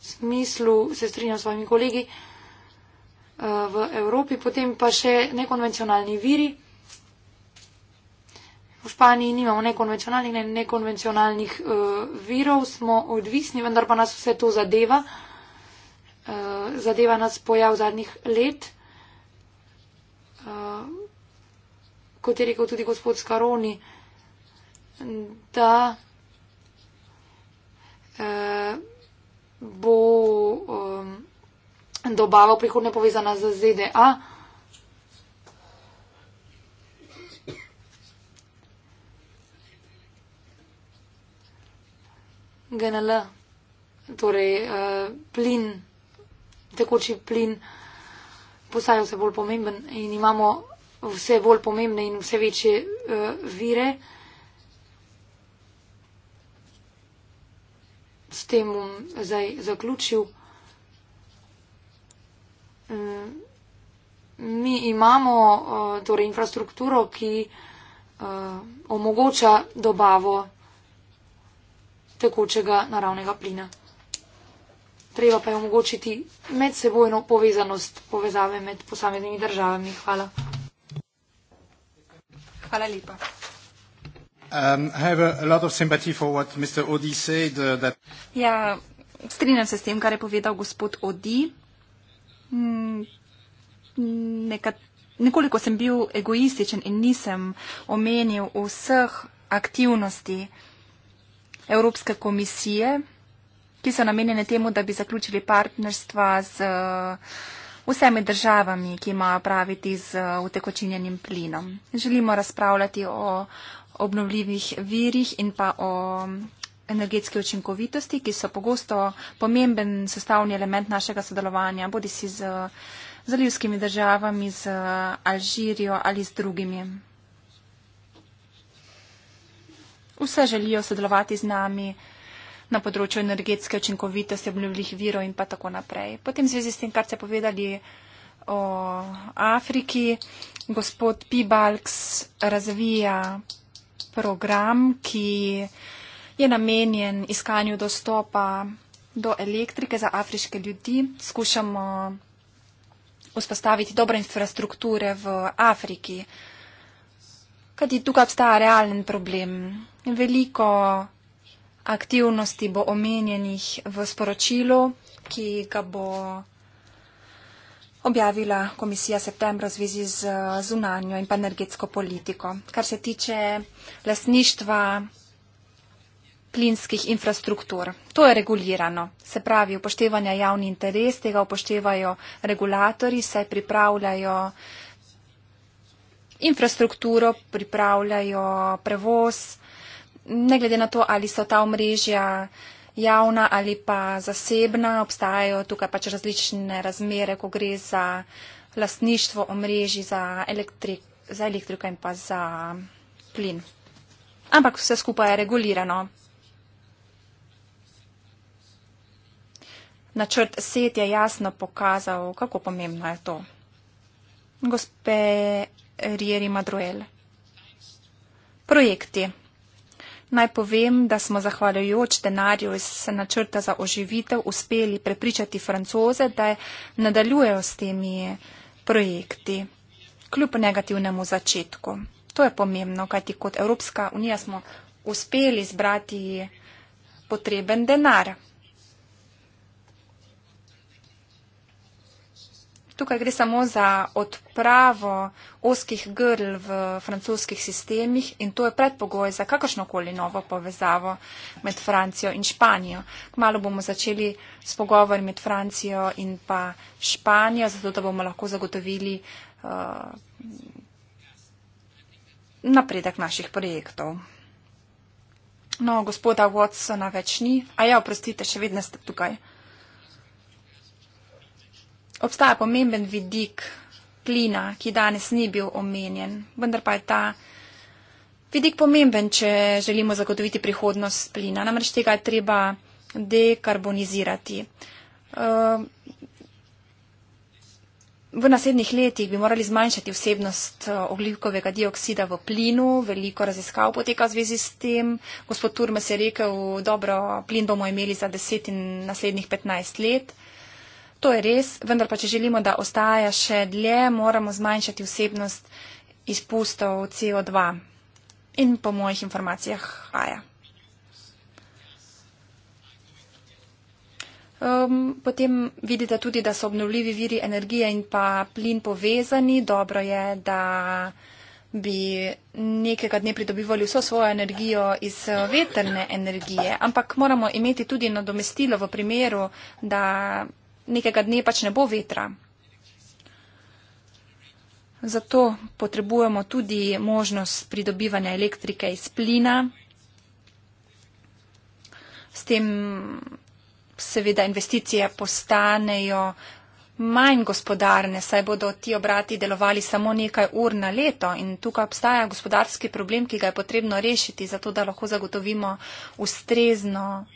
smislu se strinjam s svojimi kolegi eh, v Evropi, potem pa še nekonvencionalni viri. V Španiji nimamo nekonvencionalnih, ne nekonvencionalnih uh, virov, smo odvisni, vendar pa nas vse to zadeva. Uh, zadeva nas pojav zadnjih let. Uh, kot je rekel tudi gospod Skaroni, da eh, bo um, dobava v prihodnje povezana z ZDA. GNL, torej uh, plin, tekoči plin, postaja vse bolj pomemben in imamo vse bolj pomembne in vse večje uh, vire. S tem bom zdaj zaključil. Eh, mi imamo eh, torej, infrastrukturo, ki eh, omogoča dobavo tekočega naravnega plina. Treba pa je omogočiti medsebojno povezanost, povezave med posameznimi državami. Hvala. Hvala lepa. Um, I have a, a lot of sympathy for what Mr. Odi said. Uh, that ja, strinjam se s tem, kar je povedal gospod Odi. Mm, nekat, nekoliko sem bil egoističen in nisem omenil vseh aktivnosti Evropske komisije, ki so namenjene temu, da bi zaključili partnerstva z uh, vsemi državami, ki imajo praviti z uh, utekočinjenim plinom. Želimo razpravljati o obnovljivih virih in pa o energetske učinkovitosti, ki so pogosto pomemben sestavni element našega sodelovanja, bodi si z zalivskimi državami, z Alžirijo ali z drugimi. Vse želijo sodelovati z nami na področju energetske učinkovitosti, obnovljivih virov in pa tako naprej. Potem v zvezi s tem, kar ste povedali o Afriki, gospod Pibalks razvija program, ki je namenjen iskanju dostopa do elektrike za afriške ljudi. Skušamo vzpostaviti dobre infrastrukture v Afriki, kajti tukaj obstaja realen problem. Veliko aktivnosti bo omenjenih v sporočilu, ki ga bo objavila komisija septembra v zvezi z zunanjo in pa energetsko politiko. Kar se tiče lasništva plinskih infrastruktur. To je regulirano. Se pravi, upoštevanja javni interes, tega upoštevajo regulatori, saj pripravljajo infrastrukturo, pripravljajo prevoz, ne glede na to, ali so ta omrežja uh, javna ali pa zasebna. Obstajajo tukaj pač različne razmere, ko gre za lastništvo omrežji za, elektrik, za elektriko in pa za plin. Ampak vse skupaj je regulirano. Načrt SET je jasno pokazal, kako pomembno je to. Gospe Rieri Madruel. Projekti. Naj povem, da smo zahvaljujoč denarju iz načrta za oživitev uspeli prepričati francoze, da nadaljujejo s temi projekti, kljub negativnemu začetku. To je pomembno, kajti kot Evropska unija smo uspeli zbrati potreben denar. Tukaj gre samo za odpravo oskih grl v francoskih sistemih in to je predpogoj za kakršnokoli novo povezavo med Francijo in Španijo. Kmalo bomo začeli s pogovori med Francijo in pa Španijo, zato da bomo lahko zagotovili uh, napredek naših projektov. No, gospoda Watsona več ni. A ja, oprostite, še vedno ste tukaj obstaja pomemben vidik plina, ki danes ni bil omenjen, vendar pa je ta vidik pomemben, če želimo zagotoviti prihodnost plina. Namreč tega je treba dekarbonizirati. Eh, v naslednjih letih bi morali zmanjšati vsebnost eh, oglikovega dioksida v plinu. Veliko raziskav poteka v zvezi s tem. Gospod Turmes je rekel, dobro, plin bomo imeli za deset in naslednjih petnajst let. To je res, vendar pa če želimo, da ostaja še dlje, moramo zmanjšati vsebnost izpustov CO2 in po mojih informacijah haja. Um, potem vidite tudi, da so obnovljivi viri energije in pa plin povezani. Dobro je, da bi nekega dne pridobivali vso svojo energijo iz eh, veterne energije, ampak moramo imeti tudi nadomestilo v primeru, da nekega dne pač ne bo vetra. Zato potrebujemo tudi možnost pridobivanja elektrike iz plina. S tem seveda investicije postanejo manj gospodarne, saj bodo ti obrati delovali samo nekaj ur na leto in tukaj obstaja gospodarski problem, ki ga je potrebno rešiti, zato da lahko zagotovimo ustrezno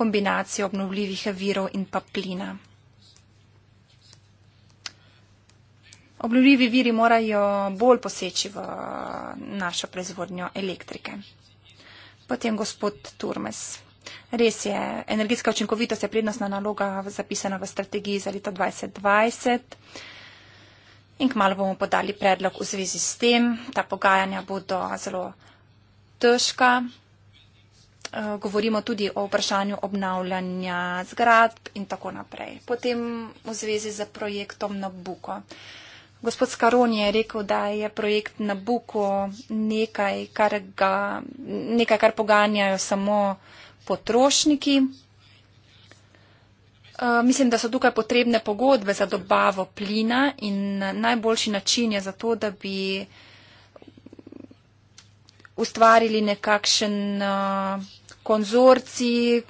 kombinacijo obnovljivih virov in pa plina. Obnovljivi viri morajo bolj poseči v našo proizvodnjo elektrike. Potem gospod Turmes. Res je, energetska učinkovitost je prednostna naloga zapisana v strategiji za leto 2020 in kmalo bomo podali predlog v zvezi s tem. Ta pogajanja bodo zelo težka, Eh, govorimo tudi o vprašanju obnavljanja zgradb in tako naprej. Potem v zvezi z projektom Nabuko. Gospod Skaron je rekel, da je projekt Nabuko nekaj, kar, ga, nekaj, kar poganjajo samo potrošniki. Uh, mislim, da so tukaj potrebne pogodbe za dobavo plina in najboljši način je za to, da bi ustvarili nekakšen uh, konzorci,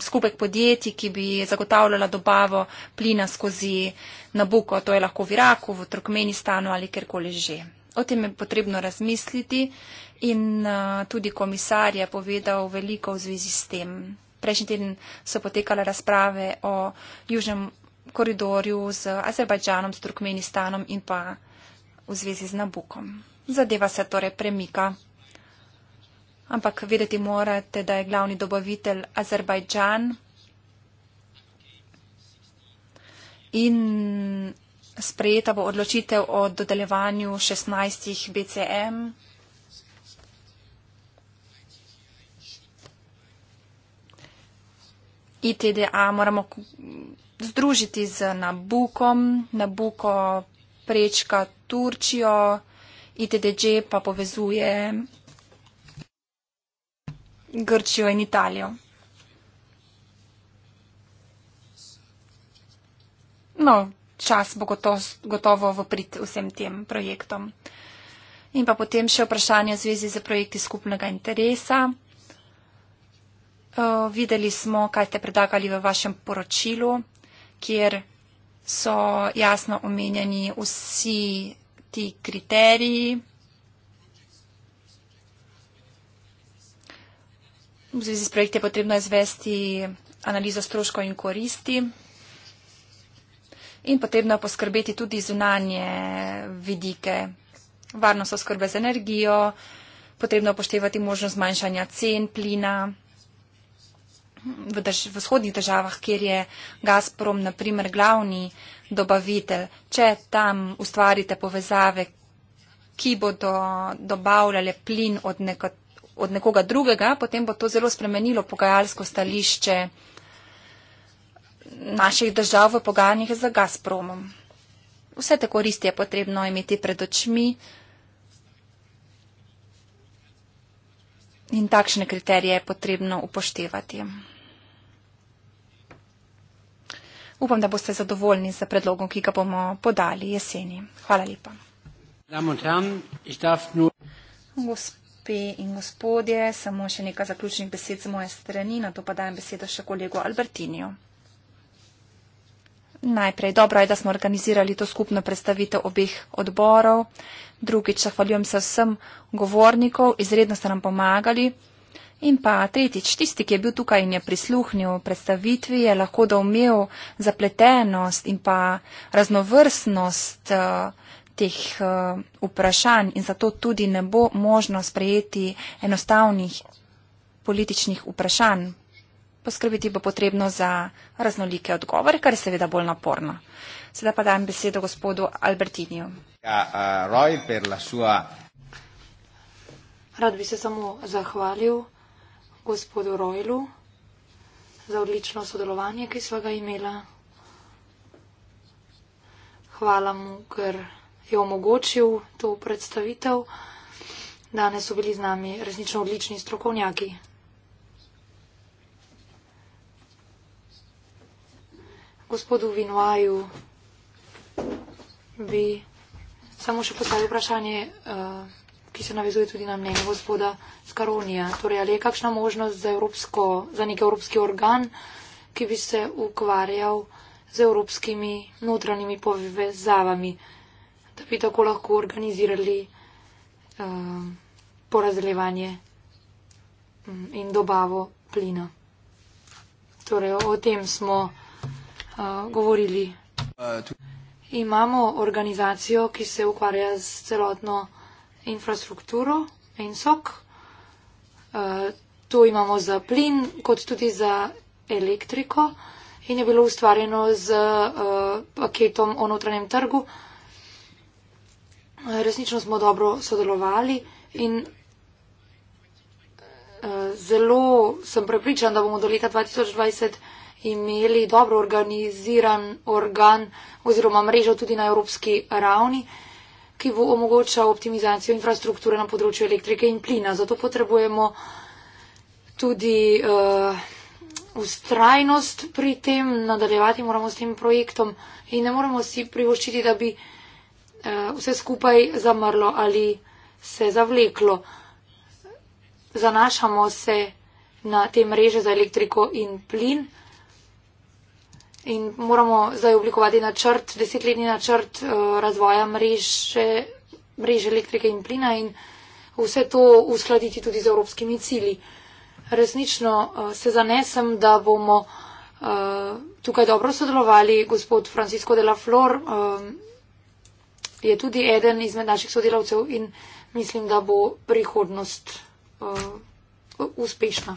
skupek podjetij, ki bi zagotavljala dobavo plina skozi Nabuko, to je lahko v Iraku, v Turkmenistanu ali kjerkoli že. O tem je potrebno razmisliti in tudi komisar je povedal veliko v zvezi s tem. Prejšnji teden so potekale razprave o južnem koridorju z Azerbajdžanom, s Turkmenistanom in pa v zvezi z Nabukom. Zadeva se torej premika ampak vedeti morate, da je glavni dobavitelj Azerbajdžan in sprejeta bo odločitev o dodeljevanju 16 BCM. ITDA moramo združiti z Nabukom, Nabuko prečka Turčijo, ITDG pa povezuje Grčijo in Italijo. No, čas bo gotovo, gotovo v prid vsem tem projektom. In pa potem še vprašanje v zvezi z projekti skupnega interesa. O, videli smo, kaj ste predlagali v vašem poročilu, kjer so jasno omenjeni vsi ti kriteriji, V zvezi s projekti je potrebno izvesti analizo stroškov in koristi in potrebno je poskrbeti tudi zunanje vidike. Varnost oskrbe z energijo, potrebno je upoštevati možnost zmanjšanja cen plina v, drž v vzhodnih državah, kjer je Gazprom naprimer glavni dobavitelj. Če tam ustvarite povezave, ki bodo dobavljale plin od nekot od nekoga drugega, potem bo to zelo spremenilo pogajalsko stališče naših držav v pogajanjih z Gazpromom. Vse te koristi je potrebno imeti pred očmi in takšne kriterije je potrebno upoštevati. Upam, da boste zadovoljni z predlogom, ki ga bomo podali jeseni. Hvala lepa. Gospod gospe in gospodje, samo še nekaj zaključnih besed z moje strani, na to pa dajem besedo še kolegu Albertinijo. Najprej dobro je, da smo organizirali to skupno predstavitev obeh odborov. Drugič, zahvaljujem se vsem govornikov, izredno ste nam pomagali. In pa tretjič, tisti, ki je bil tukaj in je prisluhnil predstavitvi, je lahko domel zapletenost in pa raznovrstnost. Uh, odprtih uh, eh, vprašanj in zato tudi ne bo možno sprejeti enostavnih političnih vprašanj. Poskrbiti bo potrebno za raznolike odgovore, kar je seveda bolj naporno. Sedaj pa dajem besedo gospodu Albertiniju. Ja, uh, Roy, per la sua... Rad bi se samo zahvalil gospodu Rojlu za odlično sodelovanje, ki smo ga imela. Hvala mu, ker je omogočil to predstavitev. Danes so bili z nami resnično odlični strokovnjaki. Gospodu Vinuaju bi samo še postavil vprašanje, eh, ki se navezuje tudi na mnenje gospoda Skaronija. Torej, ali je kakšna možnost za, evropsko, za nek evropski organ, ki bi se ukvarjal z evropskimi notranjimi povezavami? da bi tako lahko organizirali uh, porazdeljevanje mm, in dobavo plina. Torej, o tem smo uh, govorili. Imamo organizacijo, ki se ukvarja z celotno infrastrukturo in sok. Uh, eh, to imamo za plin, kot tudi za elektriko in je bilo ustvarjeno z uh, paketom o notranjem trgu. Uh, resnično smo dobro sodelovali in eh, zelo sem prepričan, da bomo do leta 2020 imeli dobro organiziran organ oziroma mrežo tudi na evropski ravni, ki bo omogočal optimizacijo infrastrukture na področju elektrike in plina. Zato potrebujemo tudi uh, eh, ustrajnost pri tem, nadaljevati moramo s tem projektom in ne moremo si privoščiti, da bi uh, Eh, vse skupaj zamrlo ali se zavleklo. Zanašamo se na te mreže za elektriko in plin in moramo zdaj oblikovati načrt, desetletni načrt eh, razvoja mreže, mreže elektrike in plina in vse to uskladiti tudi z evropskimi cili. Resnično eh, se zanesem, da bomo tukaj dobro sodelovali, gospod Francisco de la Flor, je tudi eden izmed naših sodelavcev in mislim, da bo prihodnost uh, uspešna.